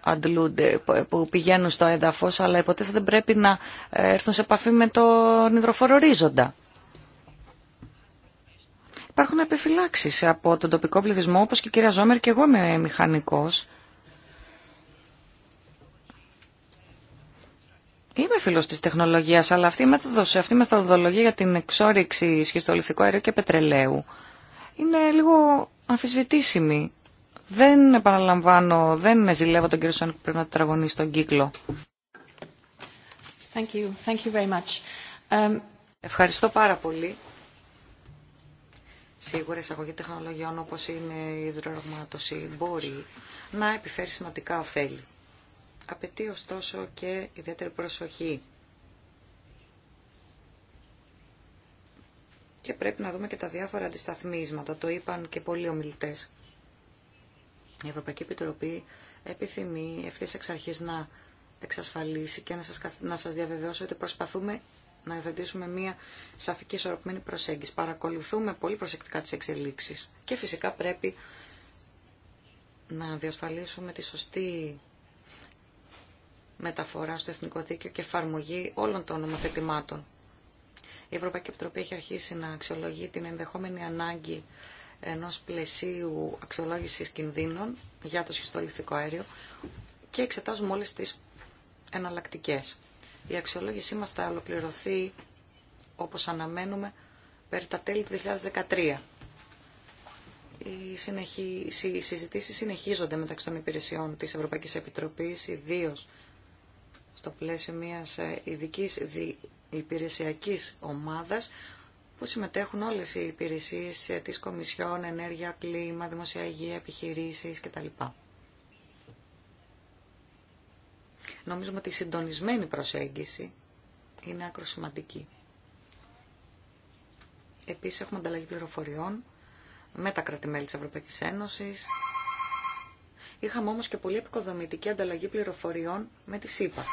Speaker 2: αντλούνται, που πηγαίνουν στο έδαφος, αλλά υποτίθεται πρέπει να ε, έρθουν σε επαφή με τον υδροφορορίζοντα. Υπάρχουν επιφυλάξεις από τον τοπικό πληθυσμό, όπως και η κυρία Ζόμερ και εγώ είμαι μηχανικός. Είμαι φίλο τη τεχνολογία, αλλά αυτή η, μέθοδος, αυτή η μεθοδολογία για την εξόριξη σχιστολιθικού αερίου και πετρελαίου είναι λίγο αμφισβητήσιμη. Δεν επαναλαμβάνω, δεν ζηλεύω τον κύριο Σόνικ που πρέπει να τετραγωνεί στον κύκλο.
Speaker 5: Thank you. Thank you very much. Um,
Speaker 2: Ευχαριστώ πάρα πολύ. Σίγουρα η εισαγωγή τεχνολογιών όπως είναι η υδρορογμάτωση μπορεί να επιφέρει σημαντικά ωφέλη. Απαιτεί ωστόσο και ιδιαίτερη προσοχή. Και πρέπει να δούμε και τα διάφορα αντισταθμίσματα, το είπαν και πολλοί ομιλητές. Η Ευρωπαϊκή Επιτροπή επιθυμεί ευθύς εξ αρχής να εξασφαλίσει και να σας, να διαβεβαιώσω ότι προσπαθούμε να υιοθετήσουμε μια σαφική και ισορροπημένη προσέγγιση. Παρακολουθούμε πολύ προσεκτικά τις εξελίξεις και φυσικά πρέπει να διασφαλίσουμε τη σωστή μεταφορά στο Εθνικό Δίκαιο και εφαρμογή όλων των νομοθετημάτων. Η Ευρωπαϊκή Επιτροπή έχει αρχίσει να αξιολογεί την ενδεχόμενη ανάγκη ενός πλαισίου αξιολόγησης κινδύνων για το σχιστολιθικό αέριο και εξετάζουμε όλες τις εναλλακτικέ. Η αξιολόγησή μας θα ολοκληρωθεί, όπως αναμένουμε, περί τα τέλη του 2013. Οι, συνεχι... συζητήσεις συνεχίζονται μεταξύ των υπηρεσιών της Ευρωπαϊκής Επιτροπής, ιδίως στο πλαίσιο μιας ε, ειδική υπηρεσιακής ομάδας που συμμετέχουν όλες οι υπηρεσίες ε, της Κομισιόν, Ενέργεια, Κλίμα, Δημοσία Υγεία, Επιχειρήσεις κτλ. Νομίζουμε ότι η συντονισμένη προσέγγιση είναι άκρο Επίσης έχουμε ανταλλαγή πληροφοριών με τα κρατημέλη της Ευρωπαϊκής Ένωσης, Είχαμε όμως και πολύ επικοδομητική ανταλλαγή πληροφοριών με τη ΣΥΠΑ.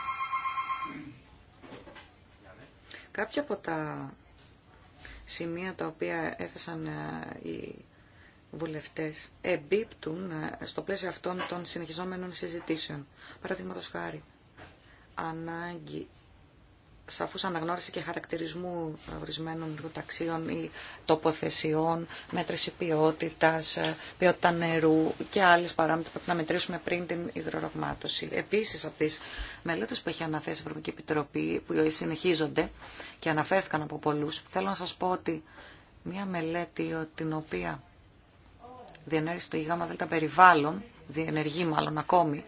Speaker 2: Κάποια από τα σημεία τα οποία έθεσαν ε, οι βουλευτές εμπίπτουν ε, στο πλαίσιο αυτών των συνεχιζόμενων συζητήσεων. Παραδείγματος χάρη, ανάγκη σαφού αναγνώριση και χαρακτηρισμού ορισμένων εργοταξίων ή τοποθεσιών, μέτρηση ποιότητας, ε, ποιότητα νερού και άλλες παράμετρα που πρέπει να μετρήσουμε πριν την υδρορογμάτωση. Επίσης, από τι μελέτες που έχει αναθέσει η Ευρωπαϊκή Επιτροπή, που συνεχίζονται και αναφέρθηκαν από πολλού, θέλω να σας πω ότι μια μελέτη την οποία διενέργησε το ΙΓΑΜΑ ΔΕΛΤΑ Περιβάλλον, διενεργεί μάλλον ακόμη,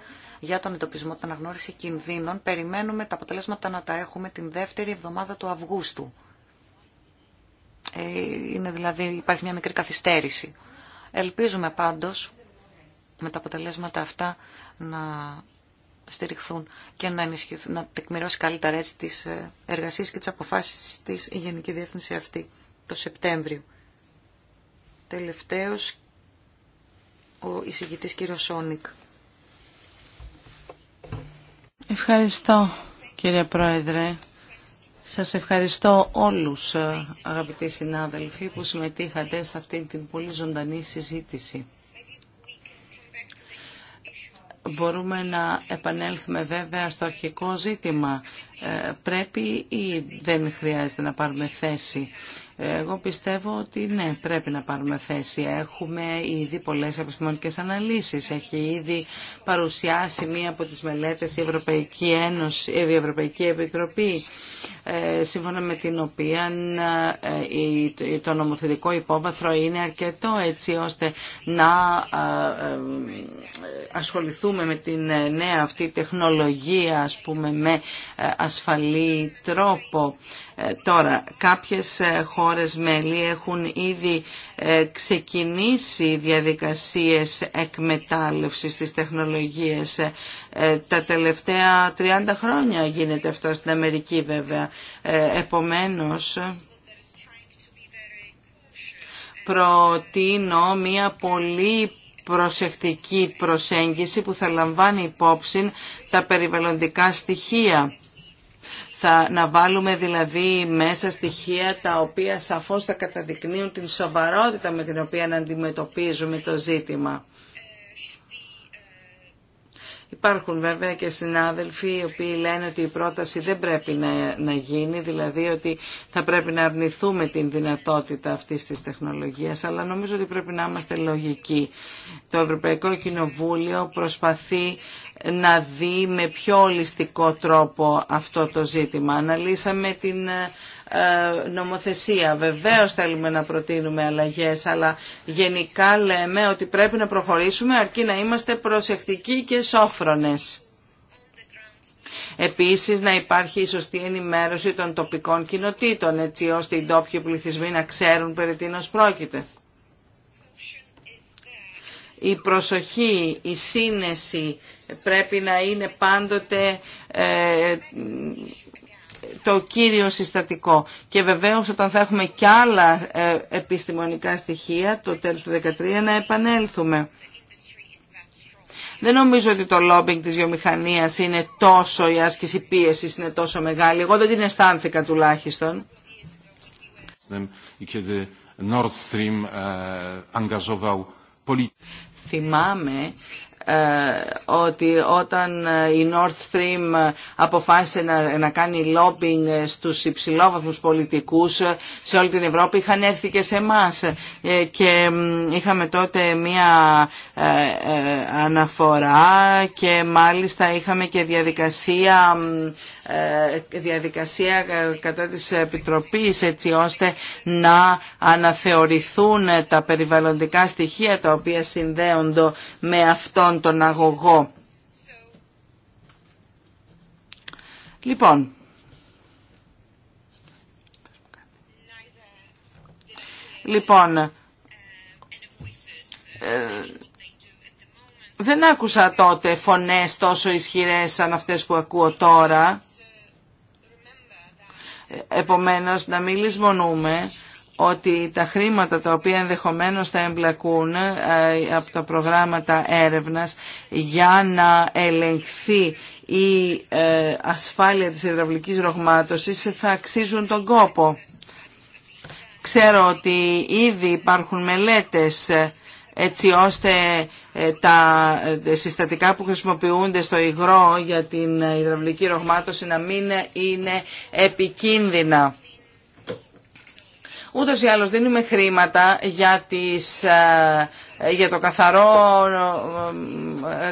Speaker 2: για τον εντοπισμό, την αναγνώριση κινδύνων. Περιμένουμε τα αποτελέσματα να τα έχουμε την δεύτερη εβδομάδα του Αυγούστου. Ε, είναι δηλαδή, υπάρχει μια μικρή καθυστέρηση. Ελπίζουμε πάντως με τα αποτελέσματα αυτά να στηριχθούν και να, να τεκμηρώσει καλύτερα έτσι τις ε, εργασίες και τις αποφάσεις της η Γενική Διεύθυνση αυτή το Σεπτέμβριο. Τελευταίος ο εισηγητής κύριος Σόνικ.
Speaker 1: Ευχαριστώ κύριε Πρόεδρε. Σας ευχαριστώ όλους ε, αγαπητοί συνάδελφοι που συμμετείχατε σε αυτήν την πολύ ζωντανή συζήτηση. Μπορούμε να επανέλθουμε βέβαια στο αρχικό ζήτημα. Ε, πρέπει ή δεν χρειάζεται να πάρουμε θέση. Εγώ πιστεύω ότι ναι, πρέπει να πάρουμε θέση. Έχουμε ήδη πολλές επιστημονικές αναλύσεις. Έχει ήδη παρουσιάσει μία από τις μελέτες η Ευρωπαϊκή, Ένωση, η Ευρωπαϊκή Επιτροπή, ε, σύμφωνα με την οποία ε, το νομοθετικό υπόβαθρο είναι αρκετό έτσι ώστε να ε, ασχοληθούμε με την νέα αυτή τεχνολογία, ας πούμε, με ασφαλή τρόπο. Ε, τώρα, κάποιες ε, χώρες μέλη έχουν ήδη ε, ξεκινήσει διαδικασίες εκμετάλλευσης της τεχνολογίας. Τα τελευταία 30 χρόνια γίνεται αυτό στην Αμερική βέβαια. Επομένως, προτείνω μια πολύ προσεκτική προσέγγιση που θα λαμβάνει υπόψη τα περιβαλλοντικά στοιχεία θα να βάλουμε δηλαδή μέσα στοιχεία τα οποία σαφώς θα καταδεικνύουν την σοβαρότητα με την οποία να αντιμετωπίζουμε το ζήτημα. Υπάρχουν βέβαια και συνάδελφοι οι οποίοι λένε ότι η πρόταση δεν πρέπει να, γίνει, δηλαδή ότι θα πρέπει να αρνηθούμε την δυνατότητα αυτής της τεχνολογίας, αλλά νομίζω ότι πρέπει να είμαστε λογικοί. Το Ευρωπαϊκό Κοινοβούλιο προσπαθεί να δει με πιο ολιστικό τρόπο αυτό το ζήτημα. Αναλύσαμε την ε, νομοθεσία. Βεβαίως θέλουμε να προτείνουμε αλλαγές, αλλά γενικά λέμε ότι πρέπει να προχωρήσουμε αρκεί να είμαστε προσεκτικοί και σόφρονες. Επίσης να υπάρχει η σωστή ενημέρωση των τοπικών κοινοτήτων, έτσι ώστε οι ντόπιοι πληθυσμοί να ξέρουν περί τίνος πρόκειται. Η προσοχή, η σύνεση πρέπει να είναι πάντοτε ε, το κύριο συστατικό. Και βεβαίως όταν θα έχουμε κι άλλα ε, επιστημονικά στοιχεία, το τέλος του 2013, να επανέλθουμε. Δεν νομίζω ότι το λόμπινγκ της βιομηχανίας είναι τόσο, η άσκηση πίεσης είναι τόσο μεγάλη. Εγώ δεν την αισθάνθηκα τουλάχιστον. Ε, Θυμάμαι ε, ότι όταν ε, η North Stream ε, αποφάσισε να, κάνει lobbying στους υψηλόβαθμους πολιτικούς σε όλη την Ευρώπη είχαν έρθει και σε εμά και είχαμε τότε μία αναφορά και μάλιστα είχαμε και διαδικασία ε, διαδικασία ε, κατά της Επιτροπής έτσι ώστε να αναθεωρηθούν τα περιβαλλοντικά στοιχεία τα οποία συνδέονται με αυτόν τον αγωγό. Λοιπόν, λοιπόν ε, δεν άκουσα τότε φωνές τόσο ισχυρές σαν αυτές που ακούω τώρα. Επομένως, να μην λησμονούμε ότι τα χρήματα τα οποία ενδεχομένως θα εμπλακούν ε, από τα προγράμματα έρευνας για να ελεγχθεί η ε, ασφάλεια της υδραυλικής ρογμάτωσης ε, θα αξίζουν τον κόπο. Ξέρω ότι ήδη υπάρχουν μελέτες έτσι ώστε ε, τα ε, συστατικά που χρησιμοποιούνται στο υγρό για την υδραυλική ρογμάτωση να μην είναι επικίνδυνα. Ούτως ή άλλως δίνουμε χρήματα για, ε, για το καθαρό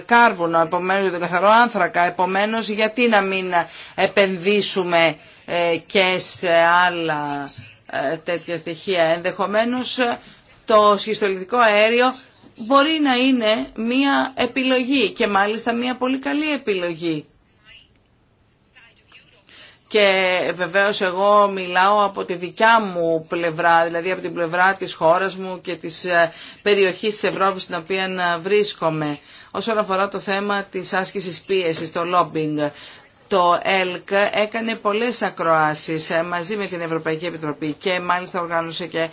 Speaker 1: κάρβουνο, επομένως για το καθαρό άνθρακα, επομένως γιατί να μην επενδύσουμε και σε άλλα τέτοια στοιχεία. Ενδεχομένως το σχιστολιτικό αέριο μπορεί να είναι μία επιλογή και μάλιστα μία πολύ καλή επιλογή. Και βεβαίως εγώ μιλάω από τη δικιά μου πλευρά, δηλαδή από την πλευρά της χώρας μου και της ε, περιοχής της Ευρώπης στην οποία ε, βρίσκομαι. Όσον αφορά το θέμα της άσκησης πίεσης, το lobbying, το ΕΛΚ έκανε πολλές ακροάσεις ε, μαζί με την Ευρωπαϊκή Επιτροπή και μάλιστα οργάνωσε και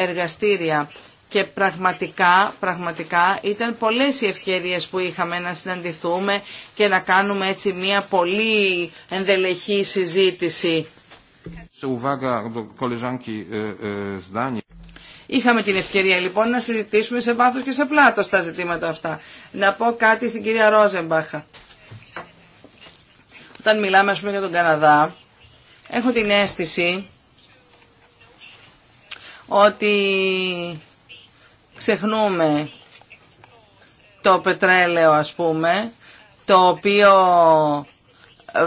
Speaker 1: εργαστήρια και πραγματικά, πραγματικά ήταν πολλές οι ευκαιρίες που είχαμε να συναντηθούμε και να κάνουμε έτσι μια πολύ ενδελεχή συζήτηση.
Speaker 4: Ε, ε,
Speaker 1: είχαμε την ευκαιρία λοιπόν να συζητήσουμε σε βάθος και σε πλάτος τα ζητήματα αυτά. Να πω κάτι στην κυρία Ρόζεμπαχα. Όταν μιλάμε ας πούμε για τον Καναδά, έχω την αίσθηση ότι ξεχνούμε το πετρέλαιο ας πούμε, το οποίο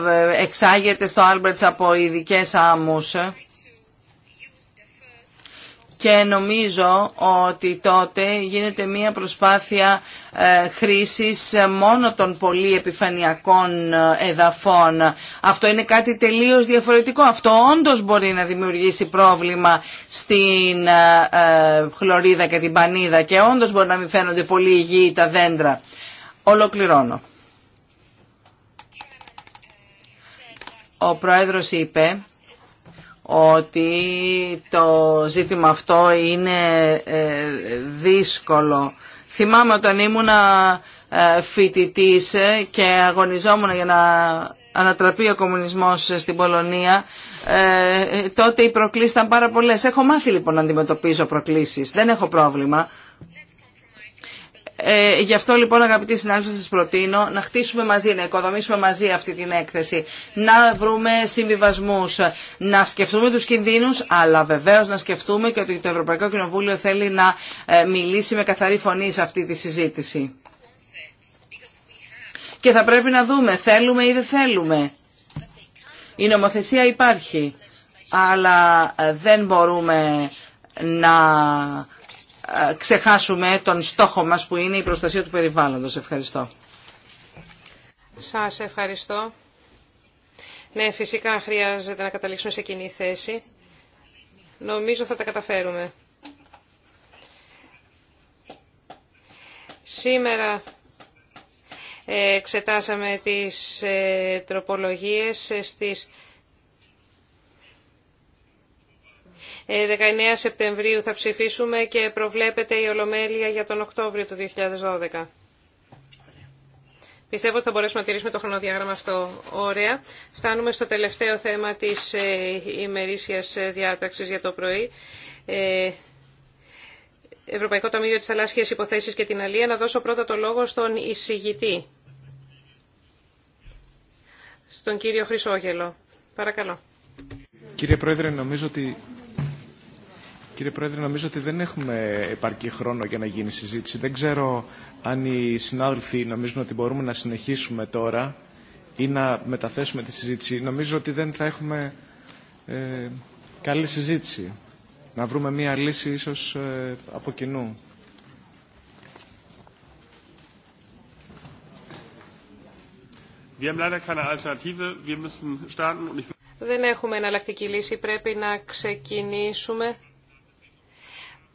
Speaker 1: ε, εξάγεται στο Άλμπερτς από ειδικέ άμμους και νομίζω ότι τότε γίνεται μία προσπάθεια ε, χρήσης μόνο των πολύ επιφανειακών ε, εδαφών. Αυτό είναι κάτι τελείως διαφορετικό. Αυτό όντως μπορεί να δημιουργήσει πρόβλημα στην ε, χλωρίδα και την πανίδα και όντως μπορεί να μην φαίνονται πολύ υγιή τα δέντρα. Ολοκληρώνω. Ο Πρόεδρος είπε ότι το ζήτημα αυτό είναι ε, δύσκολο. Θυμάμαι όταν ήμουνα ε, φοιτητή ε, και αγωνιζόμουν για να ανατραπεί ο κομμουνισμός στην Πολωνία, τότε οι προκλήσεις ήταν πάρα πολλές. Έχω μάθει λοιπόν να αντιμετωπίζω προκλήσεις, δεν έχω πρόβλημα. Ε, γι' αυτό λοιπόν αγαπητοί συνάδελφοι σας προτείνω να χτίσουμε μαζί, να οικοδομήσουμε μαζί αυτή την έκθεση, να βρούμε συμβιβασμούς, να σκεφτούμε τους κινδύνους, αλλά βεβαίως να σκεφτούμε και ότι το Ευρωπαϊκό Κοινοβούλιο θέλει να ε, μιλήσει με καθαρή φωνή σε αυτή τη συζήτηση. Και θα πρέπει να δούμε, θέλουμε ή δεν θέλουμε. Η νομοθεσία υπάρχει, αλλά ε, δεν μπορούμε να ξεχάσουμε τον στόχο μας που είναι η προστασία του περιβάλλοντος. Ευχαριστώ.
Speaker 3: Σας ευχαριστώ. Ναι, φυσικά χρειάζεται να καταλήξουμε σε κοινή θέση. Νομίζω θα τα καταφέρουμε. Σήμερα ε, εξετάσαμε τις ε, τροπολογίες ε, στις 19 ε, Σεπτεμβρίου θα ψηφίσουμε και προβλέπεται η Ολομέλεια για τον Οκτώβριο του 2012. Πιστεύω ότι θα μπορέσουμε να τηρήσουμε το χρονοδιάγραμμα αυτό. Ωραία. Φτάνουμε στο τελευταίο θέμα της ε, ημερήσιας ε, διάταξης για το πρωί. Ευρωπαϊκό Ταμείο της Θαλάσσιας Υποθέσεις και την Αλία. Να δώσω πρώτα το λόγο στον εισηγητή, στον κύριο Χρυσόγελο. Παρακαλώ.
Speaker 5: Κύριε Πρόεδρε, νομίζω ότι Κύριε Πρόεδρε, νομίζω ότι δεν έχουμε επαρκή χρόνο για να γίνει συζήτηση. Δεν ξέρω αν οι συνάδελφοι νομίζουν ότι μπορούμε να συνεχίσουμε τώρα ή να μεταθέσουμε τη συζήτηση. Νομίζω ότι δεν θα έχουμε ε, καλή συζήτηση. Να βρούμε μία λύση ίσως ε, από κοινού.
Speaker 3: Δεν έχουμε εναλλακτική λύση. Πρέπει να ξεκινήσουμε.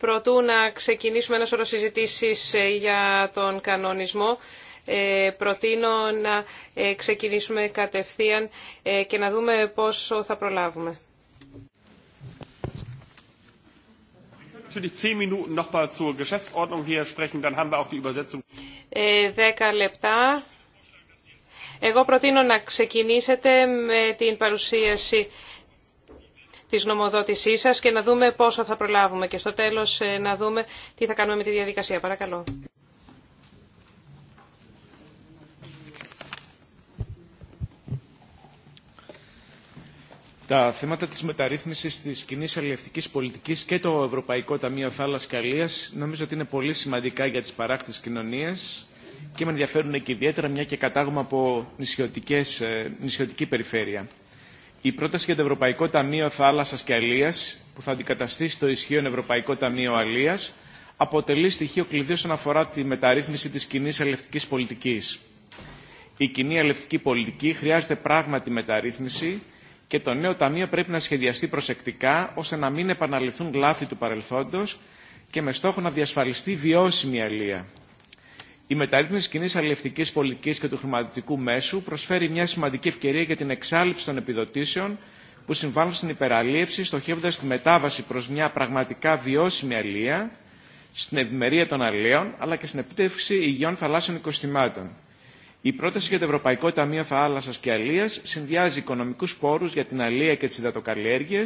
Speaker 3: Προτού να ξεκινήσουμε ένα σωρό συζητήσει ε, για τον κανονισμό, ε, προτείνω να ε, ξεκινήσουμε κατευθείαν και να δούμε πόσο θα προλάβουμε. Δέκα λεπτά. Εγώ προτείνω να ξεκινήσετε με την παρουσίαση της νομοδότησής σας και να δούμε πόσο θα προλάβουμε και στο τέλος ε, να δούμε τι θα κάνουμε με τη διαδικασία. Παρακαλώ.
Speaker 5: τα θέματα της μεταρρύθμισης της κοινή αλληλευτικής πολιτικής και το Ευρωπαϊκό Ταμείο Θάλασσας και νομίζω ότι είναι πολύ σημαντικά για τις παράκτης κοινωνίες και με ενδιαφέρουν και ιδιαίτερα μια και κατάγουμε από ε, νησιωτική περιφέρεια η πρόταση για το Ευρωπαϊκό Ταμείο Θάλασσα και Αλία, που θα αντικαταστήσει το ισχύον Ευρωπαϊκό Ταμείο Αλία, αποτελεί στοιχείο κλειδί όσον αφορά τη μεταρρύθμιση τη κοινή αλληλευτική πολιτική. Η κοινή αλληλευτική πολιτική χρειάζεται πράγματι μεταρρύθμιση και το νέο ταμείο πρέπει να σχεδιαστεί προσεκτικά ώστε να μην επαναληφθούν λάθη του παρελθόντο και με στόχο να διασφαλιστεί βιώσιμη αλεία. Η μεταρρύθμιση κοινή αλληλευτική πολιτική και του χρηματοδοτικού μέσου προσφέρει μια σημαντική ευκαιρία για την εξάλληψη των επιδοτήσεων που συμβάλλουν στην υπεραλίευση, στοχεύοντα τη μετάβαση προ μια πραγματικά βιώσιμη αλληλεία, στην ευημερία των αλληλείων, αλλά και στην επίτευξη υγιών θαλάσσιων οικοστημάτων. Η πρόταση για το Ευρωπαϊκό Ταμείο Θάλασσα και Αλία συνδυάζει οικονομικού πόρου για την αλληλεία και τι υδατοκαλλιέργειε,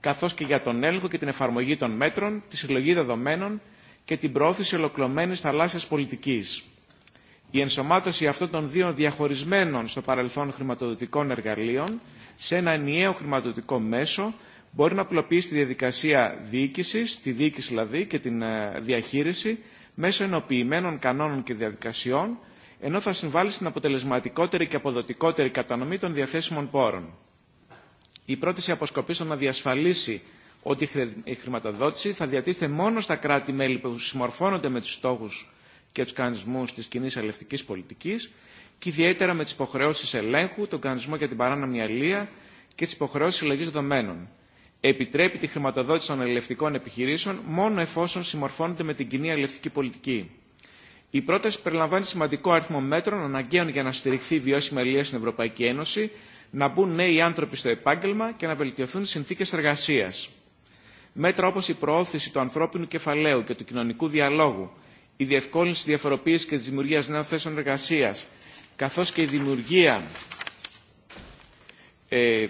Speaker 5: καθώ και για τον έλεγχο και την εφαρμογή των μέτρων, τη συλλογή δεδομένων και την προώθηση ολοκληρωμένη θαλάσσια πολιτική. Η ενσωμάτωση αυτών των δύο διαχωρισμένων στο παρελθόν χρηματοδοτικών εργαλείων σε ένα ενιαίο χρηματοδοτικό μέσο μπορεί να απλοποιήσει τη διαδικασία διοίκηση, τη διοίκηση δηλαδή και την ε, διαχείριση μέσω ενοποιημένων κανόνων και διαδικασιών, ενώ θα συμβάλλει στην αποτελεσματικότερη και αποδοτικότερη κατανομή των διαθέσιμων πόρων. Η πρόταση αποσκοπεί στο να διασφαλίσει ότι η χρηματοδότηση θα διατίθεται μόνο στα κράτη-μέλη που συμμορφώνονται με τους στόχους και τους κανονισμούς της κοινή αλληλευτικής πολιτικής και ιδιαίτερα με τις υποχρεώσεις ελέγχου, τον κανονισμό για την παράνομη αλληλεία και τις υποχρεώσεις συλλογής δεδομένων. Επιτρέπει τη χρηματοδότηση των αλληλευτικών επιχειρήσεων μόνο εφόσον συμμορφώνονται με την κοινή αλληλευτική πολιτική. Η πρόταση περιλαμβάνει σημαντικό αριθμό μέτρων αναγκαίων για να στηριχθεί η βιώσιμη αλληλεία στην Ευρωπαϊκή Ένωση, να μπουν νέοι άνθρωποι στο επάγγελμα και να βελτιωθούν συνθήκε εργασία μέτρα όπω η προώθηση του ανθρώπινου κεφαλαίου και του κοινωνικού διαλόγου, η διευκόλυνση διαφοροποίηση και τη δημιουργία νέων θέσεων εργασία, καθώ και η δημιουργία ε,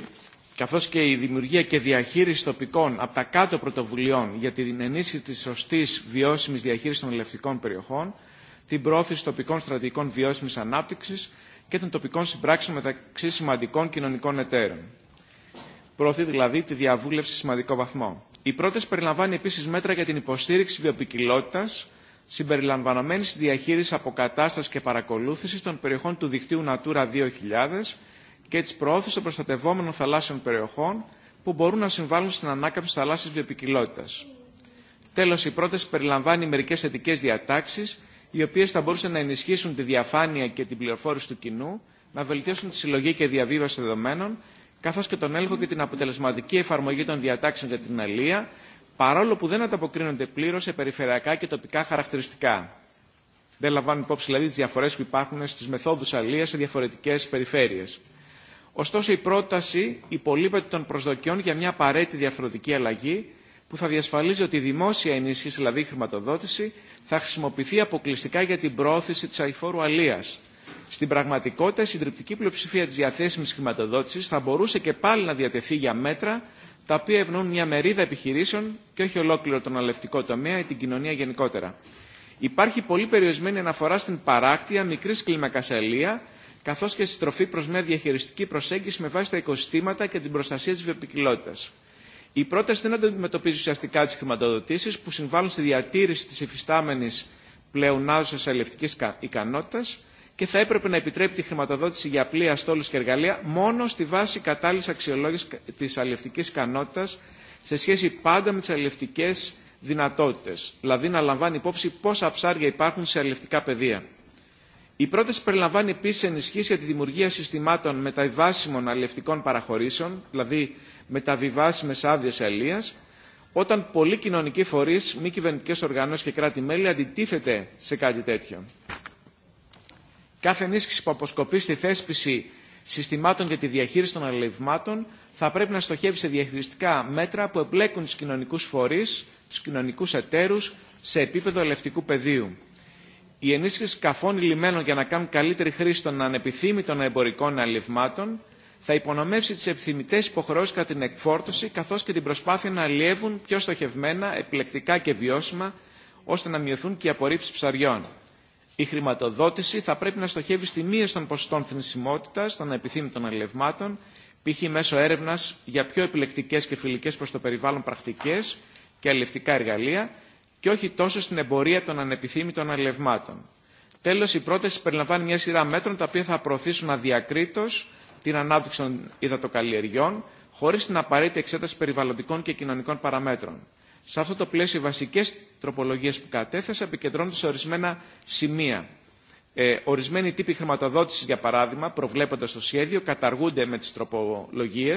Speaker 5: καθώς και η δημιουργία και διαχείριση τοπικών από τα κάτω πρωτοβουλειών για την ενίσχυση τη σωστή βιώσιμη διαχείριση των ελευτικών περιοχών, την προώθηση τοπικών στρατηγικών βιώσιμη ανάπτυξη και των τοπικών συμπράξεων μεταξύ σημαντικών κοινωνικών εταίρων. Προωθεί δηλαδή τη διαβούλευση σε σημαντικό βαθμό. Η πρόταση περιλαμβάνει επίση μέτρα για την υποστήριξη βιοπικιλότητα, συμπεριλαμβανομένη στη διαχείριση αποκατάσταση και παρακολούθηση των περιοχών του δικτύου Natura 2000 και τη προώθηση των προστατευόμενων θαλάσσιων περιοχών που μπορούν να συμβάλλουν στην ανάκαμψη τη θαλάσσιας βιοπικιλότητα. Τέλο, η πρόταση περιλαμβάνει μερικέ θετικέ διατάξει, οι οποίε θα μπορούσαν να ενισχύσουν τη διαφάνεια και την πληροφόρηση του κοινού, να βελτιώσουν τη συλλογή και διαβίβαση δεδομένων καθώ και τον έλεγχο και την αποτελεσματική εφαρμογή των διατάξεων για την αλεία, παρόλο που δεν ανταποκρίνονται πλήρω σε περιφερειακά και τοπικά χαρακτηριστικά. Δεν λαμβάνουν υπόψη δηλαδή τι διαφορές που υπάρχουν στι μεθόδου αλεία σε διαφορετικέ περιφέρειε. Ωστόσο, η πρόταση υπολείπεται των προσδοκιών για μια απαραίτητη διαφορετική αλλαγή που θα διασφαλίζει ότι η δημόσια ενίσχυση, δηλαδή η χρηματοδότηση, θα χρησιμοποιηθεί αποκλειστικά για την προώθηση τη αηφόρου αλείας. Στην πραγματικότητα, η συντριπτική πλειοψηφία τη διαθέσιμη χρηματοδότηση θα μπορούσε και πάλι να διατεθεί για μέτρα τα οποία ευνοούν μια μερίδα επιχειρήσεων και όχι ολόκληρο τον αλευτικό τομέα ή την κοινωνία γενικότερα. Υπάρχει πολύ περιορισμένη αναφορά στην παράκτεια μικρή κλίμακα αλεία, καθώ και στη στροφή προ μια διαχειριστική προσέγγιση με βάση τα οικοστήματα και την προστασία τη βιοπικιλότητα. Η πρόταση δεν αντιμετωπίζει ουσιαστικά τι χρηματοδοτήσει που συμβάλλουν στη διατήρηση τη υφιστάμενη πλεονάζουσα αλευτική ικανότητα, και θα έπρεπε να επιτρέπει τη χρηματοδότηση για πλοία, στόλους και εργαλεία μόνο στη βάση κατάλληλη αξιολόγηση τη αλληλευτική ικανότητα σε σχέση πάντα με τι αλληλευτικέ δυνατότητε, δηλαδή να λαμβάνει υπόψη πόσα ψάρια υπάρχουν σε αλληλευτικά πεδία. Η πρόταση περιλαμβάνει επίση ενισχύσει για τη δημιουργία συστημάτων μεταβιβάσιμων αλληλευτικών παραχωρήσεων, δηλαδή μεταβιβάσιμε άδειε αλληλεία, όταν πολλοί κοινωνικοί φορεί, μη κυβερνητικέ οργανώσει και κράτη-μέλη αντιτίθεται σε κάτι τέτοιο. Κάθε ενίσχυση που αποσκοπεί στη θέσπιση συστημάτων για τη διαχείριση των αλληλευμάτων θα πρέπει να στοχεύει σε διαχειριστικά μέτρα που εμπλέκουν του κοινωνικού φορεί, του κοινωνικού εταίρου σε επίπεδο ελευτικού πεδίου. Η ενίσχυση σκαφών λιμένων για να κάνουν καλύτερη χρήση των ανεπιθύμητων εμπορικών αλληλευμάτων θα υπονομεύσει τι επιθυμητέ υποχρεώσει κατά την εκφόρτωση καθώ και την προσπάθεια να αλλιεύουν πιο στοχευμένα, επιλεκτικά και βιώσιμα ώστε να μειωθούν και οι απορρίψει ψαριών. Η χρηματοδότηση θα πρέπει να στοχεύει στη μείωση των ποσοστών θνησιμότητα των επιθύμητων αλληλευμάτων, π.χ. μέσω έρευνα για πιο επιλεκτικέ και φιλικέ προ το περιβάλλον πρακτικέ και αλληλευτικά εργαλεία και όχι τόσο στην εμπορία των ανεπιθύμητων αλληλευμάτων. Τέλο, η πρόταση περιλαμβάνει μια σειρά μέτρων τα οποία θα προωθήσουν αδιακρίτω την ανάπτυξη των υδατοκαλλιεργιών, χωρί την απαραίτητη εξέταση περιβαλλοντικών και κοινωνικών παραμέτρων. Σε αυτό το πλαίσιο, οι βασικέ τροπολογίε που κατέθεσα επικεντρώνονται σε ορισμένα σημεία. Ε, ορισμένοι τύποι χρηματοδότηση, για παράδειγμα, προβλέποντα το σχέδιο, καταργούνται με τι τροπολογίε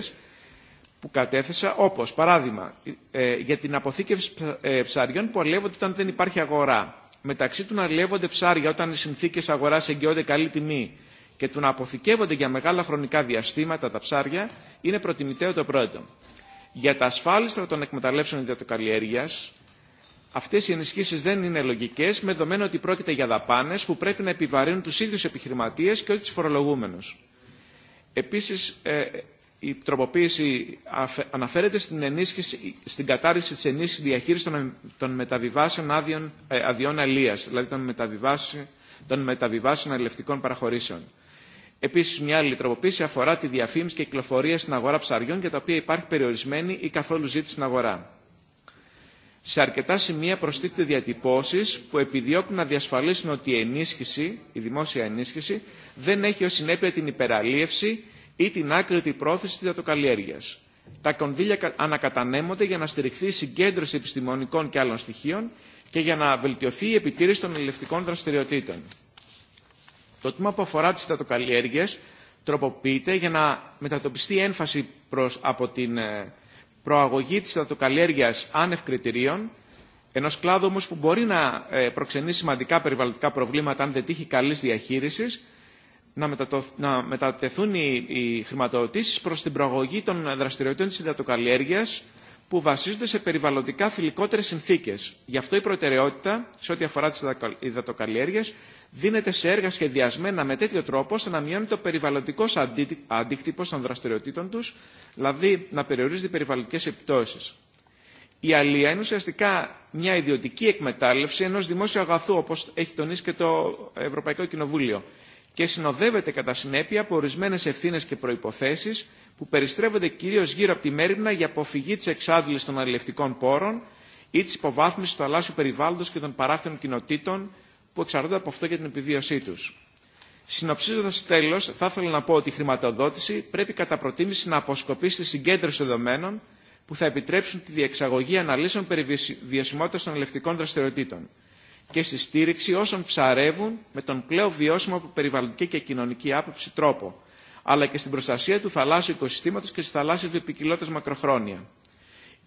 Speaker 5: που κατέθεσα, όπω παράδειγμα ε, για την αποθήκευση ε, ψαριών που αλλιεύονται όταν δεν υπάρχει αγορά. Μεταξύ του να αλλιεύονται ψάρια όταν οι συνθήκε αγορά εγγυώνται καλή τιμή και του να αποθηκεύονται για μεγάλα χρονικά διαστήματα τα ψάρια είναι προτιμητέο το πρώτο. Για τα ασφάλιστρα των εκμεταλλεύσεων ιδιωτοκαλλιέργεια, αυτέ οι ενισχύσει δεν είναι λογικέ, με δεδομένο ότι πρόκειται για δαπάνε που πρέπει να επιβαρύνουν του ίδιου επιχειρηματίε και όχι του φορολογούμενου. Επίση, ε, η τροποποίηση αναφέρεται στην, ενίσχυση, στην κατάρριση της ενίσχυσης διαχείριση των, μεταβιβάσεων άδειων, ε, δηλαδή των μεταβιβάσεων αλληλευτικών παραχωρήσεων. Επίση, μια άλλη τροποποίηση αφορά τη διαφήμιση και κυκλοφορία στην αγορά ψαριών για τα οποία υπάρχει περιορισμένη ή καθόλου ζήτηση στην αγορά. Σε αρκετά σημεία προστίθεται διατυπώσει που επιδιώκουν να διασφαλίσουν ότι η ενίσχυση, η δημόσια ενίσχυση, δεν έχει ω συνέπεια την υπεραλίευση ή την άκρητη πρόθεση τη Τα κονδύλια ανακατανέμονται για να στηριχθεί η συγκέντρωση επιστημονικών και άλλων στοιχείων και για να βελτιωθεί η επιτήρηση των ελευτικών δραστηριοτήτων. Το τμήμα που αφορά τις υδατοκαλλιέργειε τροποποιείται για να μετατοπιστεί έμφαση προς, από την ε, προαγωγή τη υδατοκαλλιέργεια άνευ κριτηρίων, ενό κλάδου όμω που μπορεί να ε, προξενεί σημαντικά περιβαλλοντικά προβλήματα αν δεν τύχει καλή διαχείριση, να, να μετατεθούν οι, οι χρηματοδοτήσεις προς την προαγωγή των δραστηριοτήτων τη υδατοκαλλιέργεια που βασίζονται σε περιβαλλοντικά φιλικότερε συνθήκε. Γι' αυτό η προτεραιότητα σε ό,τι αφορά τι υδατοκαλλιέργειε δίνεται σε έργα σχεδιασμένα με τέτοιο τρόπο ώστε να μειώνει το περιβαλλοντικό αντίκτυπο των δραστηριοτήτων του, δηλαδή να περιορίζονται οι περιβαλλοντικέ επιπτώσει. Η αλία είναι ουσιαστικά μια ιδιωτική εκμετάλλευση ενό δημόσιου αγαθού, όπω έχει τονίσει και το Ευρωπαϊκό Κοινοβούλιο, και συνοδεύεται κατά συνέπεια από ορισμένε ευθύνε και προποθέσει που περιστρέφονται κυρίω γύρω από τη μέρημνα για αποφυγή τη εξάντληση των αλληλευτικών πόρων ή τη υποβάθμιση του θαλάσσιου περιβάλλοντο και των παράθυρων κοινοτήτων που εξαρτώνται από αυτό για την επιβίωσή του. Συνοψίζοντα τέλο, θα ήθελα να πω ότι η χρηματοδότηση πρέπει κατά προτίμηση να αποσκοπεί στη συγκέντρωση δεδομένων που θα επιτρέψουν τη διεξαγωγή αναλύσεων περί βιωσιμότητα των αλληλευτικών δραστηριοτήτων και στη στήριξη όσων ψαρεύουν με τον πλέον βιώσιμο από περιβαλλοντική και κοινωνική άποψη τρόπο, αλλά και στην προστασία του θαλάσσιου οικοσυστήματος και της του επικοινότητας μακροχρόνια.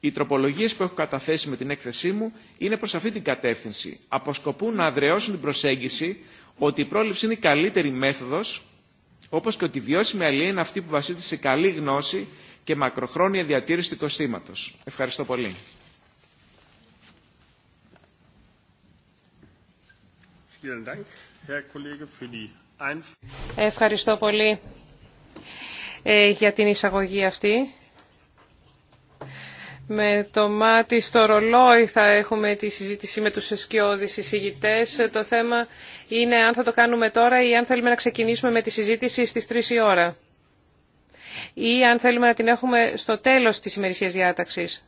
Speaker 5: Οι τροπολογίες που έχω καταθέσει με την έκθεσή μου είναι προς αυτή την κατεύθυνση. Αποσκοπούν να αδρεώσουν την προσέγγιση ότι η πρόληψη είναι η καλύτερη μέθοδος, όπως και ότι η βιώσιμη αλληλεία είναι αυτή που βασίζεται σε καλή γνώση και μακροχρόνια διατήρηση του οικοστήματος. Ευχαριστώ πολύ.
Speaker 4: Ευχαριστώ πολύ
Speaker 3: ε, για την εισαγωγή αυτή. Με το μάτι στο ρολόι θα έχουμε τη συζήτηση με τους εσκιώδεις εισηγητές. Το θέμα είναι αν θα το κάνουμε τώρα ή αν θέλουμε να ξεκινήσουμε με τη συζήτηση στις 3 η ώρα. Ή αν θέλουμε να την έχουμε στο τέλος της ημερησίας διάταξης.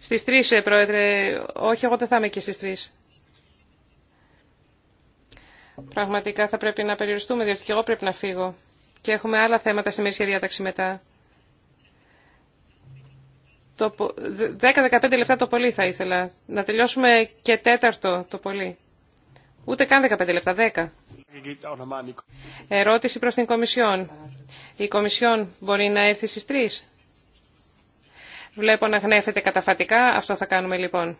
Speaker 3: Στις 3, ε, Πρόεδρε. Όχι, εγώ δεν θα είμαι και στις 3. Πραγματικά θα πρέπει να περιοριστούμε, διότι και εγώ πρέπει να φύγω. Και έχουμε άλλα θέματα στη μέση διάταξη μετά. 10-15 λεπτά το πολύ θα ήθελα. Να τελειώσουμε και τέταρτο το πολύ. Ούτε καν 15 λεπτά, 10. Ερώτηση προς την Κομισιόν. Η Κομισιόν μπορεί να έρθει στις 3. Βλέπω να γνέφεται καταφατικά. Αυτό θα κάνουμε λοιπόν.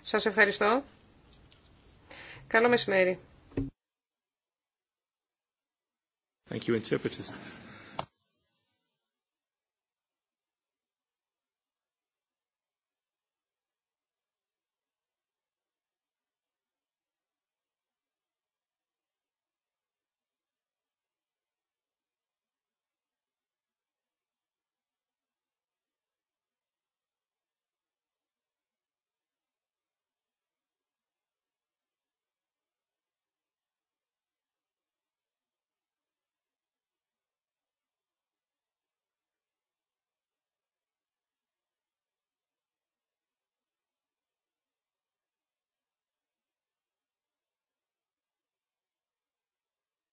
Speaker 3: Σας ευχαριστώ. Καλό μεσημέρι.
Speaker 2: Thank you,